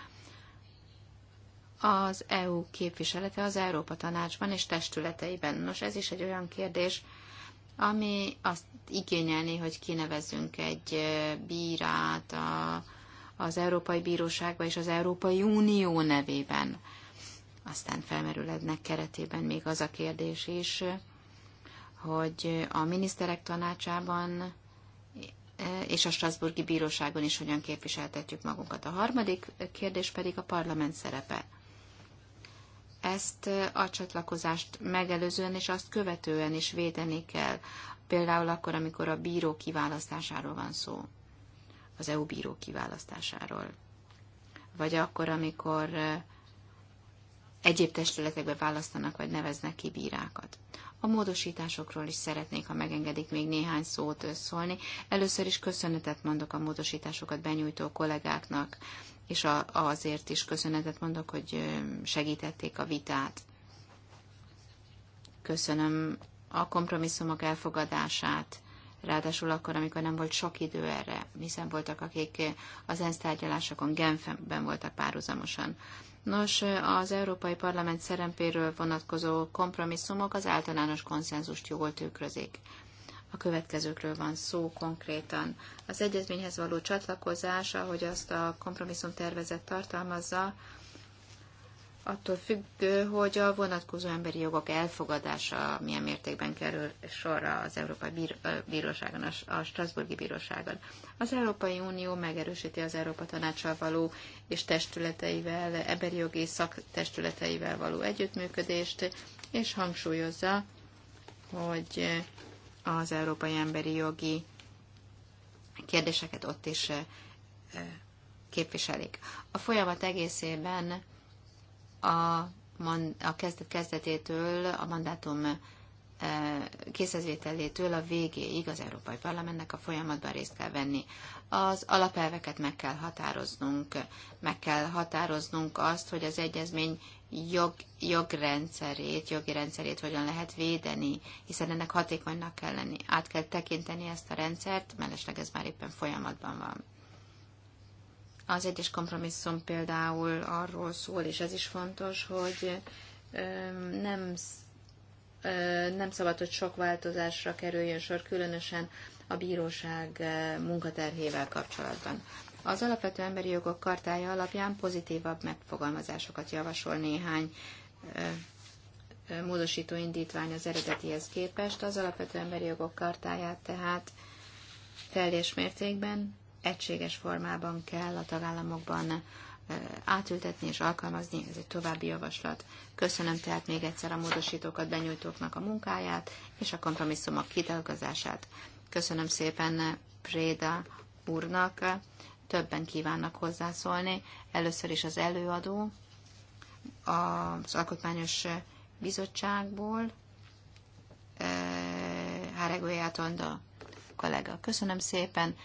Az EU képviselete az Európa Tanácsban és testületeiben. Nos, ez is egy olyan kérdés, ami azt igényelni, hogy kinevezzünk egy bírát a, az Európai Bíróságba és az Európai Unió nevében aztán felmerülednek keretében még az a kérdés is, hogy a miniszterek tanácsában e, és a Strasburgi Bíróságon is hogyan képviseltetjük magunkat. A harmadik kérdés pedig a parlament szerepe. Ezt a csatlakozást megelőzően és azt követően is védeni kell, például akkor, amikor a bíró kiválasztásáról van szó, az EU bíró kiválasztásáról, vagy akkor, amikor egyéb testületekbe választanak vagy neveznek ki bírákat. A módosításokról is szeretnék, ha megengedik még néhány szót szólni. Először is köszönetet mondok a módosításokat benyújtó kollégáknak, és azért is köszönetet mondok, hogy segítették a vitát. Köszönöm a kompromisszumok elfogadását, ráadásul akkor, amikor nem volt sok idő erre, hiszen voltak, akik az ENSZ tárgyalásokon Genfben voltak párhuzamosan. Nos, az Európai Parlament szerepéről vonatkozó kompromisszumok az általános konszenzust jól tükrözik. A következőkről van szó konkrétan. Az egyezményhez való csatlakozás, ahogy azt a kompromisszum tervezet tartalmazza, attól függ, hogy a vonatkozó emberi jogok elfogadása milyen mértékben kerül sorra az Európai Bíróságon, a Strasburgi Bíróságon. Az Európai Unió megerősíti az Európa Tanácsal való és testületeivel, emberi jogi szaktestületeivel való együttműködést, és hangsúlyozza, hogy az európai emberi jogi kérdéseket ott is képviselik. A folyamat egészében a, man, a kezdet kezdetétől, a mandátum e, készhezvételétől a végéig az Európai Parlamentnek a folyamatban részt kell venni. Az alapelveket meg kell határoznunk, meg kell határoznunk azt, hogy az egyezmény jog, jogrendszerét, jogi rendszerét hogyan lehet védeni, hiszen ennek hatékonynak kell lenni. Át kell tekinteni ezt a rendszert, mellesleg ez már éppen folyamatban van. Az egyes kompromisszum például arról szól, és ez is fontos, hogy nem, nem szabad, hogy sok változásra kerüljön sor, különösen a bíróság munkaterhével kapcsolatban. Az alapvető emberi jogok kartája alapján pozitívabb megfogalmazásokat javasol néhány módosító indítvány az eredetihez képest. Az alapvető emberi jogok kartáját tehát teljes mértékben egységes formában kell a tagállamokban átültetni és alkalmazni, ez egy további javaslat. Köszönöm tehát még egyszer a módosítókat benyújtóknak a munkáját és a kompromisszumok kidolgozását. Köszönöm szépen Préda úrnak, többen kívánnak hozzászólni. Először is az előadó az Alkotmányos Bizottságból, Háregó Játonda kollega. Köszönöm szépen,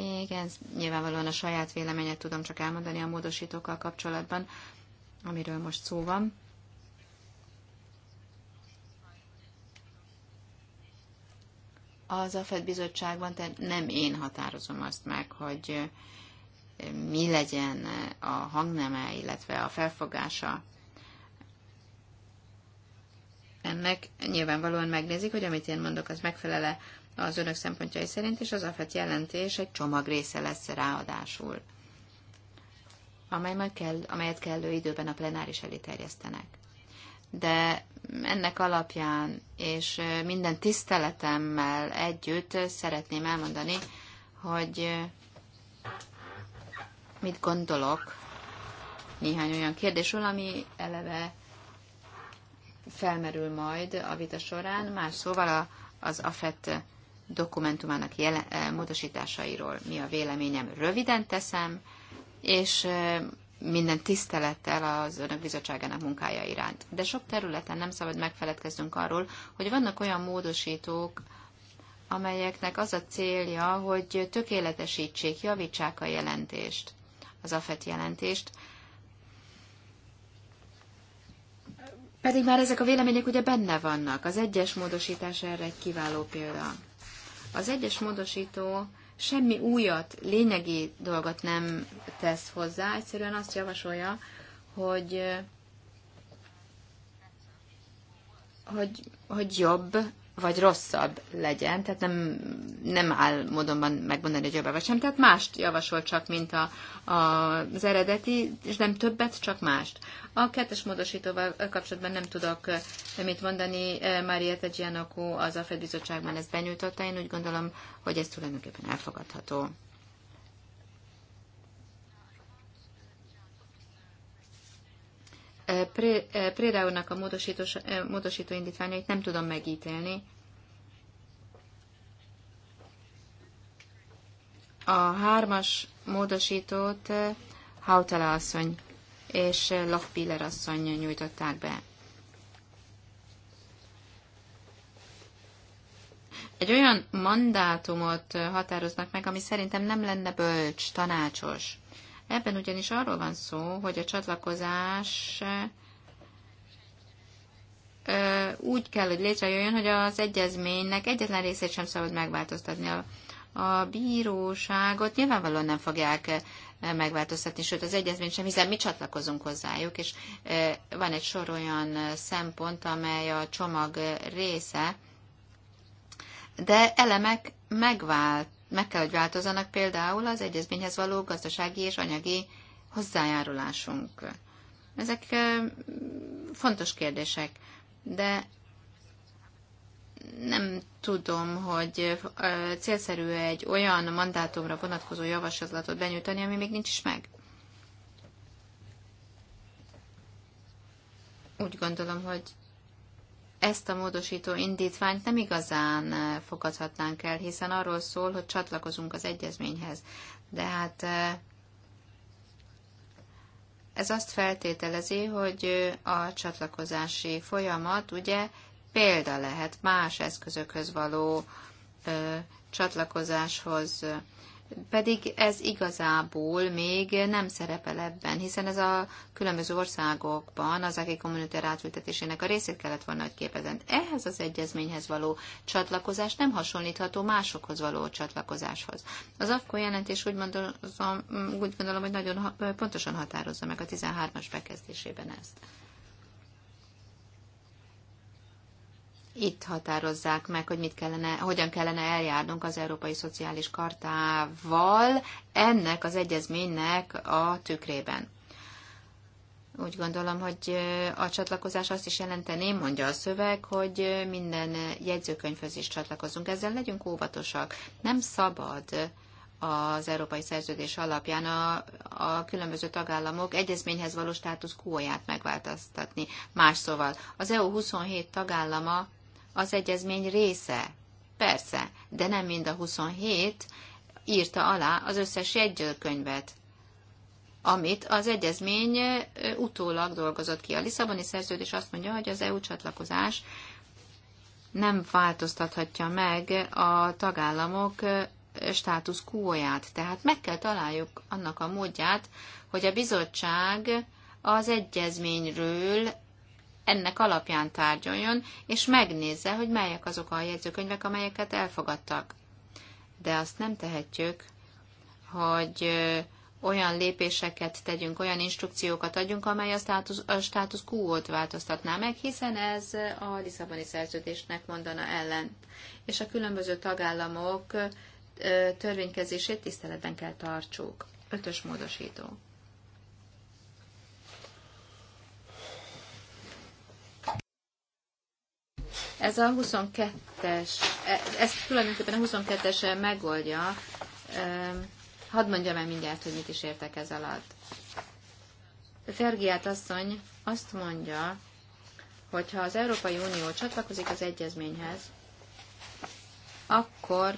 igen, nyilvánvalóan a saját véleményet tudom csak elmondani a módosítókkal kapcsolatban, amiről most szó van. Az AFED bizottságban tehát nem én határozom azt meg, hogy mi legyen a hangneme, illetve a felfogása ennek. Nyilvánvalóan megnézik, hogy amit én mondok, az megfelele az önök szempontjai szerint, és az AFET jelentés egy csomag része lesz ráadásul, amely majd kell, amelyet kellő időben a plenáris elé terjesztenek. De ennek alapján és minden tiszteletemmel együtt szeretném elmondani, hogy mit gondolok néhány olyan kérdésről, ami eleve felmerül majd a vita során. Más szóval a, az AFET dokumentumának jelen, eh, módosításairól mi a véleményem. Röviden teszem, és eh, minden tisztelettel az Önök Bizottságának munkája iránt. De sok területen nem szabad megfeledkeznünk arról, hogy vannak olyan módosítók, amelyeknek az a célja, hogy tökéletesítsék, javítsák a jelentést, az AFET jelentést. Pedig már ezek a vélemények ugye benne vannak. Az egyes módosítás erre egy kiváló példa. Az egyes módosító semmi újat, lényegi dolgot nem tesz hozzá, egyszerűen azt javasolja, hogy hogy, hogy jobb vagy rosszabb legyen, tehát nem, nem áll módonban megmondani, hogy jobb vagy sem, tehát mást javasol csak, mint a, a, az eredeti, és nem többet, csak mást. A kettes módosítóval kapcsolatban nem tudok eh, mit mondani, eh, Marietta Gianakó az a Fed bizottságban ezt benyújtotta, én úgy gondolom, hogy ez tulajdonképpen elfogadható. Eh, Préda úrnak a módosító, eh, módosító indítványait nem tudom megítélni. A hármas módosítót eh, Hautala asszony és Lachpiller asszony nyújtották be. Egy olyan mandátumot határoznak meg, ami szerintem nem lenne bölcs, tanácsos. Ebben ugyanis arról van szó, hogy a csatlakozás úgy kell, hogy létrejöjjön, hogy az egyezménynek egyetlen részét sem szabad megváltoztatni. A, a bíróságot nyilvánvalóan nem fogják megváltoztatni, sőt az egyezmény sem, hiszen mi csatlakozunk hozzájuk, és van egy sor olyan szempont, amely a csomag része, de elemek megvált meg kell, hogy változzanak például az egyezményhez való gazdasági és anyagi hozzájárulásunk. Ezek fontos kérdések, de nem tudom, hogy célszerű egy olyan mandátumra vonatkozó javaslatot benyújtani, ami még nincs is meg. Úgy gondolom, hogy ezt a módosító indítványt nem igazán eh, fogadhatnánk el, hiszen arról szól, hogy csatlakozunk az egyezményhez. De hát eh, ez azt feltételezi, hogy eh, a csatlakozási folyamat ugye példa lehet más eszközökhöz való csatlakozáshoz pedig ez igazából még nem szerepel ebben, hiszen ez a különböző országokban az aki kommunitár átültetésének a részét kellett volna, hogy képezen. Ehhez az egyezményhez való csatlakozás nem hasonlítható másokhoz való csatlakozáshoz. Az AFKO jelentés úgy, mondom, úgy gondolom, hogy nagyon pontosan határozza meg a 13-as bekezdésében ezt. itt határozzák meg, hogy mit kellene, hogyan kellene eljárnunk az Európai Szociális Kartával ennek az egyezménynek a tükrében. Úgy gondolom, hogy a csatlakozás azt is jelenteni, mondja a szöveg, hogy minden jegyzőkönyvhöz is csatlakozunk. Ezzel legyünk óvatosak. Nem szabad az Európai Szerződés alapján a, a különböző tagállamok egyezményhez való státusz kóját megváltoztatni. Más szóval, az EU 27 tagállama az egyezmény része. Persze, de nem mind a 27 írta alá az összes jegyzőkönyvet, amit az egyezmény utólag dolgozott ki. A Lisszaboni szerződés azt mondja, hogy az EU csatlakozás nem változtathatja meg a tagállamok státusz quóját. Tehát meg kell találjuk annak a módját, hogy a bizottság az egyezményről ennek alapján tárgyaljon, és megnézze, hogy melyek azok a jegyzőkönyvek, amelyeket elfogadtak. De azt nem tehetjük, hogy olyan lépéseket tegyünk, olyan instrukciókat adjunk, amely a státusz a quo-t változtatná meg, hiszen ez a Lisszaboni szerződésnek mondana ellen. És a különböző tagállamok törvénykezését tiszteletben kell tartsuk. Ötös módosító. Ez a 22-es, e, ez tulajdonképpen a 22-es megoldja. Hadd mondjam el mindjárt, hogy mit is értek ez alatt. Fergiát asszony azt mondja, hogy ha az Európai Unió csatlakozik az egyezményhez, akkor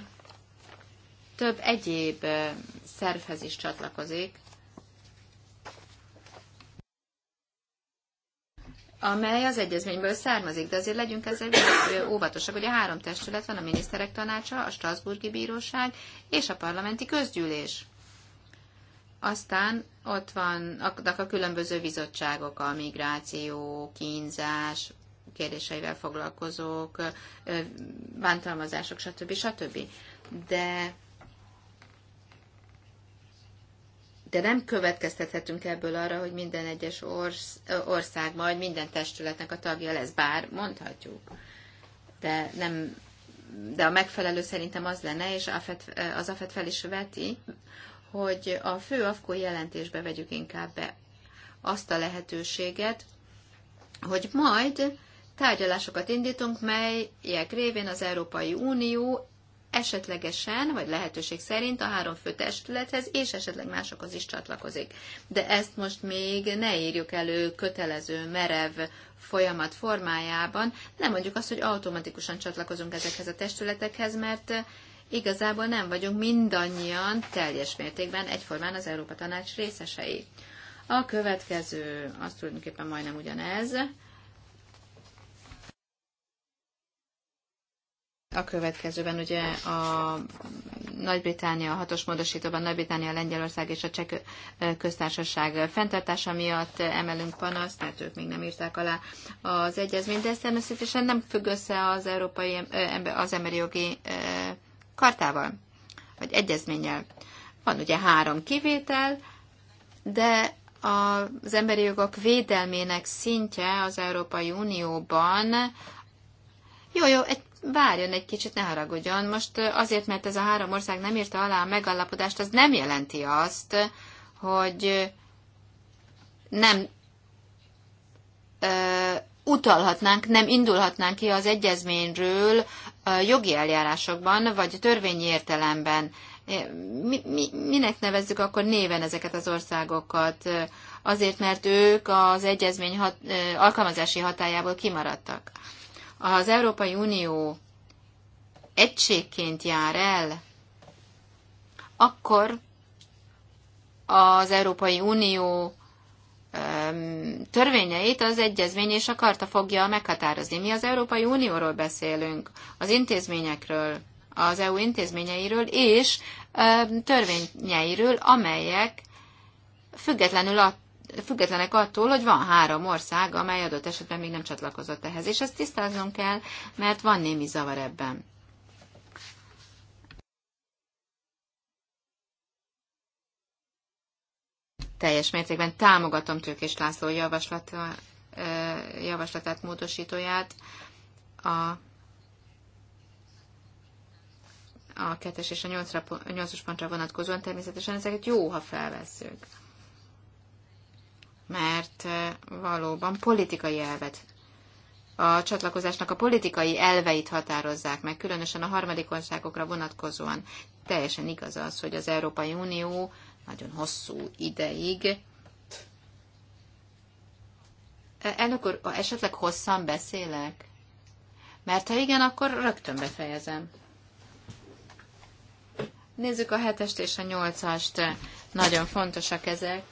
több egyéb szervhez is csatlakozik, amely az egyezményből származik, de azért legyünk ezzel óvatosak, hogy a három testület van, a miniszterek tanácsa, a Strasburgi Bíróság és a parlamenti közgyűlés. Aztán ott vannak a különböző bizottságok, a migráció, kínzás, kérdéseivel foglalkozók, bántalmazások, stb. stb. De de nem következtethetünk ebből arra, hogy minden egyes orsz, ország majd minden testületnek a tagja lesz, bár mondhatjuk. De, nem, de a megfelelő szerintem az lenne, és az AFET fel is veti, hogy a fő AFKO jelentésbe vegyük inkább be azt a lehetőséget, hogy majd tárgyalásokat indítunk, melyek révén az Európai Unió esetlegesen, vagy lehetőség szerint a három fő testülethez és esetleg másokhoz is csatlakozik. De ezt most még ne írjuk elő kötelező, merev folyamat formájában. Nem mondjuk azt, hogy automatikusan csatlakozunk ezekhez a testületekhez, mert igazából nem vagyunk mindannyian teljes mértékben egyformán az Európa Tanács részesei. A következő az tulajdonképpen majdnem ugyanez, A következőben ugye a Nagy-Británia, a hatos módosítóban Nagy-Británia, Lengyelország és a Cseh köztársaság fenntartása miatt emelünk panaszt, mert ők még nem írták alá az egyezményt, de ez természetesen nem függ össze az európai, az emberi jogi kartával, vagy egyezménnyel. Van ugye három kivétel, de az emberi jogok védelmének szintje az Európai Unióban jó, jó, egy várjon egy kicsit, ne haragudjon. Most azért, mert ez a három ország nem írta alá a megállapodást, az nem jelenti azt, hogy nem ö, utalhatnánk, nem indulhatnánk ki az egyezményről ö, jogi eljárásokban, vagy törvényi értelemben. Mi, mi, minek nevezzük akkor néven ezeket az országokat? Azért, mert ők az egyezmény hat, ö, alkalmazási hatájából kimaradtak. Ö, az Európai Unió egységként jár el, akkor az Európai Unió törvényeit az egyezmény és a karta fogja meghatározni. Mi az Európai Unióról beszélünk, az intézményekről, az EU intézményeiről és törvényeiről, amelyek függetlenül attól, függetlenek attól, hogy van három ország, amely adott esetben még nem csatlakozott ehhez, és ezt tisztáznunk kell, mert van némi zavar ebben. Teljes mértékben támogatom Tőkés László javaslata, javaslatát, módosítóját a, a kettes és a nyolcas pontra vonatkozóan természetesen ezeket jó, ha felvesszük mert valóban politikai elvet. A csatlakozásnak a politikai elveit határozzák meg, különösen a harmadik országokra vonatkozóan. Teljesen igaz az, hogy az Európai Unió nagyon hosszú ideig e, Elnök úr, esetleg hosszan beszélek? Mert ha igen, akkor rögtön befejezem. Nézzük a hetest és a nyolcast. Nagyon fontosak ezek.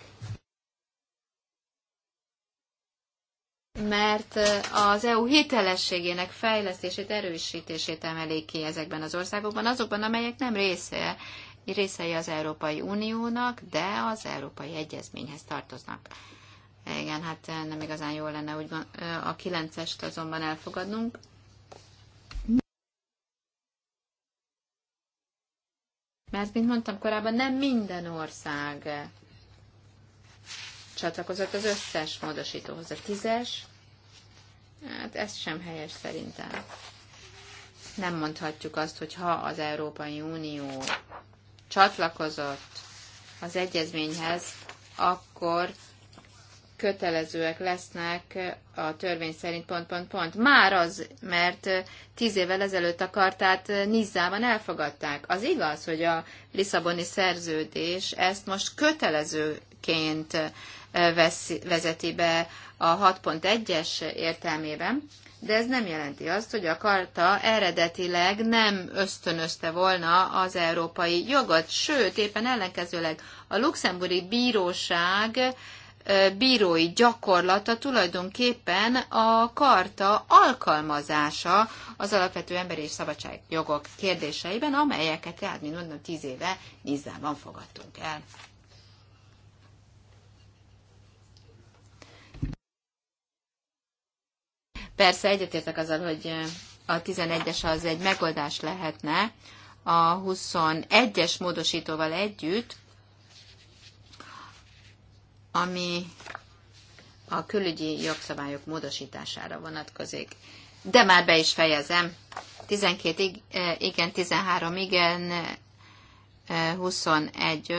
mert az EU hitelességének fejlesztését, erősítését emelik ki ezekben az országokban, azokban, amelyek nem része, részei az Európai Uniónak, de az Európai Egyezményhez tartoznak. Igen, hát nem igazán jó lenne úgy a kilencest azonban elfogadnunk. Mert, mint mondtam korábban, nem minden ország csatlakozott az összes módosítóhoz. A tízes, hát ez sem helyes szerintem. Nem mondhatjuk azt, hogy ha az Európai Unió csatlakozott az egyezményhez, akkor kötelezőek lesznek a törvény szerint pont, pont, pont. Már az, mert tíz évvel ezelőtt a kartát Nizzában elfogadták. Az igaz, hogy a Lisszaboni szerződés ezt most kötelezőként vezeti be a 6.1-es értelmében, de ez nem jelenti azt, hogy a karta eredetileg nem ösztönözte volna az európai jogot, sőt, éppen ellenkezőleg a luxemburgi bíróság bírói gyakorlata tulajdonképpen a karta alkalmazása az alapvető emberi és szabadságjogok kérdéseiben, amelyeket elmúlt hát, mondom tíz éve Nizzában fogadtunk el. Persze egyetértek azzal, hogy a 11-es az egy megoldás lehetne a 21-es módosítóval együtt, ami a külügyi jogszabályok módosítására vonatkozik. De már be is fejezem. 12 igen, 13 igen, 21,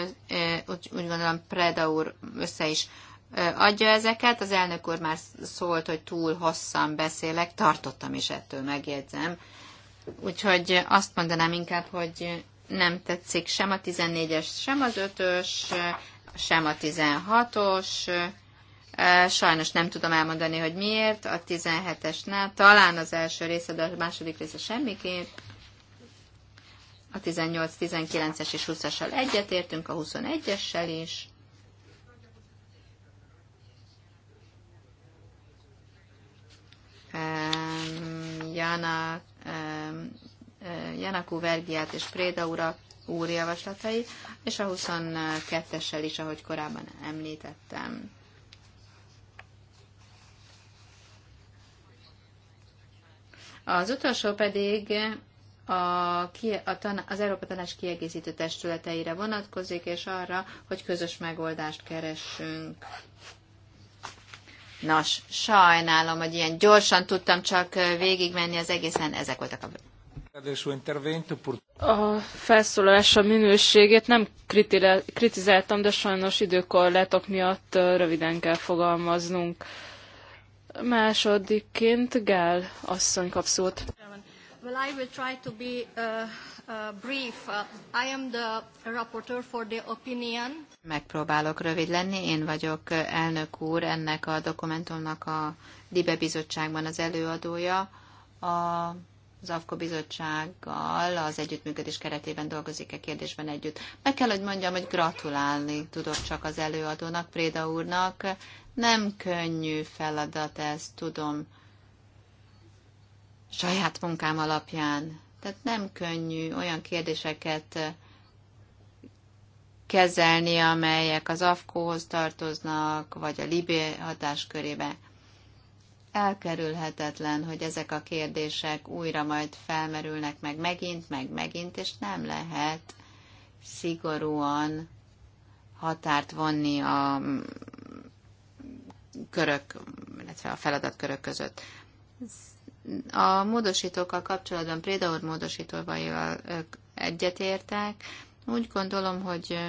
úgy gondolom Preda úr össze is adja ezeket. Az elnök úr már szólt, hogy túl hosszan beszélek, tartottam is ettől, megjegyzem. Úgyhogy azt mondanám inkább, hogy nem tetszik sem a 14-es, sem az 5-ös, sem a 16-os. Sajnos nem tudom elmondani, hogy miért. A 17-esnál talán az első része, de a második része semmiképp. A 18, 19-es és 20-assal egyetértünk, a 21-essel is. Jana, Janakú Vergiát és Préda ura, úr javaslatai, és a 22-essel is, ahogy korábban említettem. Az utolsó pedig a, a tan, az Európa Tanács kiegészítő testületeire vonatkozik, és arra, hogy közös megoldást keressünk. Nos, sajnálom, hogy ilyen gyorsan tudtam csak végigmenni az egészen, ezek voltak a a felszólalása minőségét nem kritizáltam, de sajnos időkorlátok miatt röviden kell fogalmaznunk. Másodikként Gál asszony kap szót. Well, I will try to be uh, uh, brief. Uh, I am the rapporteur for the opinion. Megpróbálok rövid lenni. Én vagyok uh, elnök úr ennek a dokumentumnak a DIBE bizottságban az előadója. A az AFKO bizottsággal az együttműködés keretében dolgozik-e kérdésben együtt. Meg kell, hogy mondjam, hogy gratulálni tudok csak az előadónak, Préda úrnak. Nem könnyű feladat ez, tudom saját munkám alapján. Tehát nem könnyű olyan kérdéseket kezelni, amelyek az AFKO-hoz tartoznak, vagy a Libé hatáskörébe. Elkerülhetetlen, hogy ezek a kérdések újra majd felmerülnek meg megint, meg megint, és nem lehet szigorúan határt vonni a körök, illetve a feladatkörök között. A módosítókkal kapcsolatban, Préda úr módosítóval egyetértek. Úgy gondolom, hogy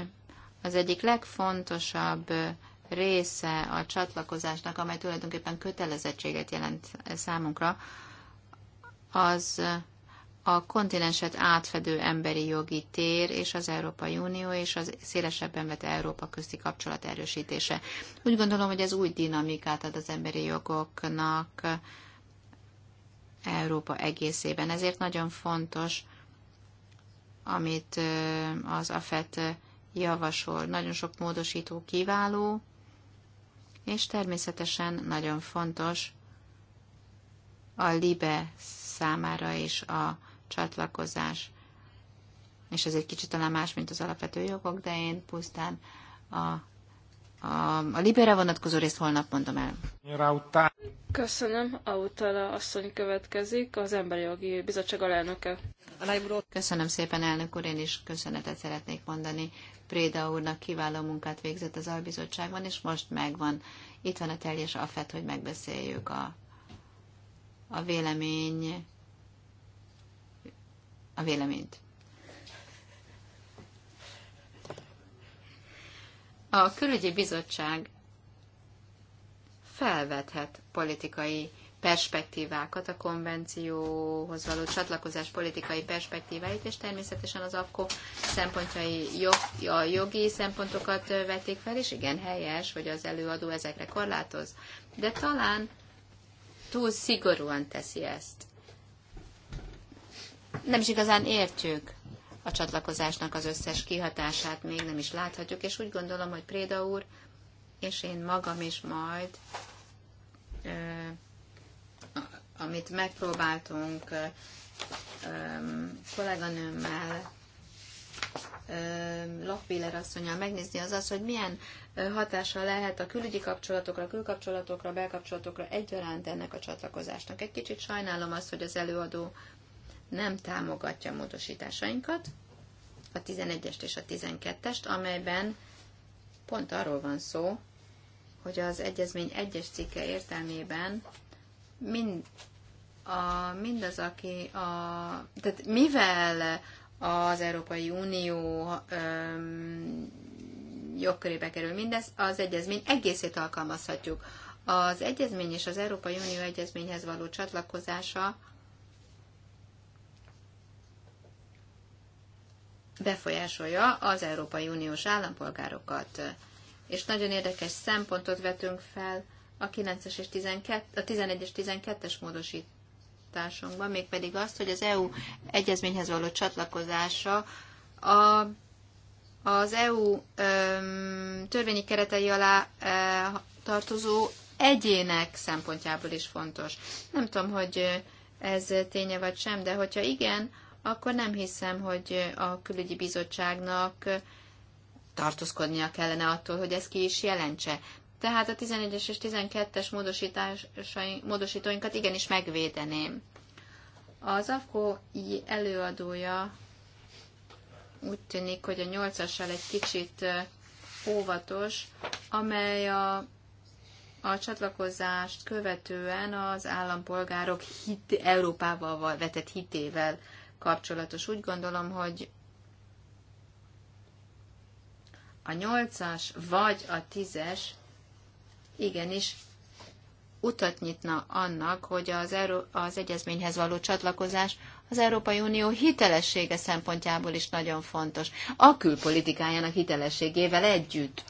az egyik legfontosabb része a csatlakozásnak, amely tulajdonképpen kötelezettséget jelent számunkra, az a kontinenset átfedő emberi jogi tér és az Európai Unió és az szélesebben vett Európa közti kapcsolat erősítése. Úgy gondolom, hogy ez új dinamikát ad az emberi jogoknak, Európa egészében. Ezért nagyon fontos, amit az AFET javasol. Nagyon sok módosító kiváló, és természetesen nagyon fontos a libe számára is a csatlakozás. És ez egy kicsit talán más, mint az alapvető jogok, de én pusztán a a, a Libére vonatkozó részt holnap mondom el. Köszönöm. Autala asszony következik, az Emberi Jogi Bizottság alelnöke. Köszönöm szépen, elnök úr, én is köszönetet szeretnék mondani. Préda úrnak kiváló munkát végzett az albizottságban, és most megvan. Itt van a teljes afet, hogy megbeszéljük a, a vélemény a véleményt. A külügyi bizottság felvethet politikai perspektívákat, a konvencióhoz való csatlakozás politikai perspektíváit, és természetesen az AFKO szempontjai jog, a jogi szempontokat vették fel, és igen, helyes, hogy az előadó ezekre korlátoz. De talán túl szigorúan teszi ezt. Nem is igazán értjük, a csatlakozásnak az összes kihatását még nem is láthatjuk, és úgy gondolom, hogy Préda úr és én magam is majd, amit megpróbáltunk kolléganőmmel, Lochbiller asszonyal megnézni, az az, hogy milyen hatása lehet a külügyi kapcsolatokra, külkapcsolatokra, belkapcsolatokra egyaránt ennek a csatlakozásnak. Egy kicsit sajnálom azt, hogy az előadó nem támogatja a módosításainkat, a 11-est és a 12-est, amelyben pont arról van szó, hogy az egyezmény egyes cikke értelmében mind, a, mindaz, aki a, tehát mivel az Európai Unió öm, jogkörébe kerül mindez, az egyezmény egészét alkalmazhatjuk. Az egyezmény és az Európai Unió egyezményhez való csatlakozása befolyásolja az Európai Uniós állampolgárokat. És nagyon érdekes szempontot vetünk fel a 9-es és 12, a 11 és 12-es módosításunkban, mégpedig azt, hogy az EU egyezményhez való csatlakozása a, az EU öm, törvényi keretei alá ö, tartozó egyének szempontjából is fontos. Nem tudom, hogy ez ténye vagy sem, de hogyha igen, akkor nem hiszem, hogy a külügyi bizottságnak tartózkodnia kellene attól, hogy ez ki is jelentse. Tehát a 11-es és 12-es módosítóinkat igenis megvédeném. Az AFKO előadója úgy tűnik, hogy a 8-assal egy kicsit óvatos, amely a, a csatlakozást követően az állampolgárok hit, Európával vetett hitével kapcsolatos. Úgy gondolom, hogy a nyolcas vagy a tízes igenis utat nyitna annak, hogy az, Euró- az egyezményhez való csatlakozás az Európai Unió hitelessége szempontjából is nagyon fontos. A külpolitikájának hitelességével együtt.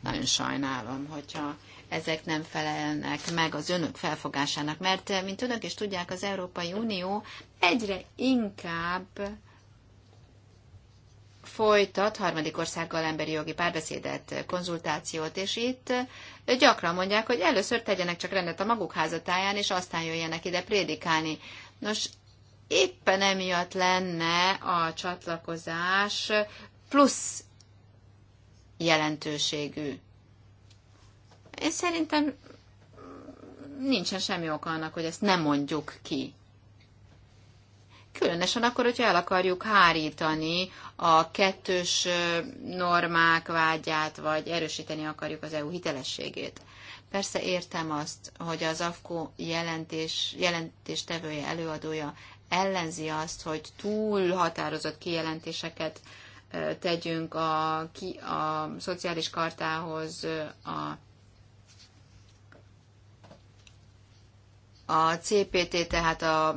Nagyon sajnálom, hogyha ezek nem felelnek meg az önök felfogásának, mert mint önök is tudják, az Európai Unió egyre inkább folytat harmadik országgal emberi jogi párbeszédet, konzultációt, és itt gyakran mondják, hogy először tegyenek csak rendet a maguk házatáján, és aztán jöjjenek ide prédikálni. Nos, éppen emiatt lenne a csatlakozás plusz jelentőségű. Én szerintem nincsen semmi oka annak, hogy ezt nem mondjuk ki. Különösen akkor, hogyha el akarjuk hárítani a kettős normák vágyát, vagy erősíteni akarjuk az EU hitelességét. Persze értem azt, hogy az AFKO jelentés, jelentéstevője, előadója ellenzi azt, hogy túl határozott kijelentéseket tegyünk a, ki, a szociális kartához, a, a CPT, tehát a,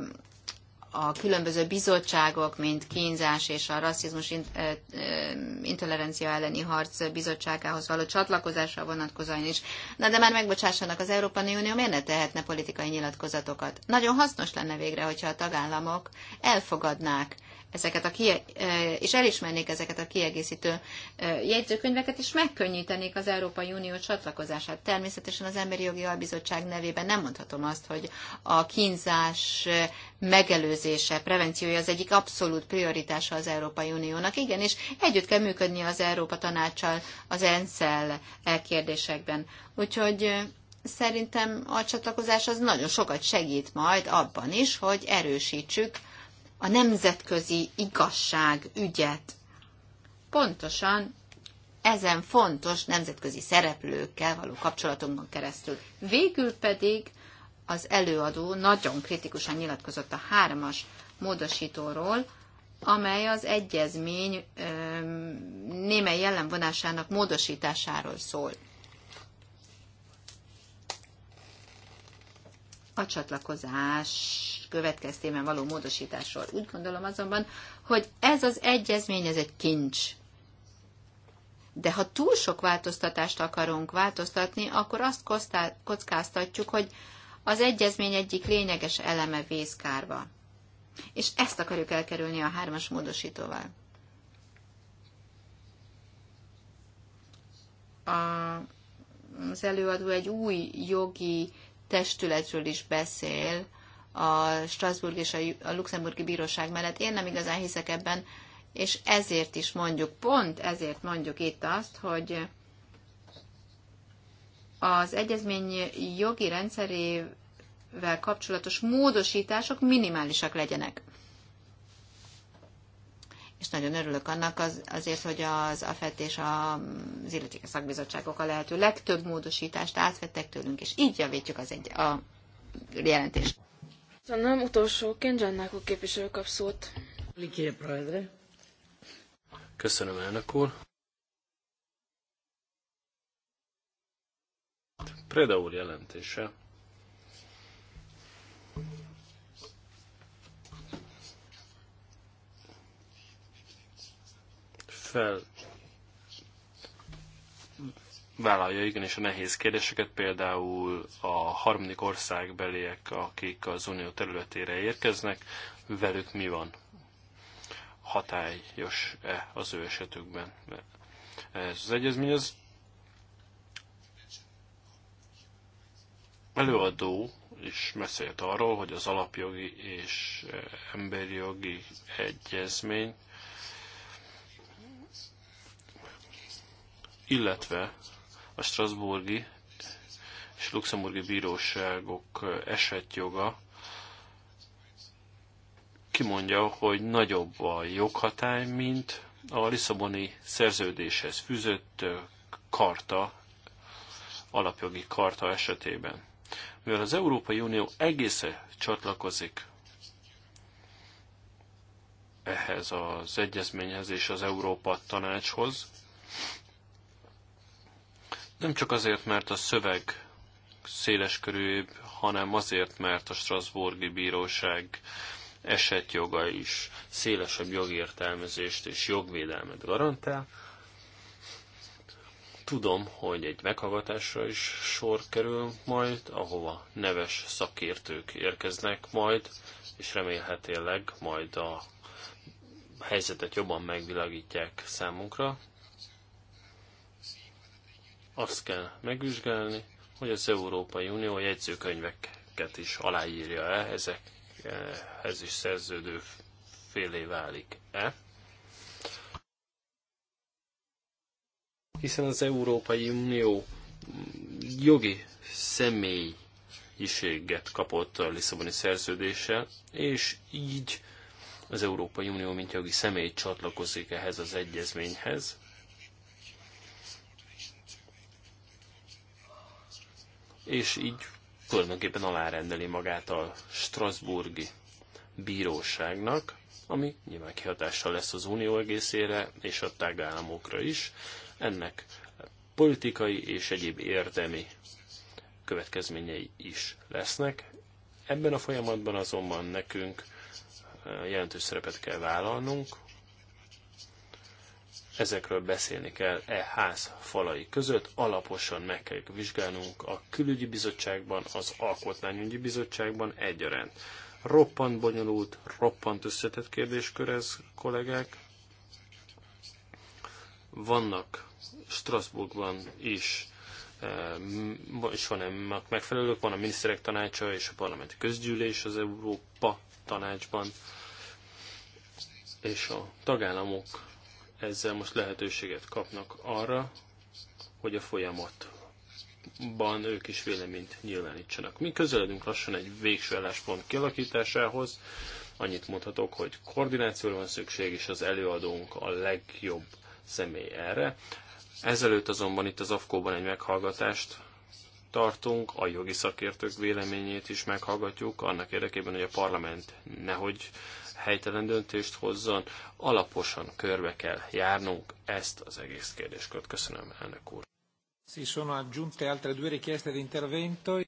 a különböző bizottságok, mint kínzás és a rasszizmus intolerancia elleni harc bizottságához való csatlakozásra vonatkozóan is. Na de már megbocsássanak, az Európai Unió miért ne tehetne politikai nyilatkozatokat? Nagyon hasznos lenne végre, hogyha a tagállamok elfogadnák ezeket a kie- e, és elismernék ezeket a kiegészítő e, jegyzőkönyveket, és megkönnyítenék az Európai Unió csatlakozását. Természetesen az Emberi Jogi Albizottság nevében nem mondhatom azt, hogy a kínzás megelőzése, prevenciója az egyik abszolút prioritása az Európai Uniónak. Igen, és együtt kell működni az Európa Tanácssal, az ENSZ-el e kérdésekben. Úgyhogy szerintem a csatlakozás az nagyon sokat segít majd abban is, hogy erősítsük a nemzetközi igazság ügyet. Pontosan ezen fontos nemzetközi szereplőkkel való kapcsolatunkon keresztül. Végül pedig az előadó nagyon kritikusan nyilatkozott a hármas módosítóról, amely az egyezmény ö, némely jellemvonásának módosításáról szól. A csatlakozás következtében való módosításról. Úgy gondolom azonban, hogy ez az egyezmény, ez egy kincs. De ha túl sok változtatást akarunk változtatni, akkor azt kockáztatjuk, hogy az egyezmény egyik lényeges eleme vészkárva. És ezt akarjuk elkerülni a hármas módosítóval. A, az előadó egy új jogi testületről is beszél, a Strasbourg és a Luxemburgi Bíróság mellett. Én nem igazán hiszek ebben, és ezért is mondjuk, pont ezért mondjuk itt azt, hogy az egyezmény jogi rendszerével kapcsolatos módosítások minimálisak legyenek. És nagyon örülök annak az, azért, hogy az AFET és az illetékes szakbizottságok a lehető legtöbb módosítást átvettek tőlünk, és így javítjuk az egy, a jelentést. Köszönöm, utolsóként Giannákó képviselő kap szót. Köszönöm, elnök úr. Preda úr jelentése. Fel vállalja igenis a nehéz kérdéseket, például a harmadik országbeliek, akik az unió területére érkeznek, velük mi van? Hatályos-e az ő esetükben? Ez az egyezmény az előadó is beszélt arról, hogy az alapjogi és emberi jogi egyezmény, illetve a Strasburgi és luxemburgi bíróságok esetjoga kimondja, hogy nagyobb a joghatály, mint a Lisszaboni szerződéshez fűzött karta, alapjogi karta esetében. Mivel az Európai Unió egészen csatlakozik ehhez az egyezményhez és az Európa tanácshoz, nem csak azért, mert a szöveg széleskörűbb, hanem azért, mert a Strasburgi Bíróság esetjoga is szélesebb jogértelmezést és jogvédelmet garantál. Tudom, hogy egy meghallgatásra is sor kerül majd, ahova neves szakértők érkeznek majd, és remélhetőleg majd a helyzetet jobban megvilágítják számunkra azt kell megvizsgálni, hogy az Európai Unió a jegyzőkönyveket is aláírja -e, ezekhez is szerződő félé válik-e. Hiszen az Európai Unió jogi személyiséget kapott a Lisszaboni szerződéssel, és így az Európai Unió, mint jogi személy csatlakozik ehhez az egyezményhez, és így tulajdonképpen alárendeli magát a Strasburgi bíróságnak, ami nyilván kihatással lesz az unió egészére és a tagállamokra is. Ennek politikai és egyéb érdemi következményei is lesznek. Ebben a folyamatban azonban nekünk eh, jelentős szerepet kell vállalnunk, ezekről beszélni kell e ház falai között, alaposan meg kell vizsgálnunk a külügyi bizottságban, az alkotmányügyi bizottságban egyaránt. Roppant bonyolult, roppant összetett kérdéskör ez, kollégák. Vannak Strasbourgban is e, és van ennek megfelelők, van a miniszterek tanácsa és a parlamenti közgyűlés az Európa tanácsban, és a tagállamok ezzel most lehetőséget kapnak arra, hogy a folyamatban ők is véleményt nyilvánítsanak. Mi közeledünk lassan egy végső álláspont kialakításához, annyit mondhatok, hogy koordinációra van szükség, és az előadónk a legjobb személy erre. Ezelőtt azonban itt az AFKO-ban egy meghallgatást tartunk, a jogi szakértők véleményét is meghallgatjuk, annak érdekében, hogy a parlament nehogy helytelen döntést hozzon, alaposan körbe kell járnunk ezt az egész kérdéskört. Köszönöm, elnök úr. Si sono aggiunte altre due richieste di intervento.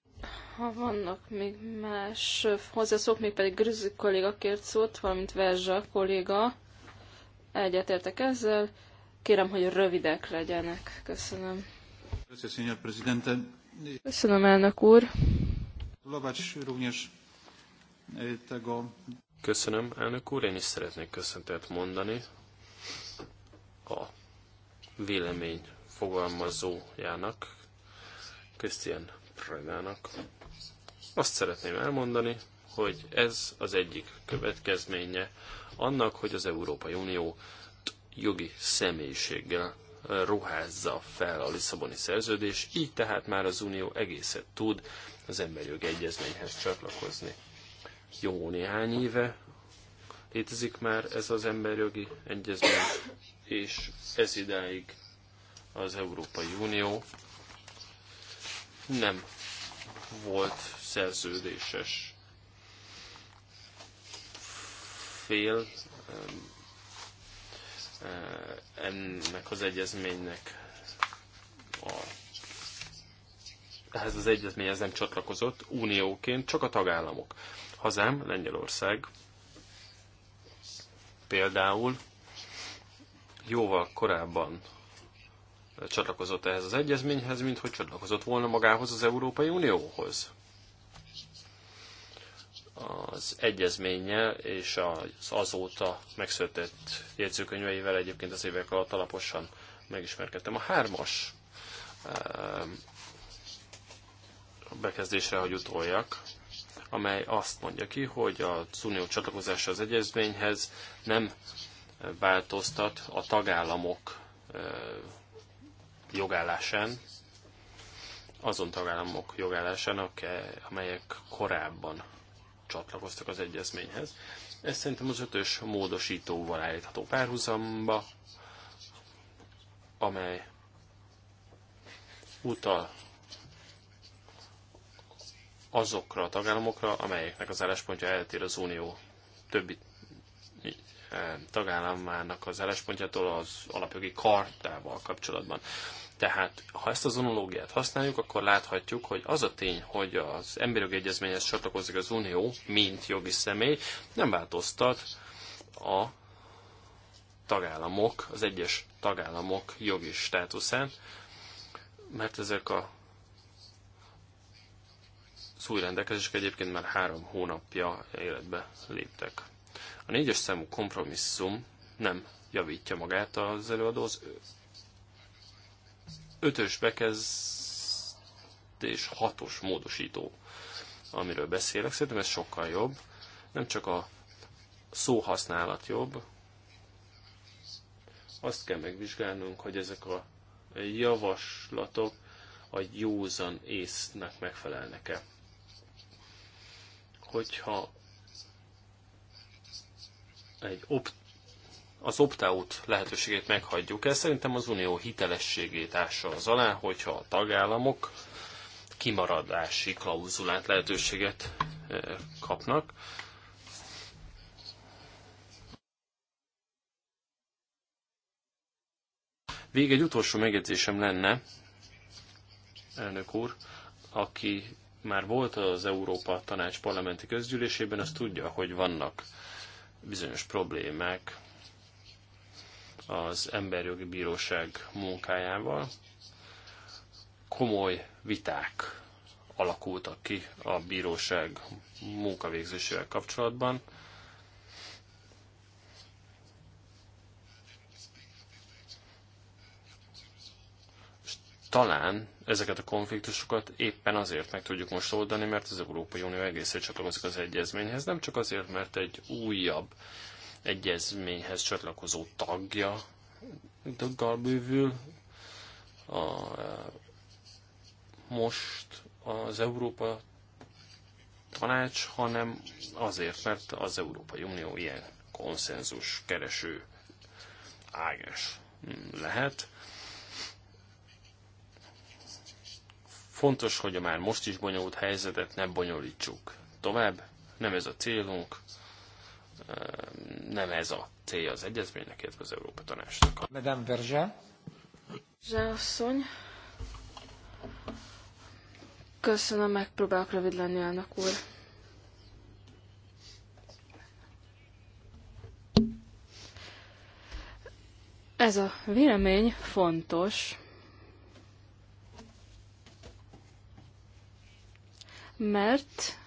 Ha vannak még más hozzászók, még pedig Grüzi kolléga kért szót, valamint Verzsa kolléga. Egyetértek ezzel. Kérem, hogy rövidek legyenek. Köszönöm. Köszönöm, elnök úr. Köszönöm, elnök úr. Én is szeretnék köszöntet mondani a vélemény fogalmazójának, Christian Prödának. Azt szeretném elmondani, hogy ez az egyik következménye annak, hogy az Európai Unió jogi személyiséggel ruházza fel a Lisszaboni szerződés, így tehát már az Unió egészet tud az jogi egyezményhez csatlakozni jó néhány éve létezik már ez az emberjogi egyezmény, és ez idáig az Európai Unió nem volt szerződéses fél eh, ennek az egyezménynek a ehhez az egyezményhez nem csatlakozott unióként, csak a tagállamok. Hazám, Lengyelország például jóval korábban csatlakozott ehhez az egyezményhez, mint hogy csatlakozott volna magához az Európai Unióhoz. Az egyezménnyel és az azóta megszületett jegyzőkönyveivel egyébként az évek alatt alaposan megismerkedtem. A hármas ehm, bekezdésre, hogy utoljak, amely azt mondja ki, hogy a unió csatlakozása az egyezményhez nem változtat a tagállamok jogállásán, azon tagállamok jogállásán, amelyek korábban csatlakoztak az egyezményhez. Ez szerintem az ötös módosítóval állítható párhuzamba, amely utal azokra a tagállamokra, amelyeknek az álláspontja eltér az Unió többi eh, tagállamának az álláspontjától az alapjogi kartával kapcsolatban. Tehát, ha ezt az zonológiát használjuk, akkor láthatjuk, hogy az a tény, hogy az emberi egyezményhez csatlakozik az Unió, mint jogi személy, nem változtat a tagállamok, az egyes tagállamok jogi státuszán, mert ezek a az új rendelkezések egyébként már három hónapja életbe léptek. A négyes számú kompromisszum nem javítja magát az előadó, az ötös bekezdés hatos módosító, amiről beszélek. Szerintem ez sokkal jobb. Nem csak a szóhasználat jobb, azt kell megvizsgálnunk, hogy ezek a javaslatok a józan észnek megfelelnek-e hogyha egy opt, az opt-out lehetőségét meghagyjuk el, szerintem az unió hitelességét ássa az alá, hogyha a tagállamok kimaradási klauzulát, lehetőséget eh, kapnak. Végig egy utolsó megjegyzésem lenne, elnök úr, aki már volt az Európa Tanács parlamenti közgyűlésében, az tudja, hogy vannak bizonyos problémák az emberjogi bíróság munkájával. Komoly viták alakultak ki a bíróság munkavégzésével kapcsolatban. talán ezeket a konfliktusokat éppen azért meg tudjuk most oldani, mert az Európai Unió egészen csatlakozik az egyezményhez, nem csak azért, mert egy újabb egyezményhez csatlakozó tagja daggal bővül. A, most az Európa tanács, hanem azért, mert az Európai Unió ilyen konszenzus kereső ágás lehet. Fontos, hogy a már most is bonyolult helyzetet ne bonyolítsuk tovább. Nem ez a célunk, nem ez a cél az egyezménynek, illetve az Európa Tanácsnak. Madame Verge, Zsászony. Köszönöm, megpróbálok rövid lenni, elnök úr. Ez a vélemény fontos, mert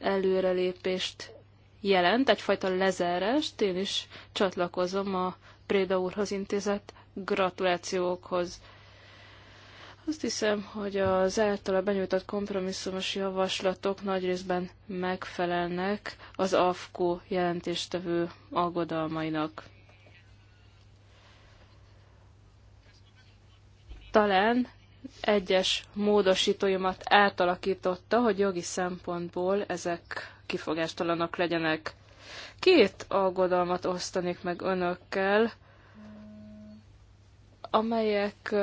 előrelépést jelent, egyfajta lezárás, én is csatlakozom a Préda úrhoz intézett gratulációkhoz. Azt hiszem, hogy az általa benyújtott kompromisszumos javaslatok nagy részben megfelelnek az AFKO jelentéstevő aggodalmainak. Talán egyes módosítóimat átalakította, hogy jogi szempontból ezek kifogástalanok legyenek. Két aggodalmat osztanék meg önökkel, amelyek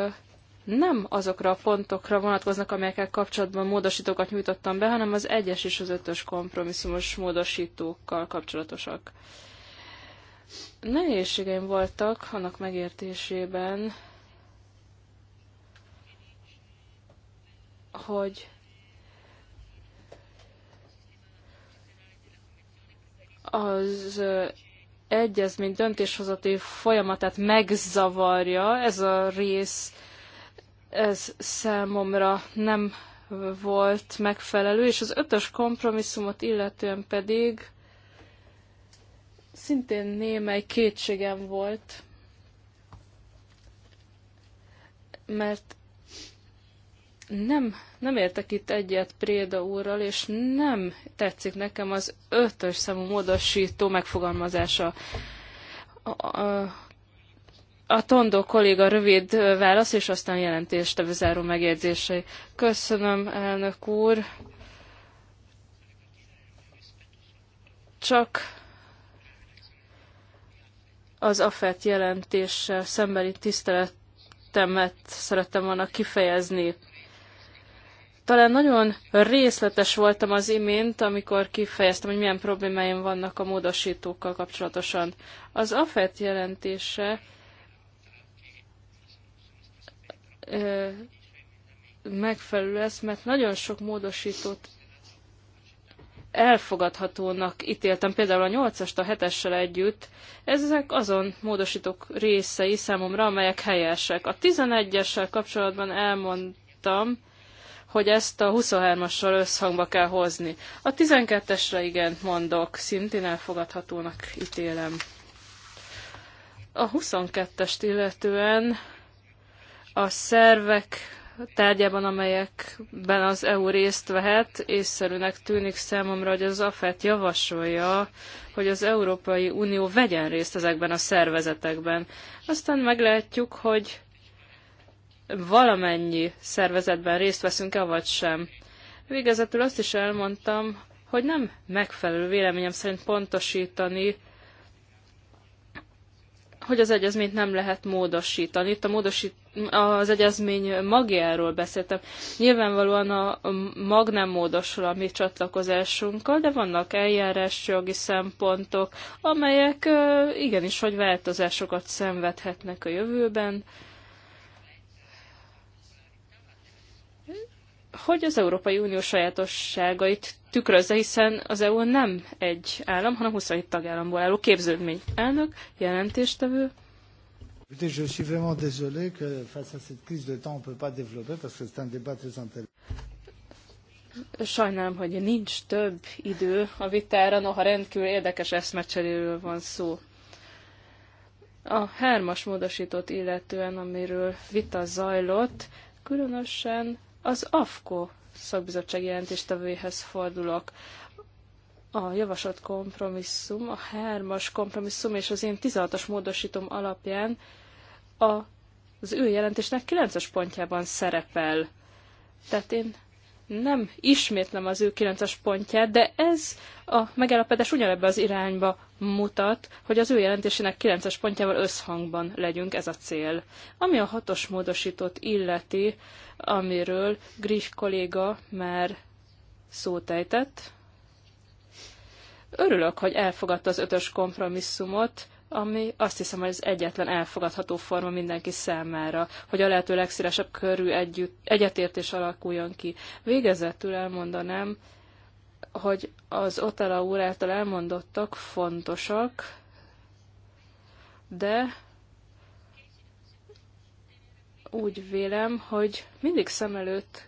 nem azokra a pontokra vonatkoznak, amelyekkel kapcsolatban módosítókat nyújtottam be, hanem az egyes és az ötös kompromisszumos módosítókkal kapcsolatosak. Nehézségeim voltak annak megértésében, hogy az egyezmény döntéshozati folyamatát megzavarja. Ez a rész, ez számomra nem volt megfelelő, és az ötös kompromisszumot illetően pedig szintén némely kétségem volt, mert nem, nem értek itt egyet Préda úrral, és nem tetszik nekem az ötös számú módosító megfogalmazása. A, a, a Tondó kolléga rövid válasz, és aztán jelentéstevő záró megjegyzései. Köszönöm, elnök úr. Csak az AFET jelentéssel szembeni tiszteletemet szerettem volna kifejezni. Talán nagyon részletes voltam az imént, amikor kifejeztem, hogy milyen problémáim vannak a módosítókkal kapcsolatosan. Az AFET jelentése ö, megfelelő lesz, mert nagyon sok módosítót elfogadhatónak ítéltem, például a 8-ast a 7-essel együtt, ezek azon módosítók részei számomra, amelyek helyesek. A 11-essel kapcsolatban elmondtam, hogy ezt a 23-assal összhangba kell hozni. A 12-esre igen mondok, szintén elfogadhatónak ítélem. A 22-est illetően a szervek tárgyában, amelyekben az EU részt vehet, észszerűnek tűnik számomra, hogy az AFET javasolja, hogy az Európai Unió vegyen részt ezekben a szervezetekben. Aztán meglátjuk, hogy valamennyi szervezetben részt veszünk-e, vagy sem. Végezetül azt is elmondtam, hogy nem megfelelő véleményem szerint pontosítani, hogy az egyezményt nem lehet módosítani. Itt a módosít, az egyezmény magjáról beszéltem. Nyilvánvalóan a mag nem módosul a mi csatlakozásunkkal, de vannak eljárásjogi szempontok, amelyek igenis, hogy változásokat szenvedhetnek a jövőben. hogy az Európai Unió sajátosságait tükrözze, hiszen az EU nem egy állam, hanem 27 tagállamból álló képződmény. Elnök, jelentéstevő. désolé que face à cette crise de temps, on peut pas développer parce que c'est un débat très Sajnálom, hogy nincs több idő a vitára, noha rendkívül érdekes eszmecseréről van szó. A hármas módosítót illetően, amiről vita zajlott, különösen az AFKO szakbizottság jelentéstevőjéhez fordulok. A javasolt kompromisszum, a hármas kompromisszum és az én 16-as módosítom alapján a, az ő jelentésnek 9-es pontjában szerepel. Tehát én nem ismétlem az ő 9-es pontját, de ez a megállapodás ugyanebbe az irányba mutat, hogy az ő jelentésének 9-es pontjával összhangban legyünk, ez a cél. Ami a hatos módosítót illeti, amiről Gris kolléga már szót ejtett, örülök, hogy elfogadta az ötös kompromisszumot, ami azt hiszem, hogy az egyetlen elfogadható forma mindenki számára, hogy a lehető legszélesebb körű együtt, egyetértés alakuljon ki. Végezetül elmondanám, hogy az Otala úr által elmondottak fontosak, de úgy vélem, hogy mindig szem előtt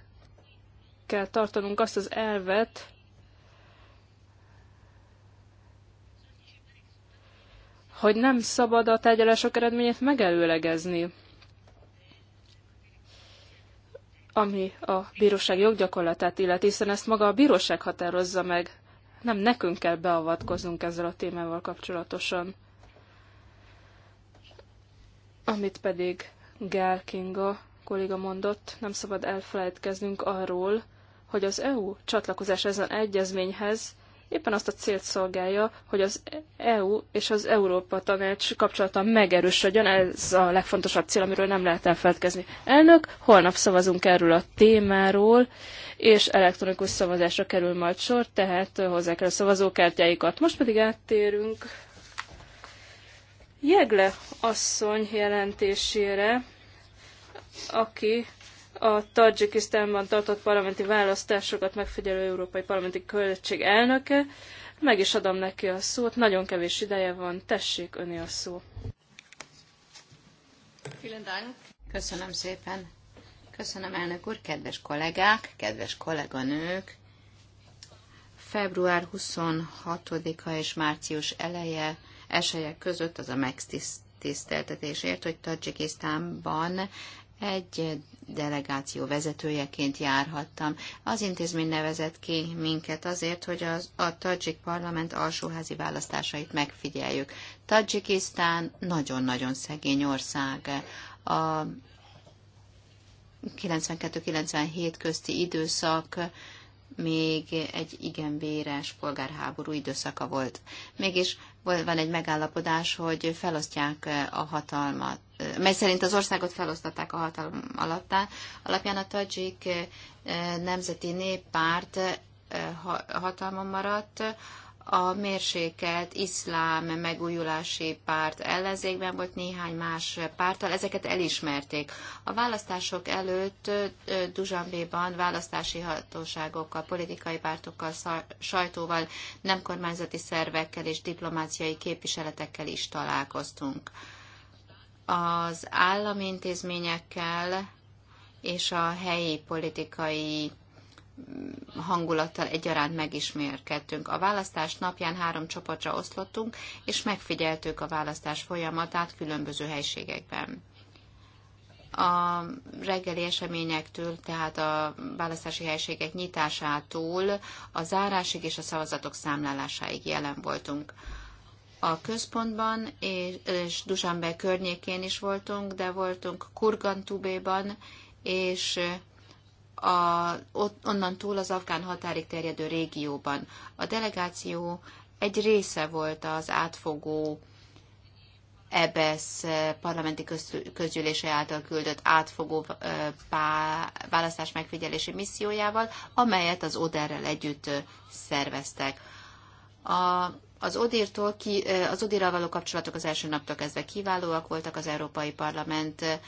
kell tartanunk azt az elvet, hogy nem szabad a tárgyalások eredményét megelőlegezni. Ami a bíróság joggyakorlatát illeti, hiszen ezt maga a bíróság határozza meg. Nem nekünk kell beavatkoznunk ezzel a témával kapcsolatosan. Amit pedig Gál Kinga kolléga mondott, nem szabad elfelejtkeznünk arról, hogy az EU csatlakozás ezen egyezményhez éppen azt a célt szolgálja, hogy az EU e és az Európa Tanács kapcsolata megerősödjön, ez a legfontosabb cél, amiről nem lehet elfeledkezni. Elnök, holnap szavazunk erről a témáról, és elektronikus szavazásra kerül majd sor, tehát hozzá kell a szavazókártyáikat. Most pedig áttérünk Jegle asszony jelentésére, aki a Tajikisztánban tartott parlamenti választásokat megfigyelő Európai Parlamenti Költség elnöke. Meg is adom neki a szót, nagyon kevés ideje van, tessék öné a szó. Köszönöm szépen. Köszönöm, elnök úr, kedves kollégák, kedves kolléganők. Február 26-a és március eleje esélyek között az a megtiszteltetésért, hogy Tajikisztánban egy delegáció vezetőjeként járhattam. Az intézmény nevezett ki minket azért, hogy az, a Tajik parlament alsóházi választásait megfigyeljük. Tajikisztán nagyon-nagyon szegény ország. A 92-97 közti időszak még egy igen véres polgárháború időszaka volt. Mégis van egy megállapodás, hogy felosztják a hatalmat mely szerint az országot felosztották a hatalom alattá. Alapján a Tajik Nemzeti Néppárt hatalma maradt, a mérsékelt iszlám megújulási párt ellenzékben volt néhány más párttal, ezeket elismerték. A választások előtt Duzsambéban választási hatóságokkal, politikai pártokkal, sajtóval, nem kormányzati szervekkel és diplomáciai képviseletekkel is találkoztunk az állami intézményekkel és a helyi politikai mm, hangulattal egyaránt megismerkedtünk. A választás napján három csoportra oszlottunk, és megfigyeltük a választás folyamatát különböző helységekben. A reggeli eseményektől, tehát a választási helységek nyitásától a zárásig és a szavazatok számlálásáig jelen voltunk a központban, és, és Dusanbe környékén is voltunk, de voltunk Kurgantubéban, és a, ott, onnan túl az afgán határig terjedő régióban. A delegáció egy része volt az átfogó EBSZ eh, parlamenti közgyűlése által küldött átfogó eh, választás megfigyelési missziójával, amelyet az ODER-rel együtt eh, szerveztek. A az Odírtól ki, az Odírral való kapcsolatok az első naptól kezdve kiválóak voltak, az Európai Parlament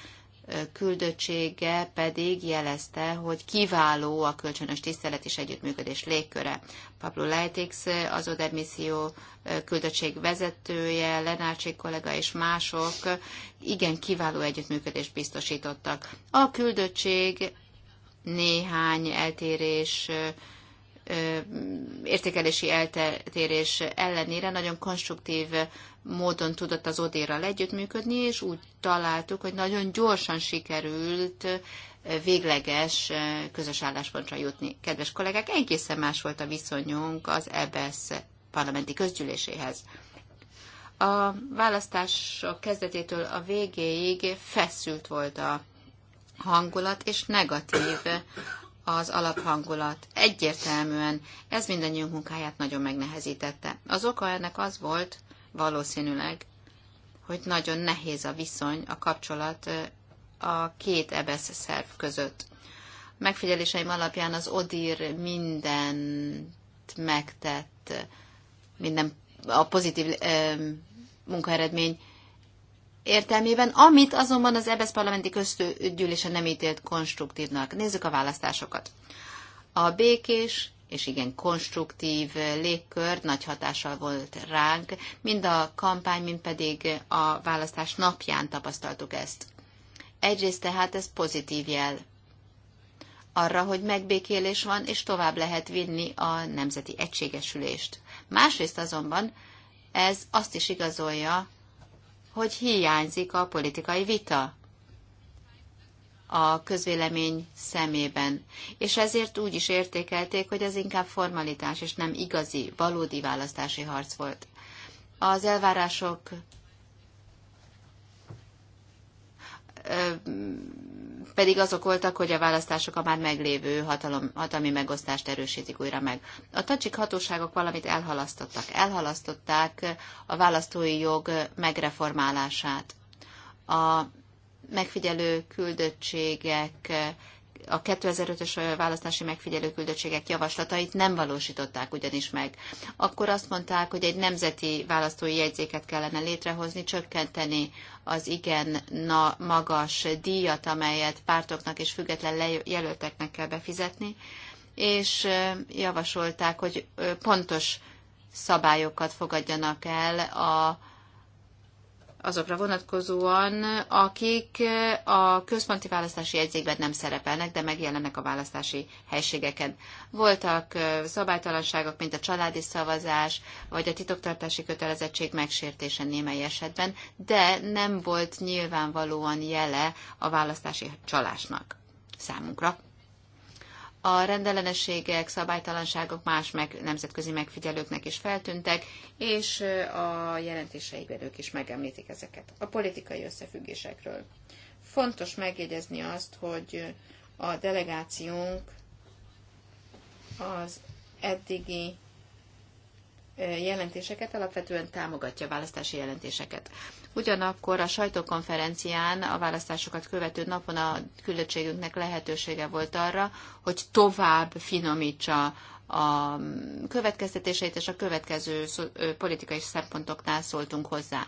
küldöttsége pedig jelezte, hogy kiváló a kölcsönös tisztelet és együttműködés légköre. Pablo Leitix, az ODER misszió küldöttség vezetője, Lenárcsik kollega és mások igen kiváló együttműködést biztosítottak. A küldöttség néhány eltérés értékelési eltérés ellenére nagyon konstruktív módon tudott az Odérral együttműködni, és úgy találtuk, hogy nagyon gyorsan sikerült végleges közös álláspontra jutni. Kedves kollégák, egészen más volt a viszonyunk az EBSZ e parlamenti közgyűléséhez. A választások kezdetétől a végéig feszült volt a hangulat, és negatív az alaphangulat. Egyértelműen ez mindannyiunk munkáját nagyon megnehezítette. Az oka ennek az volt, valószínűleg, hogy nagyon nehéz a viszony, a kapcsolat a két ebesz szerv között. Megfigyeléseim alapján az ODIR mindent megtett, minden a pozitív ö, munkaeredmény értelmében, amit azonban az EBSZ parlamenti közgyűlése nem ítélt konstruktívnak. Nézzük a választásokat. A békés és igen konstruktív légkör nagy hatással volt ránk, mind a kampány, mind pedig a választás napján tapasztaltuk ezt. Egyrészt tehát ez pozitív jel arra, hogy megbékélés van, és tovább lehet vinni a nemzeti egységesülést. Másrészt azonban ez azt is igazolja, hogy hiányzik a politikai vita a közvélemény szemében, és ezért úgy is értékelték, hogy ez inkább formalitás, és nem igazi, valódi választási harc volt. Az elvárások pedig azok voltak, hogy a választások a már meglévő hatalom, hatalmi megosztást erősítik újra meg. A tacsik hatóságok valamit elhalasztottak. Elhalasztották a választói jog megreformálását. A megfigyelő küldöttségek a 2005-ös választási megfigyelő küldöttségek javaslatait nem valósították ugyanis meg. Akkor azt mondták, hogy egy nemzeti választói jegyzéket kellene létrehozni, csökkenteni az igen na, magas díjat, amelyet pártoknak és független jelölteknek kell befizetni, és javasolták, hogy pontos szabályokat fogadjanak el a azokra vonatkozóan, akik a központi választási jegyzékben nem szerepelnek, de megjelennek a választási helységeken. Voltak szabálytalanságok, mint a családi szavazás, vagy a titoktartási kötelezettség megsértése némely esetben, de nem volt nyilvánvalóan jele a választási csalásnak számunkra a rendellenességek, szabálytalanságok más meg, nemzetközi megfigyelőknek is feltűntek, és a ők is megemlítik ezeket. A politikai összefüggésekről. Fontos megjegyezni azt, hogy a delegációnk az eddigi jelentéseket alapvetően támogatja a választási jelentéseket. Ugyanakkor a sajtókonferencián a választásokat követő napon a küldöttségünknek lehetősége volt arra, hogy tovább finomítsa a következtetéseit, és a következő politikai szempontoknál szóltunk hozzá.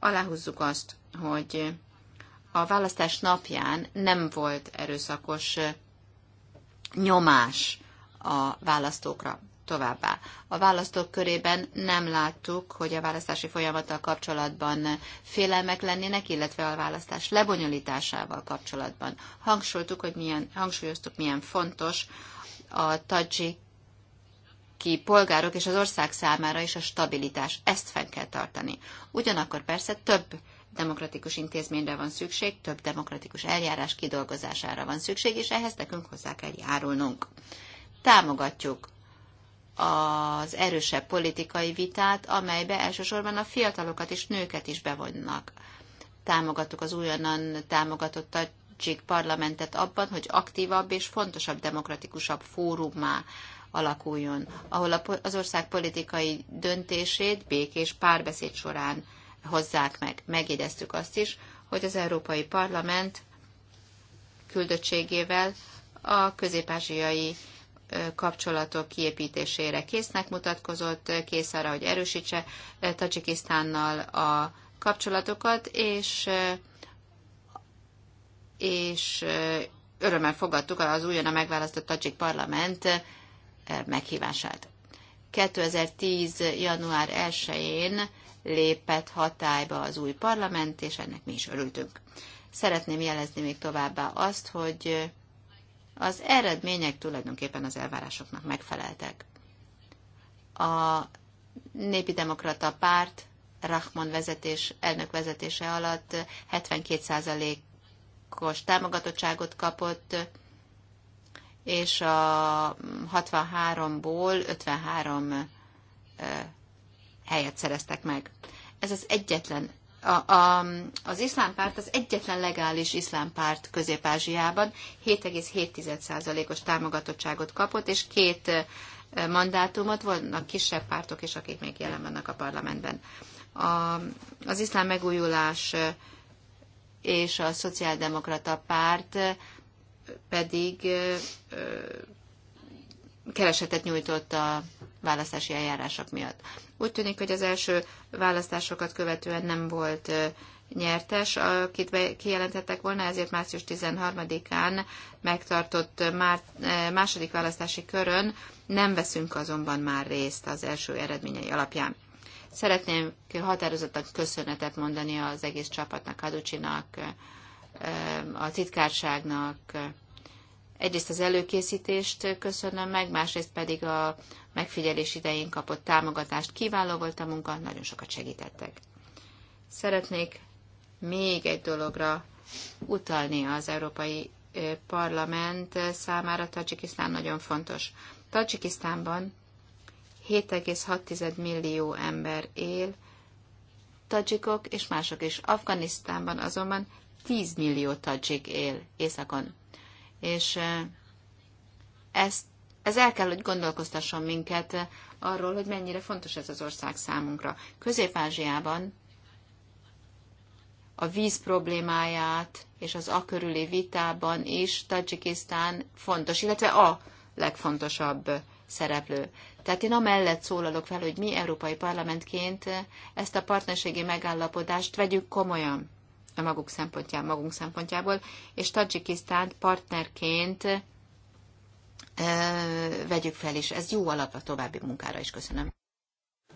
Aláhúzzuk azt, hogy a választás napján nem volt erőszakos nyomás a választókra. Továbbá a választók körében nem láttuk, hogy a választási folyamattal kapcsolatban félelmek lennének, illetve a választás lebonyolításával kapcsolatban. Hangsúlytuk, hogy milyen, hangsúlyoztuk, milyen fontos a tadzsik ki polgárok és az ország számára is a stabilitás. Ezt fenn kell tartani. Ugyanakkor persze több demokratikus intézményre van szükség, több demokratikus eljárás kidolgozására van szükség, és ehhez nekünk hozzá kell járulnunk. Támogatjuk az erősebb politikai vitát, amelybe elsősorban a fiatalokat és nőket is bevonnak. Támogattuk az újonnan támogatott a parlamentet abban, hogy aktívabb és fontosabb demokratikusabb fórummá alakuljon, ahol az ország politikai döntését békés párbeszéd során hozzák meg. Megjegyeztük azt is, hogy az Európai Parlament küldöttségével a közép-ázsiai kapcsolatok kiépítésére késznek mutatkozott, kész arra, hogy erősítse Tajikisztánnal a kapcsolatokat, és, és örömmel fogadtuk az újonnan megválasztott Tajik parlament meghívását. 2010. január 1-én lépett hatályba az új parlament, és ennek mi is örültünk. Szeretném jelezni még továbbá azt, hogy az eredmények tulajdonképpen az elvárásoknak megfeleltek. A népi demokrata párt Rahman vezetés, elnök vezetése alatt 72%-os támogatottságot kapott, és a 63-ból 53 helyet szereztek meg. Ez az egyetlen a, az iszlám párt az egyetlen legális iszlám párt Közép-Ázsiában 7,7%-os támogatottságot kapott, és két mandátumot, vannak kisebb pártok is, akik még jelen vannak a parlamentben. A, az iszlám megújulás és a szociáldemokrata párt pedig keresetet nyújtott a választási eljárások miatt. Úgy tűnik, hogy az első választásokat követően nem volt nyertes, akit kijelentettek volna, ezért március 13-án megtartott már, második választási körön nem veszünk azonban már részt az első eredményei alapján. Szeretném határozottan köszönetet mondani az egész csapatnak, Aducsinak, a titkárságnak. Egyrészt az előkészítést köszönöm meg, másrészt pedig a, megfigyelés idején kapott támogatást. Kiváló volt a munka, nagyon sokat segítettek. Szeretnék még egy dologra utalni az Európai Parlament számára. Tajikisztán nagyon fontos. Tajikisztánban 7,6 millió ember él, tadzsikok és mások is. Afganisztánban azonban 10 millió tadzsik él északon. És ezt ez el kell, hogy gondolkoztasson minket arról, hogy mennyire fontos ez az ország számunkra. Közép-Ázsiában a víz problémáját és az a körüli vitában is Tajikisztán fontos, illetve a legfontosabb szereplő. Tehát én amellett szólalok fel, hogy mi európai parlamentként ezt a partnerségi megállapodást vegyük komolyan a maguk szempontjából, magunk szempontjából, és Tajikisztánt partnerként vegyük fel, és ez jó alap a további munkára is. Köszönöm.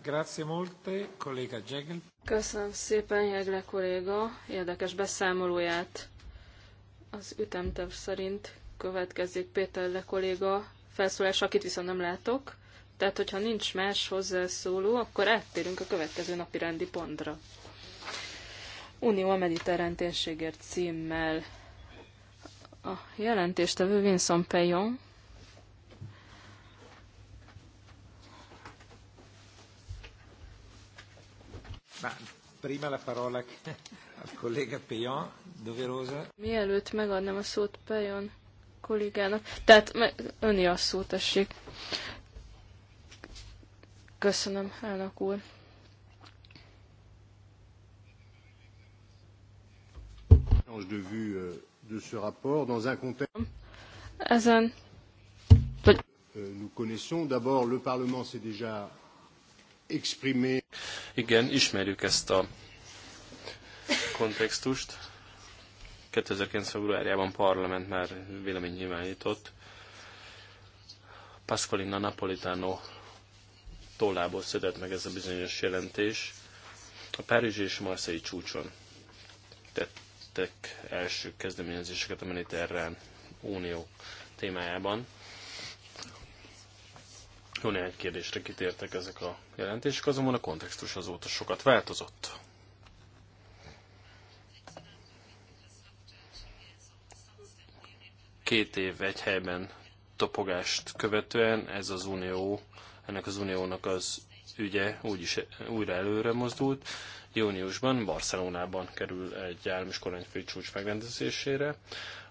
Grazie molte, kollega Jegel. Köszönöm szépen, Jegle kolléga, érdekes beszámolóját. Az ütemterv szerint következik Péter Le kolléga felszólás, akit viszont nem látok. Tehát, hogyha nincs más hozzászóló, akkor áttérünk a következő napi rendi pontra. Unió a mediterrán térségért címmel. A a Vincent Peyon, prima la parola al collega Pejon, doverosa. Mielőtt megadnám a szót Pejon kollégának, tehát öni a szót, tessék. Köszönöm, elnök úr. Euh, Ezen nous connaissons. D'abord, le Parlement s'est déjà exprimé igen, ismerjük ezt a kontextust. 2009. februárjában parlament már vélemény nyilvánított. Pasqualina Napolitano tollából szedett meg ez a bizonyos jelentés. A Párizsi és Marseille csúcson tettek első kezdeményezéseket a Mediterrán Unió témájában. Jó néhány kérdésre kitértek ezek a jelentések, azonban a kontextus azóta sokat változott. Két év egy helyben topogást követően ez az unió, ennek az uniónak az ügye úgyis újra előre mozdult. Júniusban Barcelonában kerül egy állami kormányfői csúcs megrendezésére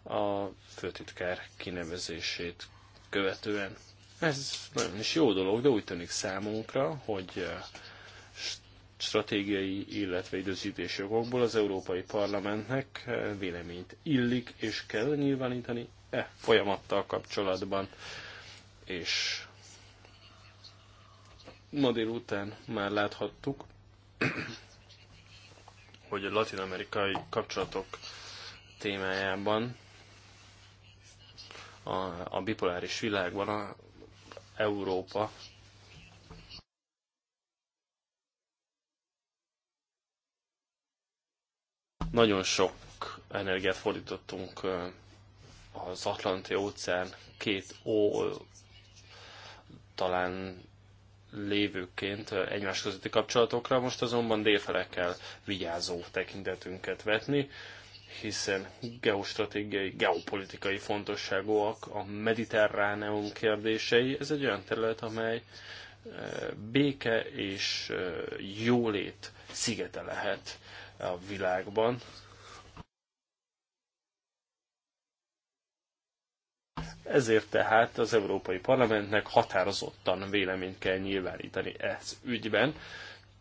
a főtitkár kinevezését követően. Ez nagyon is jó dolog, de úgy tűnik számunkra, hogy eh, stratégiai, illetve időzítési jogokból az Európai Parlamentnek eh, véleményt illik és kell nyilvánítani e folyamattal kapcsolatban. És ma délután már láthattuk, hogy a latin-amerikai kapcsolatok témájában a, a bipoláris világban a Európa. Nagyon sok energiát fordítottunk az Atlanti óceán két ó talán lévőként egymás közötti kapcsolatokra, most azonban délfele kell vigyázó tekintetünket vetni hiszen geostratégiai, geopolitikai fontosságúak a mediterráneum kérdései. Ez egy olyan terület, amely eh, béke és eh, jólét szigete lehet a világban. Ezért tehát az Európai Parlamentnek határozottan véleményt kell nyilvánítani ez ügyben.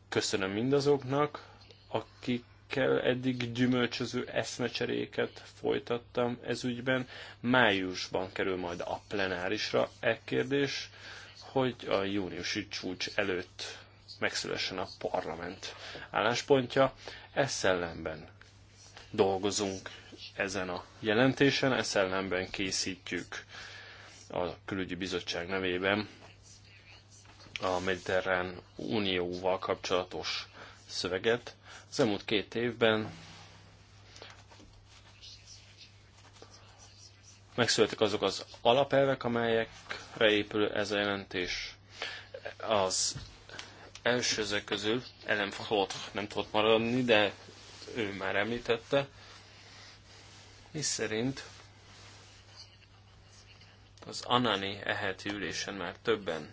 Köszönöm mindazoknak, akik akikkel eddig gyümölcsöző eszmecseréket folytattam ez ügyben. Májusban kerül majd a plenárisra e kérdés, hogy a júniusi csúcs előtt megszülessen a parlament álláspontja. Ez ellenben dolgozunk ezen a jelentésen, ez ellenben készítjük a külügyi bizottság nevében a Mediterrán Unióval kapcsolatos szöveget. Az elmúlt két évben megszülettek azok az alapelvek, amelyekre épül ez a jelentés. Az első ezek közül Ellen volt, nem tudott maradni, de ő már említette, mi szerint az Anani eheti ülésen már többen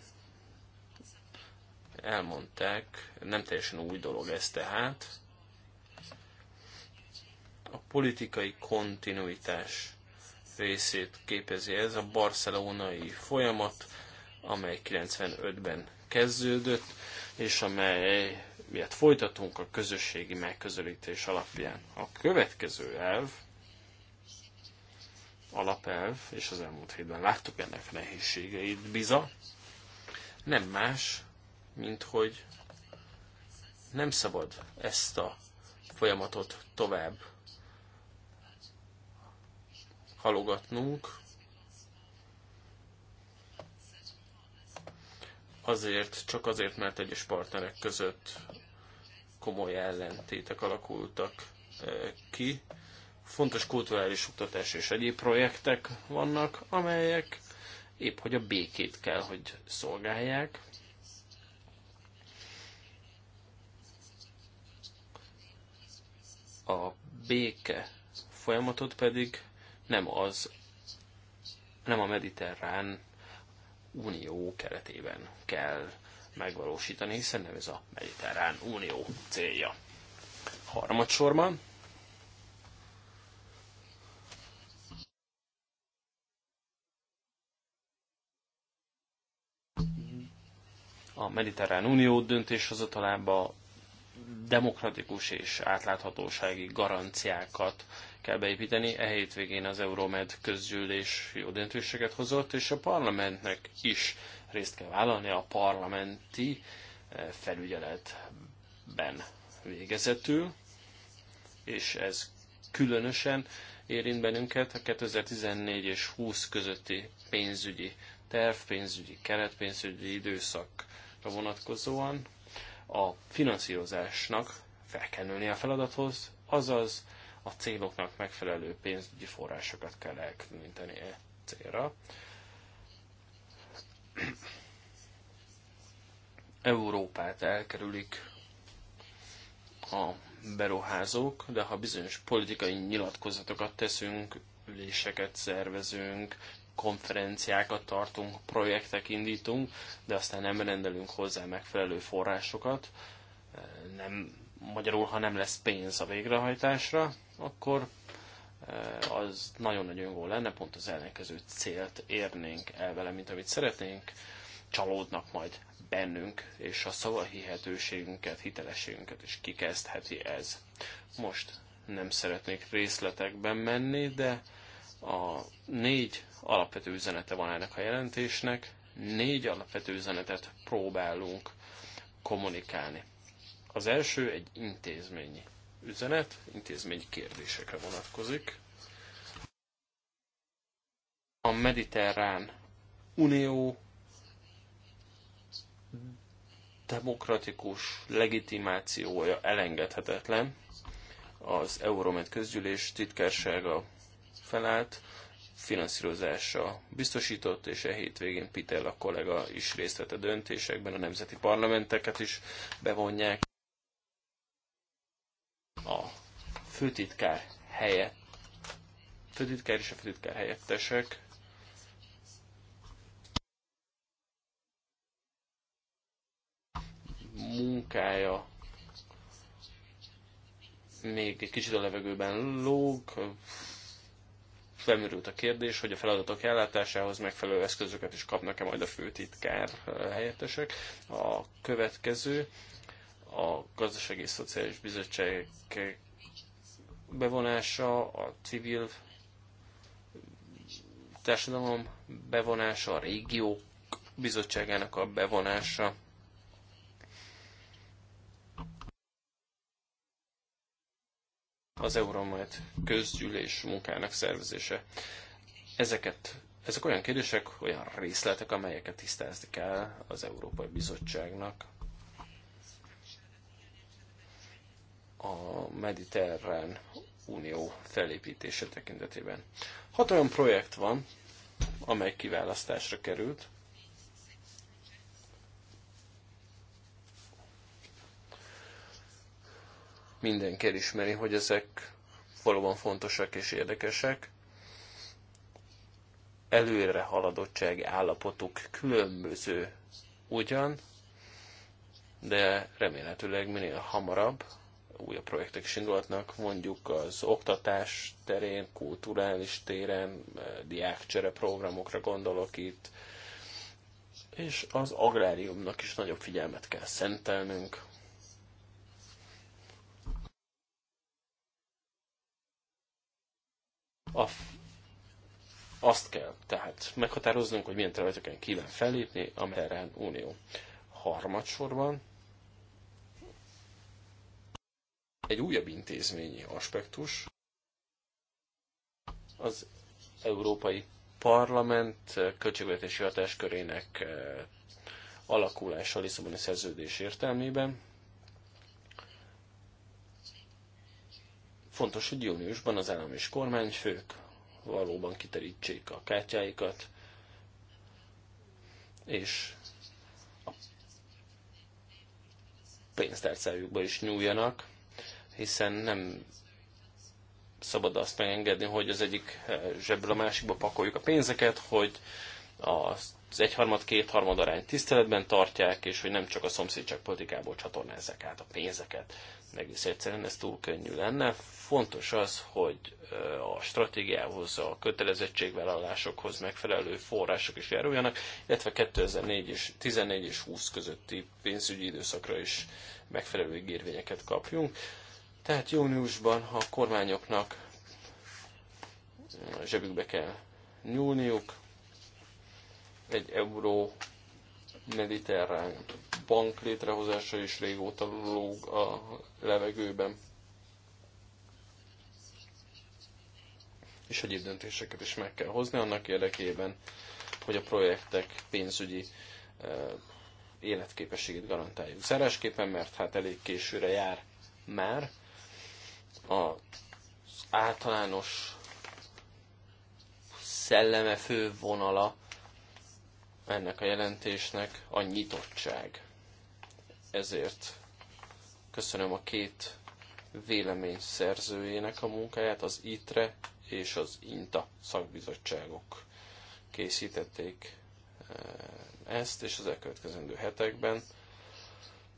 elmondták, nem teljesen új dolog ez tehát. A politikai kontinuitás részét képezi ez a barcelonai folyamat, amely 95-ben kezdődött, és amely miatt folytatunk a közösségi megközelítés alapján. A következő elv, alapelv, és az elmúlt hétben láttuk ennek nehézségeit, biza, nem más, mint hogy nem szabad ezt a folyamatot tovább halogatnunk, azért, csak azért, mert egyes partnerek között komoly ellentétek alakultak eh, ki. Fontos kulturális oktatás és egyéb projektek vannak, amelyek épp hogy a békét kell, hogy szolgálják. a béke folyamatot pedig nem az, nem a mediterrán unió keretében kell megvalósítani, hiszen nem ez a mediterrán unió célja. Harmadsorban a Mediterrán Unió döntéshozatalában demokratikus és átláthatósági garanciákat kell beépíteni. E hétvégén az Euromed közgyűlés jó döntéseket hozott, és a parlamentnek is részt kell vállalni a parlamenti e, felügyeletben végezetül, és ez különösen érint bennünket a 2014 és 20 közötti pénzügyi terv, pénzügyi keret, pénzügyi időszakra vonatkozóan, a finanszírozásnak fel kell nőni a feladathoz, azaz a céloknak megfelelő pénzügyi forrásokat kell elkülöníteni e célra. Európát elkerülik a beruházók, de ha bizonyos politikai nyilatkozatokat teszünk, üléseket szervezünk, konferenciákat tartunk, projektek indítunk, de aztán nem rendelünk hozzá megfelelő forrásokat, nem, magyarul, ha nem lesz pénz a végrehajtásra, akkor az nagyon-nagyon jó lenne, pont az ellenkező célt érnénk el vele, mint amit szeretnénk, csalódnak majd bennünk, és a hihetőségünket, hitelességünket is kikezdheti ez. Most nem szeretnék részletekben menni, de a négy alapvető üzenete van ennek a jelentésnek. Négy alapvető üzenetet próbálunk kommunikálni. Az első egy intézményi üzenet, intézményi kérdésekre vonatkozik. A mediterrán unió demokratikus legitimációja elengedhetetlen. Az Euromed közgyűlés titkársága felállt, finanszírozása biztosított, és e hétvégén Pitel a kollega is részt vett a döntésekben, a nemzeti parlamenteket is bevonják. A főtitkár helye, főtitkár és a főtitkár helyettesek munkája még egy kicsit a levegőben lóg, felmerült a kérdés, hogy a feladatok ellátásához megfelelő eszközöket is kapnak-e majd a főtitkár eh, helyettesek. A következő a Gazdasági és Szociális Bizottság bevonása, a civil társadalom bevonása, a régiók bizottságának a bevonása, az Euromed közgyűlés munkának szervezése. Ezeket, ezek olyan kérdések, olyan részletek, amelyeket tisztázni kell az Európai Bizottságnak. A mediterrán unió felépítése tekintetében. Hat olyan projekt van, amely kiválasztásra került, mindenki elismeri, hogy ezek valóban fontosak és érdekesek. Előre haladottsági állapotuk különböző ugyan, de remélhetőleg minél hamarabb újabb projektek is indulhatnak, mondjuk az oktatás terén, kulturális téren, eh, diákcsere programokra gondolok itt, és az agráriumnak is nagyobb figyelmet kell szentelnünk, A, azt kell tehát meghatároznunk, hogy milyen területeken kíván fellépni a Mediterrán Unió. Harmadsorban egy újabb intézményi aspektus az Európai Parlament költségvetési hatáskörének eh, alakulása a Lisszaboni szerződés értelmében, Fontos, hogy júniusban az állam és kormányfők valóban kiterítsék a kártyáikat, és a pénztárcájukba is nyúljanak, hiszen nem szabad azt megengedni, hogy az egyik eh, zsebből a másikba pakoljuk a pénzeket, hogy az egyharmad, kétharmad arány tiszteletben tartják, és hogy nem csak a szomszédság politikából csatornázzák át a pénzeket. Egész egyszerűen ez túl könnyű lenne. Fontos az, hogy a stratégiához, a kötelezettségvállalásokhoz megfelelő források is járuljanak, illetve 2014 és 14 és 20 közötti pénzügyi időszakra is megfelelő ígérvényeket kapjunk. Tehát júniusban a kormányoknak zsebükbe kell nyúlniuk, egy euró mediterrán bank létrehozása is régóta lóg a levegőben. És egyéb döntéseket is meg kell hozni annak érdekében, hogy a projektek pénzügyi eh, életképességét garantáljuk. Szeresképpen, mert hát elég későre jár már az általános szelleme fő vonala ennek a jelentésnek a nyitottság. Ezért köszönöm a két vélemény szerzőjének a munkáját, az ITRE és az INTA szakbizottságok készítették eh, ezt, és az elkövetkezendő hetekben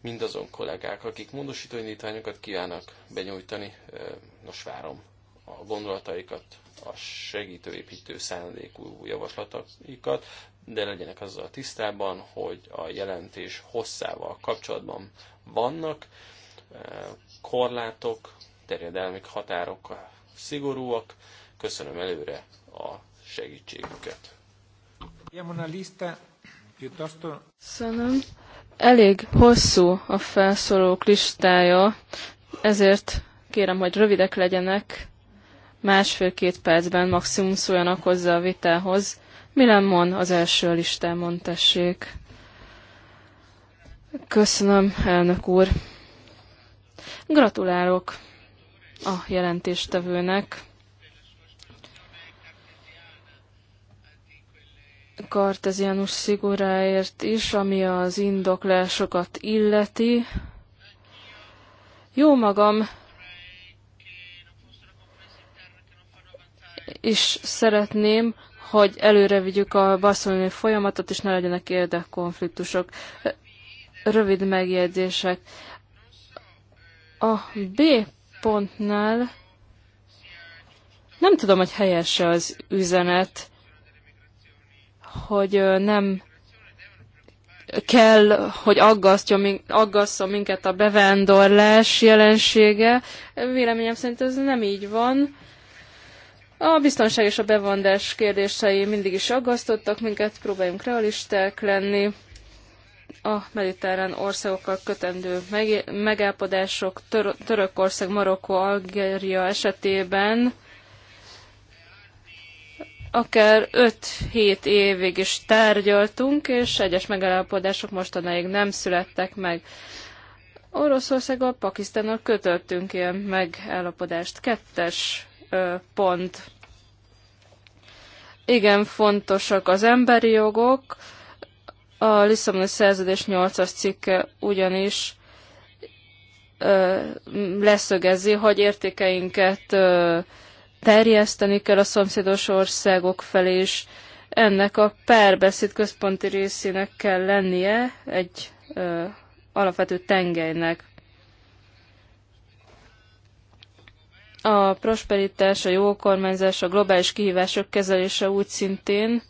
mindazon kollégák, akik módosító indítványokat kívánnak benyújtani, eh, nos várom a gondolataikat, a segítőépítő szándékú javaslataikat, de legyenek azzal tisztában, hogy a jelentés hosszával kapcsolatban vannak eh, korlátok, terjedelmi határok szigorúak. Köszönöm előre a segítségüket. Köszönöm. Elég hosszú a felszólók listája, ezért kérem, hogy rövidek legyenek, másfél-két percben maximum szóljanak hozzá a vitához mi nem Mon az első listámon, tessék. Köszönöm, elnök úr. Gratulálok a jelentéstevőnek. Kartezianus sziguráért is, ami az indoklásokat illeti. Jó magam, és szeretném, hogy előre vigyük a barcelonai folyamatot, és ne legyenek érdekkonfliktusok. Rövid megjegyzések. A B pontnál nem tudom, hogy helyes az üzenet, hogy nem kell, hogy aggasztja minket a bevándorlás jelensége. Véleményem szerint ez nem így van. A biztonság és a bevandás kérdései mindig is aggasztottak minket, próbáljunk realisták lenni. A mediterrán országokkal kötendő megállapodások Tör- Törökország, Marokkó, Algéria esetében akár 5-7 évig is tárgyaltunk, és egyes megállapodások mostanáig nem születtek meg. Oroszországgal, Pakisztánnal kötöttünk ilyen megállapodást. Kettes pont. Igen, fontosak az emberi jogok, a Lisszaboni Szerződés 8-as cikke ugyanis ö, leszögezi, hogy értékeinket ö, terjeszteni kell a szomszédos országok felé is. Ennek a párbeszéd központi részének kell lennie egy ö, alapvető tengelynek. A prosperitás, a jó kormányzás, a globális kihívások kezelése úgy szintén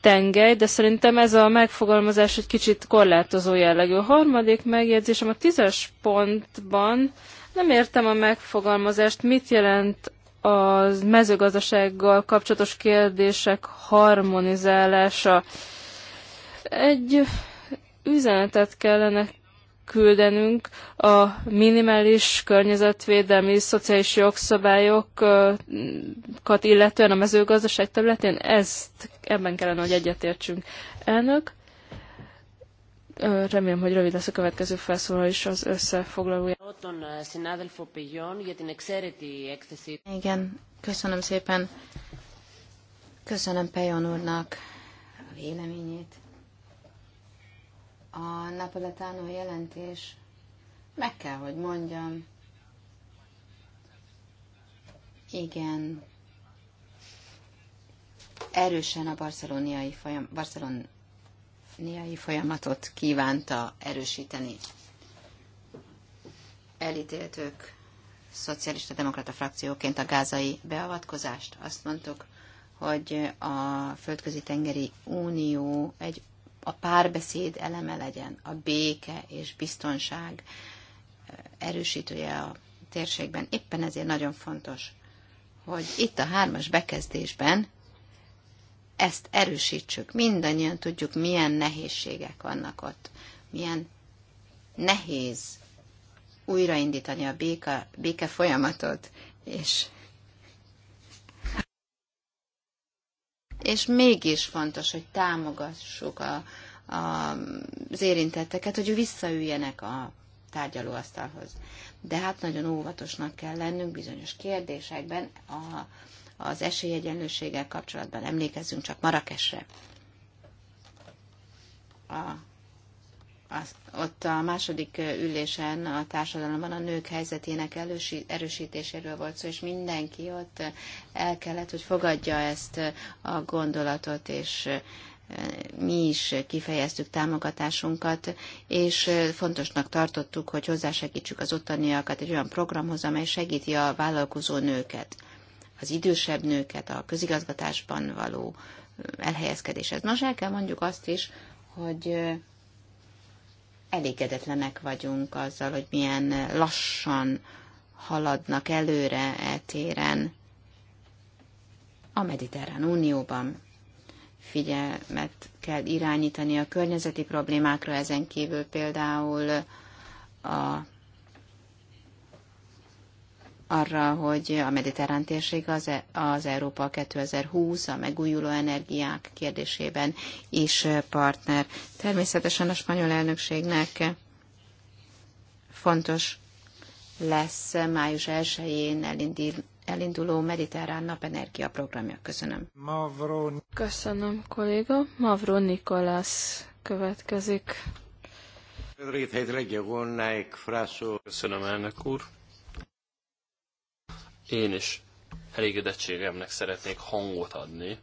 tengely, de szerintem ez a megfogalmazás egy kicsit korlátozó jellegű. A harmadik megjegyzésem a tízes pontban nem értem a megfogalmazást, mit jelent a mezőgazdasággal kapcsolatos kérdések harmonizálása. Egy üzenetet kellene küldenünk a minimális környezetvédelmi szociális jogszabályokat illetően a mezőgazdaság területén. Ezt ebben kellene, hogy egyetértsünk. Elnök, remélem, hogy rövid lesz a következő felszólalás az összefoglalója. Igen, köszönöm szépen. Köszönöm Pejon úrnak a véleményét a napoletánó jelentés, meg kell, hogy mondjam, igen, erősen a barceloniai, folyam, barceloniai folyamatot kívánta erősíteni. Elítéltük szocialista demokrata frakcióként a gázai beavatkozást. Azt mondtuk, hogy a Földközi Tengeri Unió egy a párbeszéd eleme legyen, a béke és biztonság erősítője a térségben. Éppen ezért nagyon fontos, hogy itt a hármas bekezdésben ezt erősítsük. Mindannyian tudjuk, milyen nehézségek vannak ott, milyen nehéz újraindítani a béka, béke folyamatot, és és mégis fontos, hogy támogassuk a, a, az érintetteket, hogy visszaüljenek a tárgyalóasztalhoz. De hát nagyon óvatosnak kell lennünk bizonyos kérdésekben, a, az esélyegyenlőséggel kapcsolatban emlékezzünk csak Marakesre. A az, ott a második ülésen a társadalomban a nők helyzetének elősi, erősítéséről volt szó, és mindenki ott el kellett, hogy fogadja ezt a gondolatot, és mi is kifejeztük támogatásunkat, és fontosnak tartottuk, hogy hozzásegítsük az ottaniakat egy olyan programhoz, amely segíti a vállalkozó nőket, az idősebb nőket, a közigazgatásban való elhelyezkedéshez. Nos, el kell mondjuk azt is, hogy elégedetlenek vagyunk azzal, hogy milyen lassan haladnak előre eltéren a Mediterrán Unióban. Figyelmet kell irányítani a környezeti problémákra, ezen kívül például a arra, hogy a mediterrán térség az, e- az Európa 2020 a megújuló energiák kérdésében is partner. Természetesen a spanyol elnökségnek fontos lesz május 1-én elindul, elinduló mediterrán napenergia programja. Köszönöm. Mavro... Köszönöm, kolléga. Mavro Nikolász következik. Köszönöm, elnök úr. Én is elégedettségemnek szeretnék hangot adni.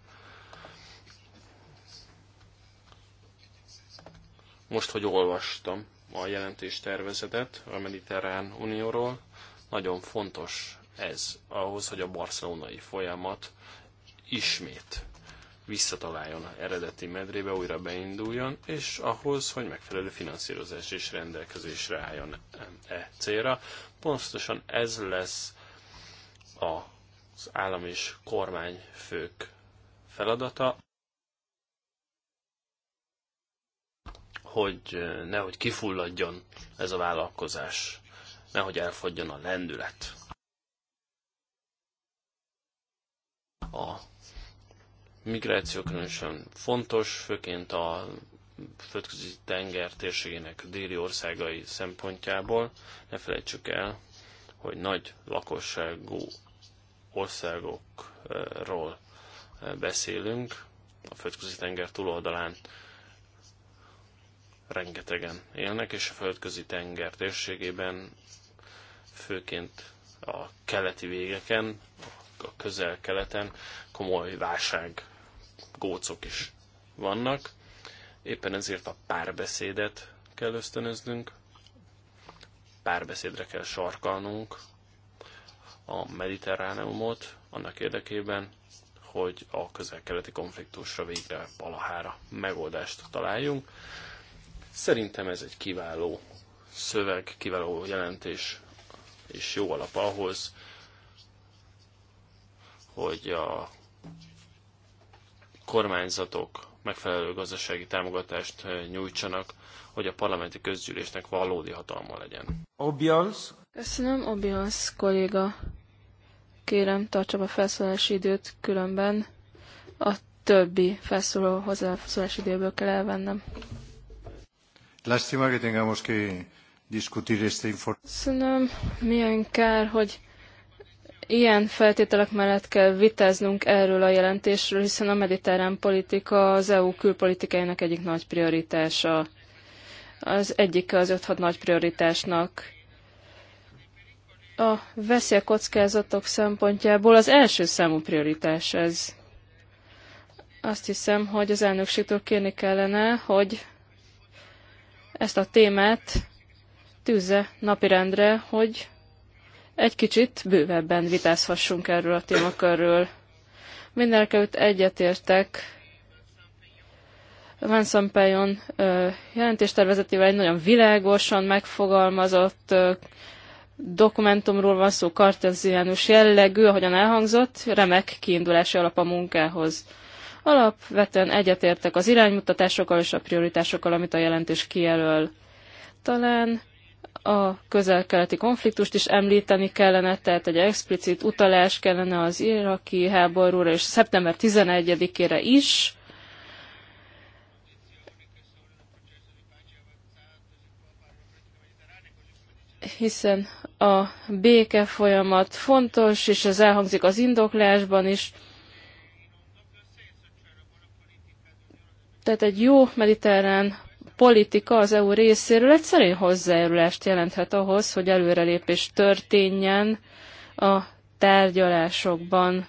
Most, hogy olvastam a jelentéstervezetet a Mediterrán Unióról, nagyon fontos ez ahhoz, hogy a barcelonai folyamat ismét visszataláljon eredeti medrébe, újra beinduljon, és ahhoz, hogy megfelelő finanszírozás és rendelkezésre álljon e célra. Pontosan ez lesz az állam és kormányfők feladata, hogy nehogy kifulladjon ez a vállalkozás, nehogy elfogjon a lendület. A migráció különösen fontos, főként a földközi tenger térségének déli országai szempontjából. Ne felejtsük el, hogy nagy lakosságú országokról eh, beszélünk, a földközi tenger túloldalán rengetegen élnek, és a földközi tenger térségében, főként a keleti végeken, a közel-keleten komoly válság gócok is vannak. Éppen ezért a párbeszédet kell ösztönöznünk, párbeszédre kell sarkalnunk a mediterráneumot annak érdekében, hogy a közel-keleti konfliktusra végre valahára megoldást találjunk. Szerintem ez egy kiváló szöveg, kiváló jelentés és jó alap ahhoz, hogy a kormányzatok megfelelő gazdasági támogatást eh, nyújtsanak, hogy a parlamenti közgyűlésnek valódi hatalma legyen. Obiols. Köszönöm, Obiols kolléga. Kérem, tartsam a felszólalási időt, különben a többi felszóló hozzászólási időből kell elvennem. Lástima que tengamos que discutir este Szerintem milyen kár, hogy ilyen feltételek mellett kell vitáznunk erről a jelentésről, hiszen a mediterrán politika az EU külpolitikájának egyik nagy prioritása. Az egyik az 5-6 nagy prioritásnak a veszélykockázatok szempontjából az első számú prioritás ez. Azt hiszem, hogy az elnökségtől kérni kellene, hogy ezt a témát tűzze napirendre, hogy egy kicsit bővebben vitázhassunk erről a témakörről. Mindenekelőtt egyetértek Van Payon jelentéstervezetével egy nagyon világosan megfogalmazott dokumentumról van szó, karteziánus jellegű, ahogyan elhangzott, remek kiindulási alap a munkához. Alapvetően egyetértek az iránymutatásokkal és a prioritásokkal, amit a jelentés kijelöl. Talán a közel-keleti konfliktust is említeni kellene, tehát egy explicit utalás kellene az iraki háborúra és szeptember 11-ére is, hiszen a béke folyamat fontos, és ez elhangzik az indoklásban is. Tehát egy jó mediterrán politika az EU részéről egyszerűen hozzájárulást jelenthet ahhoz, hogy előrelépés történjen a tárgyalásokban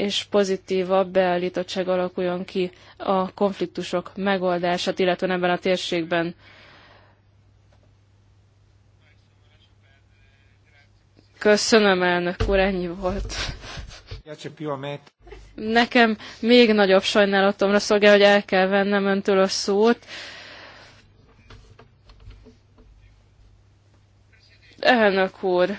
és pozitívabb beállítottság alakuljon ki a konfliktusok megoldását, illetve ebben a térségben. Köszönöm, elnök úr, ennyi volt. Nekem még nagyobb sajnálatomra szolgál, hogy el kell vennem öntől a szót. Elnök úr,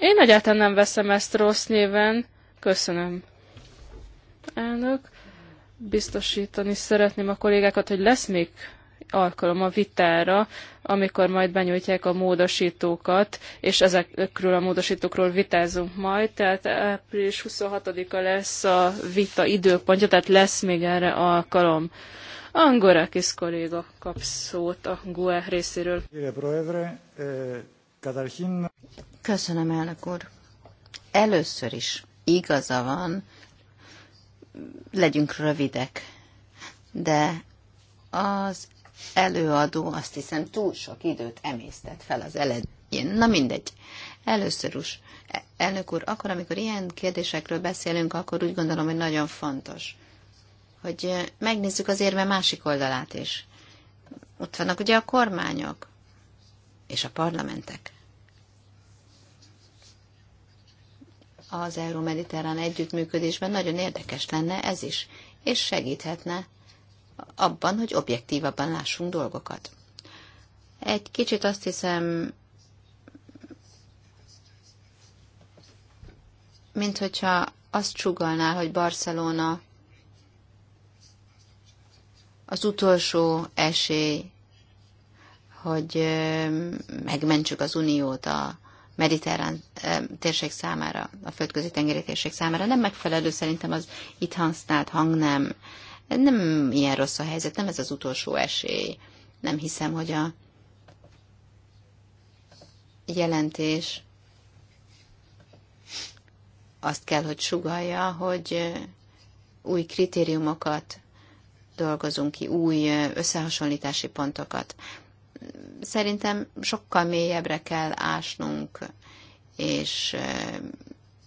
én egyáltalán nem veszem ezt rossz néven. Köszönöm. Elnök, biztosítani szeretném a kollégákat, hogy lesz még alkalom a vitára, amikor majd benyújtják a módosítókat, és ezekről a módosítókról vitázunk majd, tehát április 26-a lesz a vita időpontja, tehát lesz még erre alkalom. Angorakis kolléga kap szót a GUE részéről. Kire Köszönöm, elnök úr. Először is igaza van, legyünk rövidek, de az előadó azt hiszem túl sok időt emésztett fel az elején. Na mindegy. Először is, elnök úr, akkor, amikor ilyen kérdésekről beszélünk, akkor úgy gondolom, hogy nagyon fontos, hogy megnézzük az érve másik oldalát is. Ott vannak ugye a kormányok és a parlamentek. az euró-mediterrán együttműködésben nagyon érdekes lenne ez is, és segíthetne abban, hogy objektívabban lássunk dolgokat. Egy kicsit azt hiszem, mint hogyha azt csugalná, hogy Barcelona az utolsó esély, hogy megmentsük az uniót a, mediterrán térség számára, a földközi tengeri térség számára. Nem megfelelő szerintem az itt használt hang nem. Nem ilyen rossz a helyzet, nem ez az utolsó esély. Nem hiszem, hogy a jelentés azt kell, hogy sugalja, hogy új kritériumokat dolgozunk ki, új összehasonlítási pontokat szerintem sokkal mélyebbre kell ásnunk, és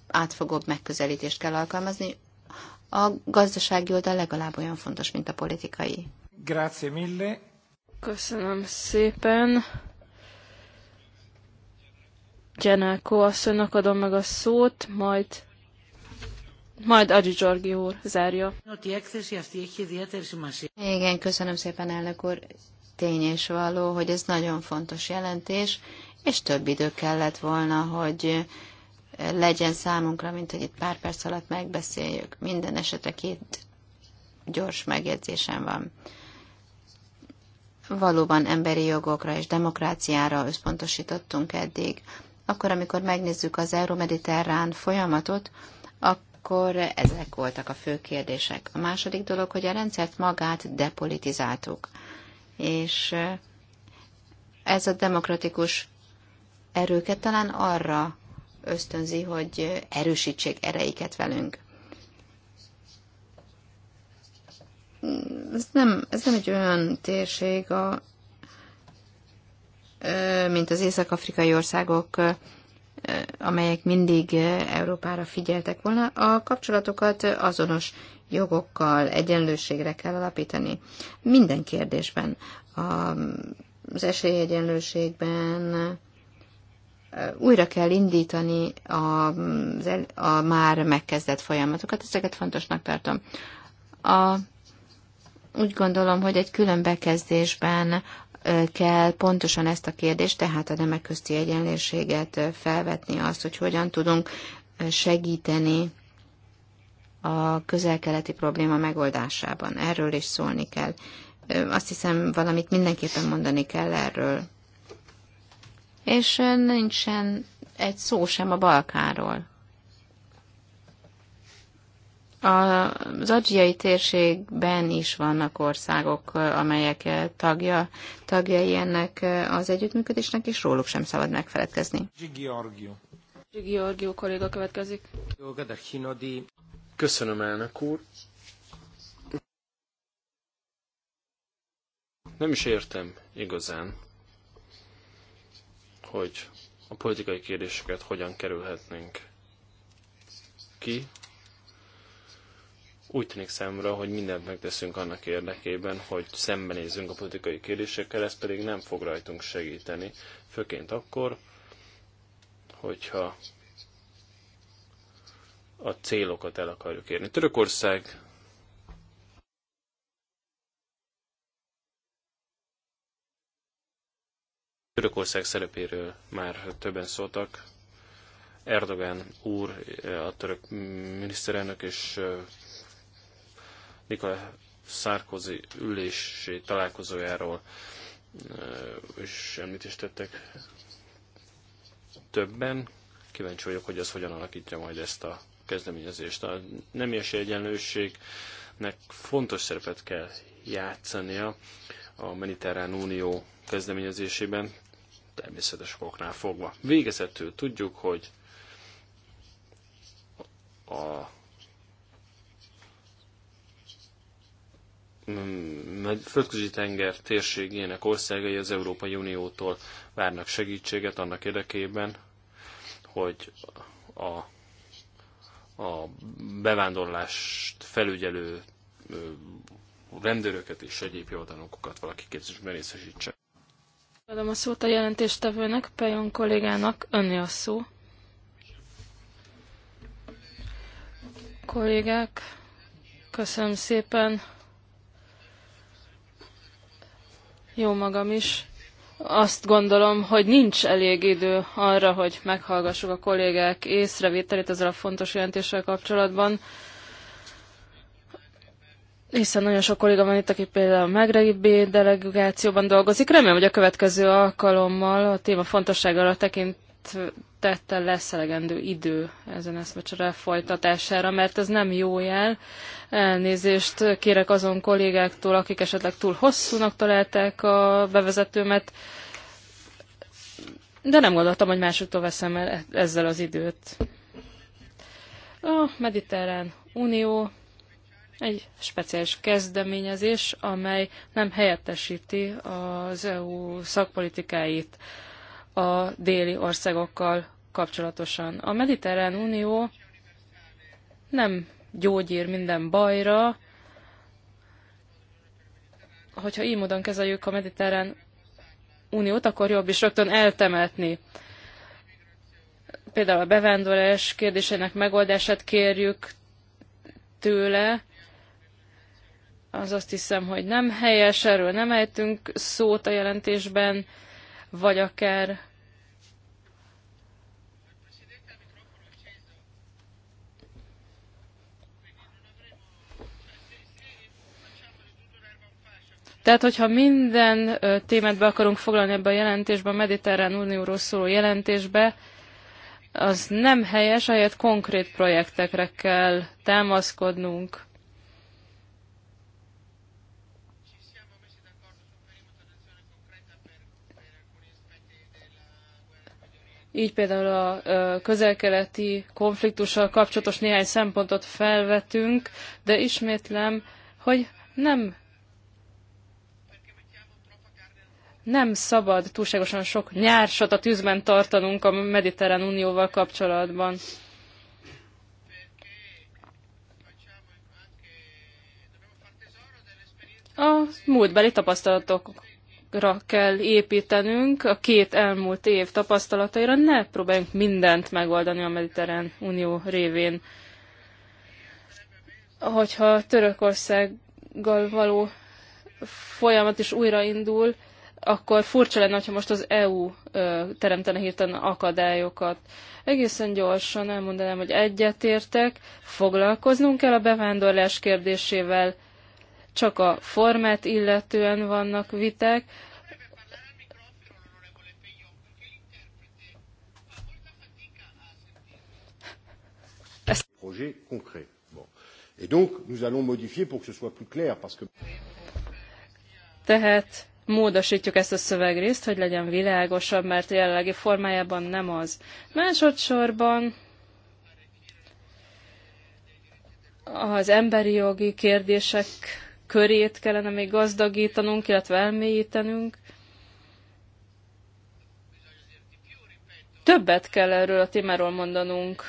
átfogóbb megközelítést kell alkalmazni. A gazdasági oldal legalább olyan fontos, mint a politikai. Grazie mille. Köszönöm szépen. Gyenáko asszonynak adom meg a szót, majd majd Adi Zsorgi úr zárja. Igen, köszönöm szépen, elnök úr. Tény és való, hogy ez nagyon fontos jelentés, és több idő kellett volna, hogy legyen számunkra, mint hogy itt pár perc alatt megbeszéljük. Minden esetre két gyors megjegyzésem van. Valóban emberi jogokra és demokráciára összpontosítottunk eddig. Akkor, amikor megnézzük az euromediterrán folyamatot, akkor ezek voltak a fő kérdések. A második dolog, hogy a rendszert magát depolitizáltuk és ez a demokratikus erőket talán arra ösztönzi, hogy erősítsék ereiket velünk. Ez nem, ez nem egy olyan térség, a, mint az észak-afrikai országok, amelyek mindig Európára figyeltek volna. A kapcsolatokat azonos jogokkal, egyenlőségre kell alapítani. Minden kérdésben. Az esélyegyenlőségben újra kell indítani a, a már megkezdett folyamatokat. Ezeket fontosnak tartom. A, úgy gondolom, hogy egy külön bekezdésben kell pontosan ezt a kérdést, tehát a nemek közti egyenlőséget felvetni, azt, hogy hogyan tudunk segíteni a közelkeleti probléma megoldásában. Erről is szólni kell. Azt hiszem, valamit mindenképpen mondani kell erről. És nincsen egy szó sem a Balkánról. Az adzsiai térségben is vannak országok, amelyek tagja, tagjai ennek az együttműködésnek, és róluk sem szabad megfeledkezni. Giorgio. Giorgio kolléga következik. Köszönöm, elnök úr. Nem is értem igazán, hogy a politikai kérdéseket hogyan kerülhetnénk ki. Úgy tűnik számra, hogy mindent megteszünk annak érdekében, hogy szembenézzünk a politikai kérdésekkel, ez pedig nem fog rajtunk segíteni, főként akkor, hogyha a célokat el akarjuk érni. Törökország Törökország szerepéről már többen szóltak. Erdogan úr, a török miniszterelnök és Nikola Sarkozy ülési találkozójáról is említést tettek többen. Kíváncsi vagyok, hogy az hogyan alakítja majd ezt a kezdeményezést. A nemies egyenlőségnek fontos szerepet kell játszania a Mediterrán Unió kezdeményezésében, természetes oknál fogva. Végezetül tudjuk, hogy a földközi tenger térségének országai az Európai Uniótól várnak segítséget annak érdekében, hogy a a bevándorlást felügyelő rendőröket és egyéb javadalmokat valaki képzésben részesítse. Adom a szót a jelentéstevőnek, Pejon kollégának, önni a szó. Kollégák, köszönöm szépen. Jó magam is azt gondolom, hogy nincs elég idő arra, hogy meghallgassuk a kollégák észrevételét ezzel a fontos jelentéssel kapcsolatban hiszen nagyon sok kolléga van itt, aki például a Magrebi delegációban dolgozik. Remélem, hogy a következő alkalommal a téma fontosságára tekint, tette lesz elegendő idő ezen eszmecsere folytatására, mert ez nem jó jel. Elnézést kérek azon kollégáktól, akik esetleg túl hosszúnak találták a bevezetőmet, de nem gondoltam, hogy másoktól veszem el e- ezzel az időt. A Mediterrán Unió egy speciális kezdeményezés, amely nem helyettesíti az EU szakpolitikáit a déli országokkal kapcsolatosan. A Mediterrán Unió nem gyógyír minden bajra, hogyha így módon kezeljük a Mediterrán Uniót, akkor jobb is rögtön eltemetni. Például a bevándorlás kérdésének megoldását kérjük tőle, az azt hiszem, hogy nem helyes, erről nem ejtünk szót a jelentésben, vagy akár Tehát, hogyha minden témát be akarunk foglalni ebbe a jelentésbe, a Mediterrán Unióról szóló jelentésbe, az nem helyes, ahelyett konkrét projektekre kell támaszkodnunk. Így például a közelkeleti konfliktussal kapcsolatos néhány szempontot felvetünk, de ismétlem, hogy nem nem szabad túlságosan sok nyársat a tűzben tartanunk a Mediterrán Unióval kapcsolatban. A múltbeli tapasztalatokra kell építenünk, a két elmúlt év tapasztalataira ne próbáljunk mindent megoldani a Mediterrán Unió révén. Hogyha Törökországgal való folyamat is újraindul, akkor furcsa lenne, ha most az EU teremtene hirtelen akadályokat. Egészen gyorsan elmondanám, hogy egyetértek, foglalkoznunk kell a bevándorlás kérdésével, csak a formát illetően vannak viták. Tehát módosítjuk ezt a szövegrészt, hogy legyen világosabb, mert jelenlegi formájában nem az. Másodszorban az emberi jogi kérdések körét kellene még gazdagítanunk, illetve elmélyítenünk. Többet kell erről a témáról mondanunk.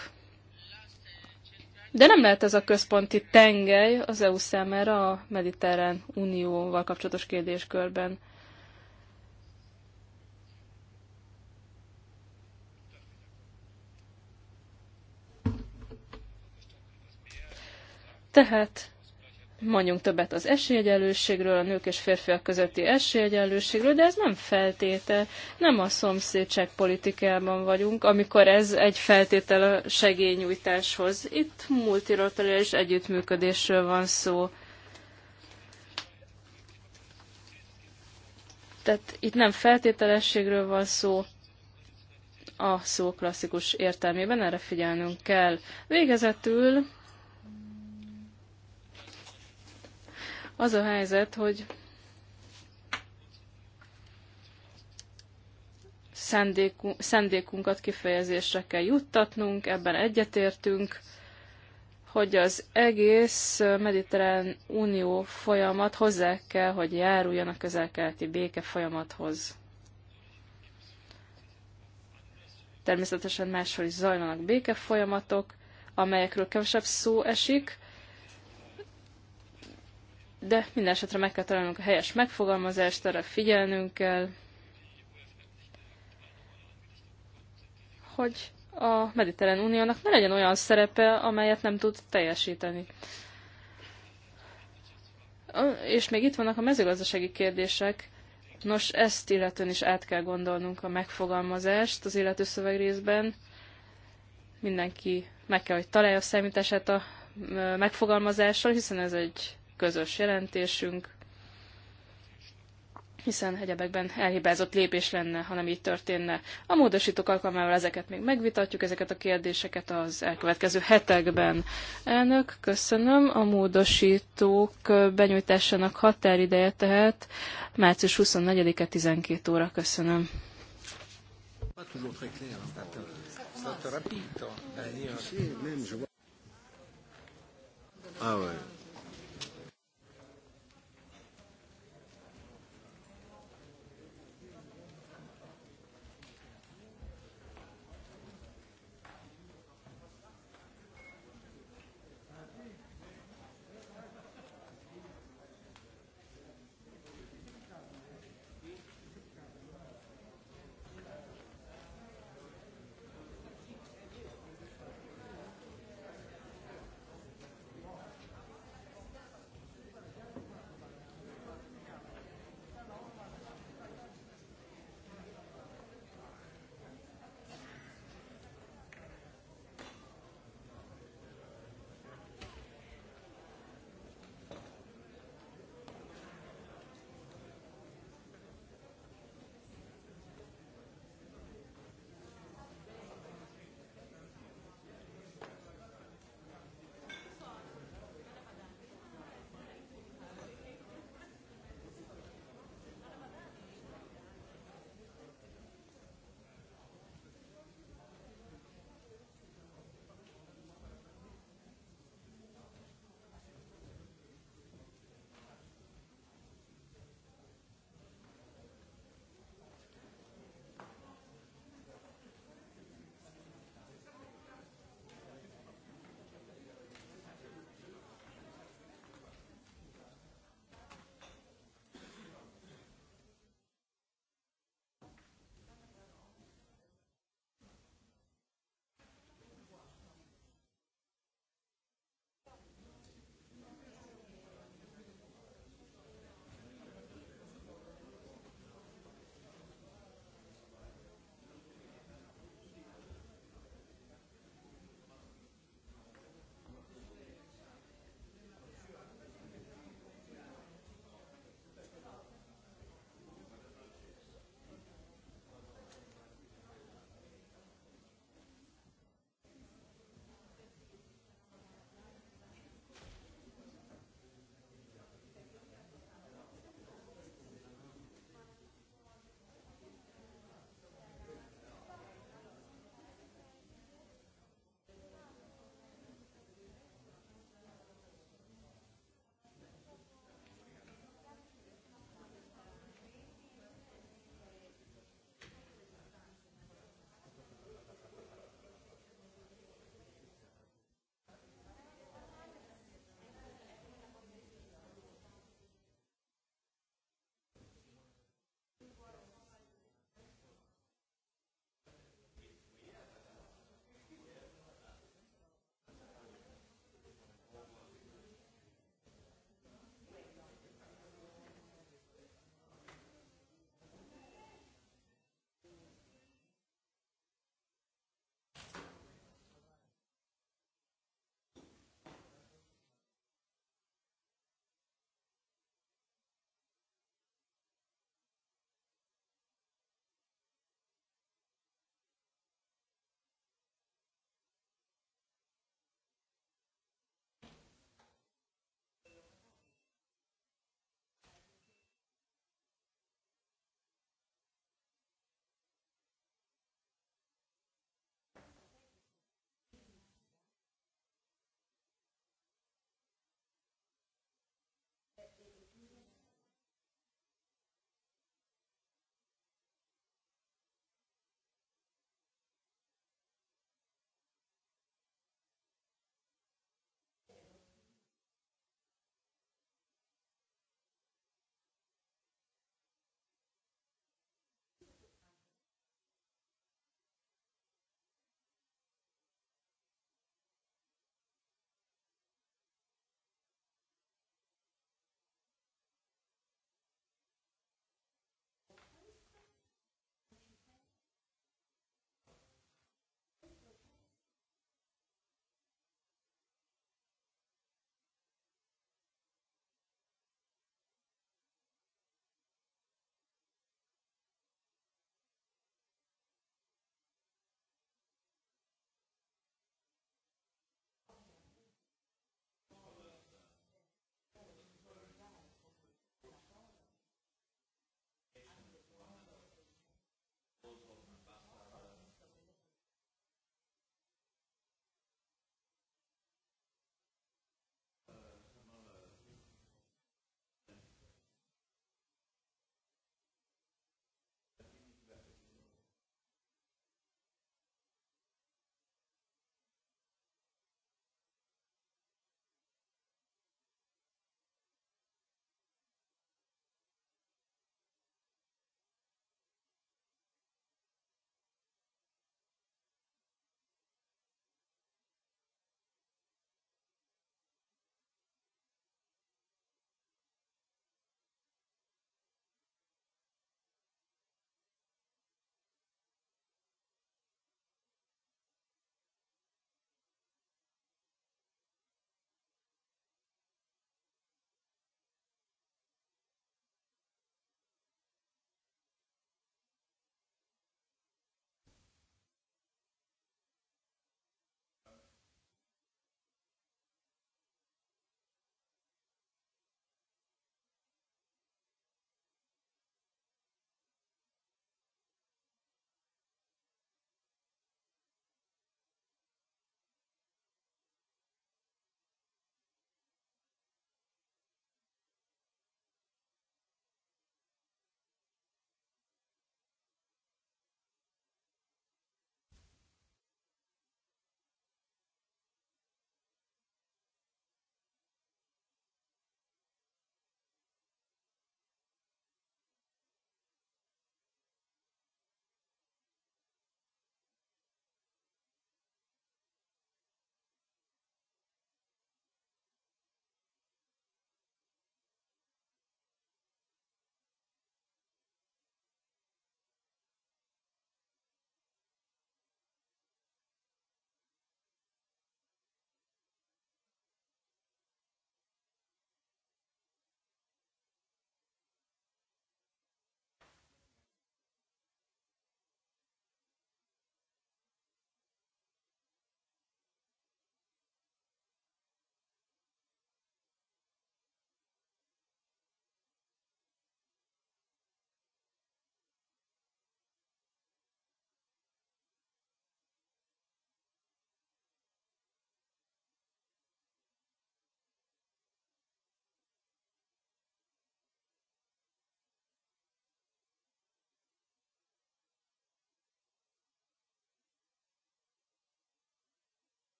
De nem lehet ez a központi tengely az EU számára a Mediterrán Unióval kapcsolatos kérdéskörben. Tehát mondjunk többet az esélyegyenlőségről, a nők és férfiak közötti esélyegyenlőségről, de ez nem feltétel, nem a szomszédság politikában vagyunk, amikor ez egy feltétel a segélynyújtáshoz. Itt multilaterális együttműködésről van szó. Tehát itt nem feltételességről van szó, a szó klasszikus értelmében erre figyelnünk kell. Végezetül Az a helyzet, hogy szándékunk, szándékunkat kifejezésre kell juttatnunk, ebben egyetértünk, hogy az egész mediterrán unió folyamat hozzá kell, hogy járuljon a közelkeleti béke folyamathoz. Természetesen máshol is zajlanak béke folyamatok, amelyekről kevesebb szó esik, de minden esetre meg kell találnunk a helyes megfogalmazást, erre figyelnünk kell, hogy a Mediterrán Uniónak ne legyen olyan szerepe, amelyet nem tud teljesíteni. És még itt vannak a mezőgazdasági kérdések. Nos, ezt illetően is át kell gondolnunk a megfogalmazást az illető szövegrészben. Mindenki meg kell, hogy találja a számítását a megfogalmazással, hiszen ez egy közös jelentésünk, hiszen egyebekben elhibázott lépés lenne, ha nem így történne. A módosítók alkalmával ezeket még megvitatjuk, ezeket a kérdéseket az elkövetkező hetekben. Elnök, köszönöm. A módosítók benyújtásának határideje tehát március 24-e 12 óra. Köszönöm. Ah ouais.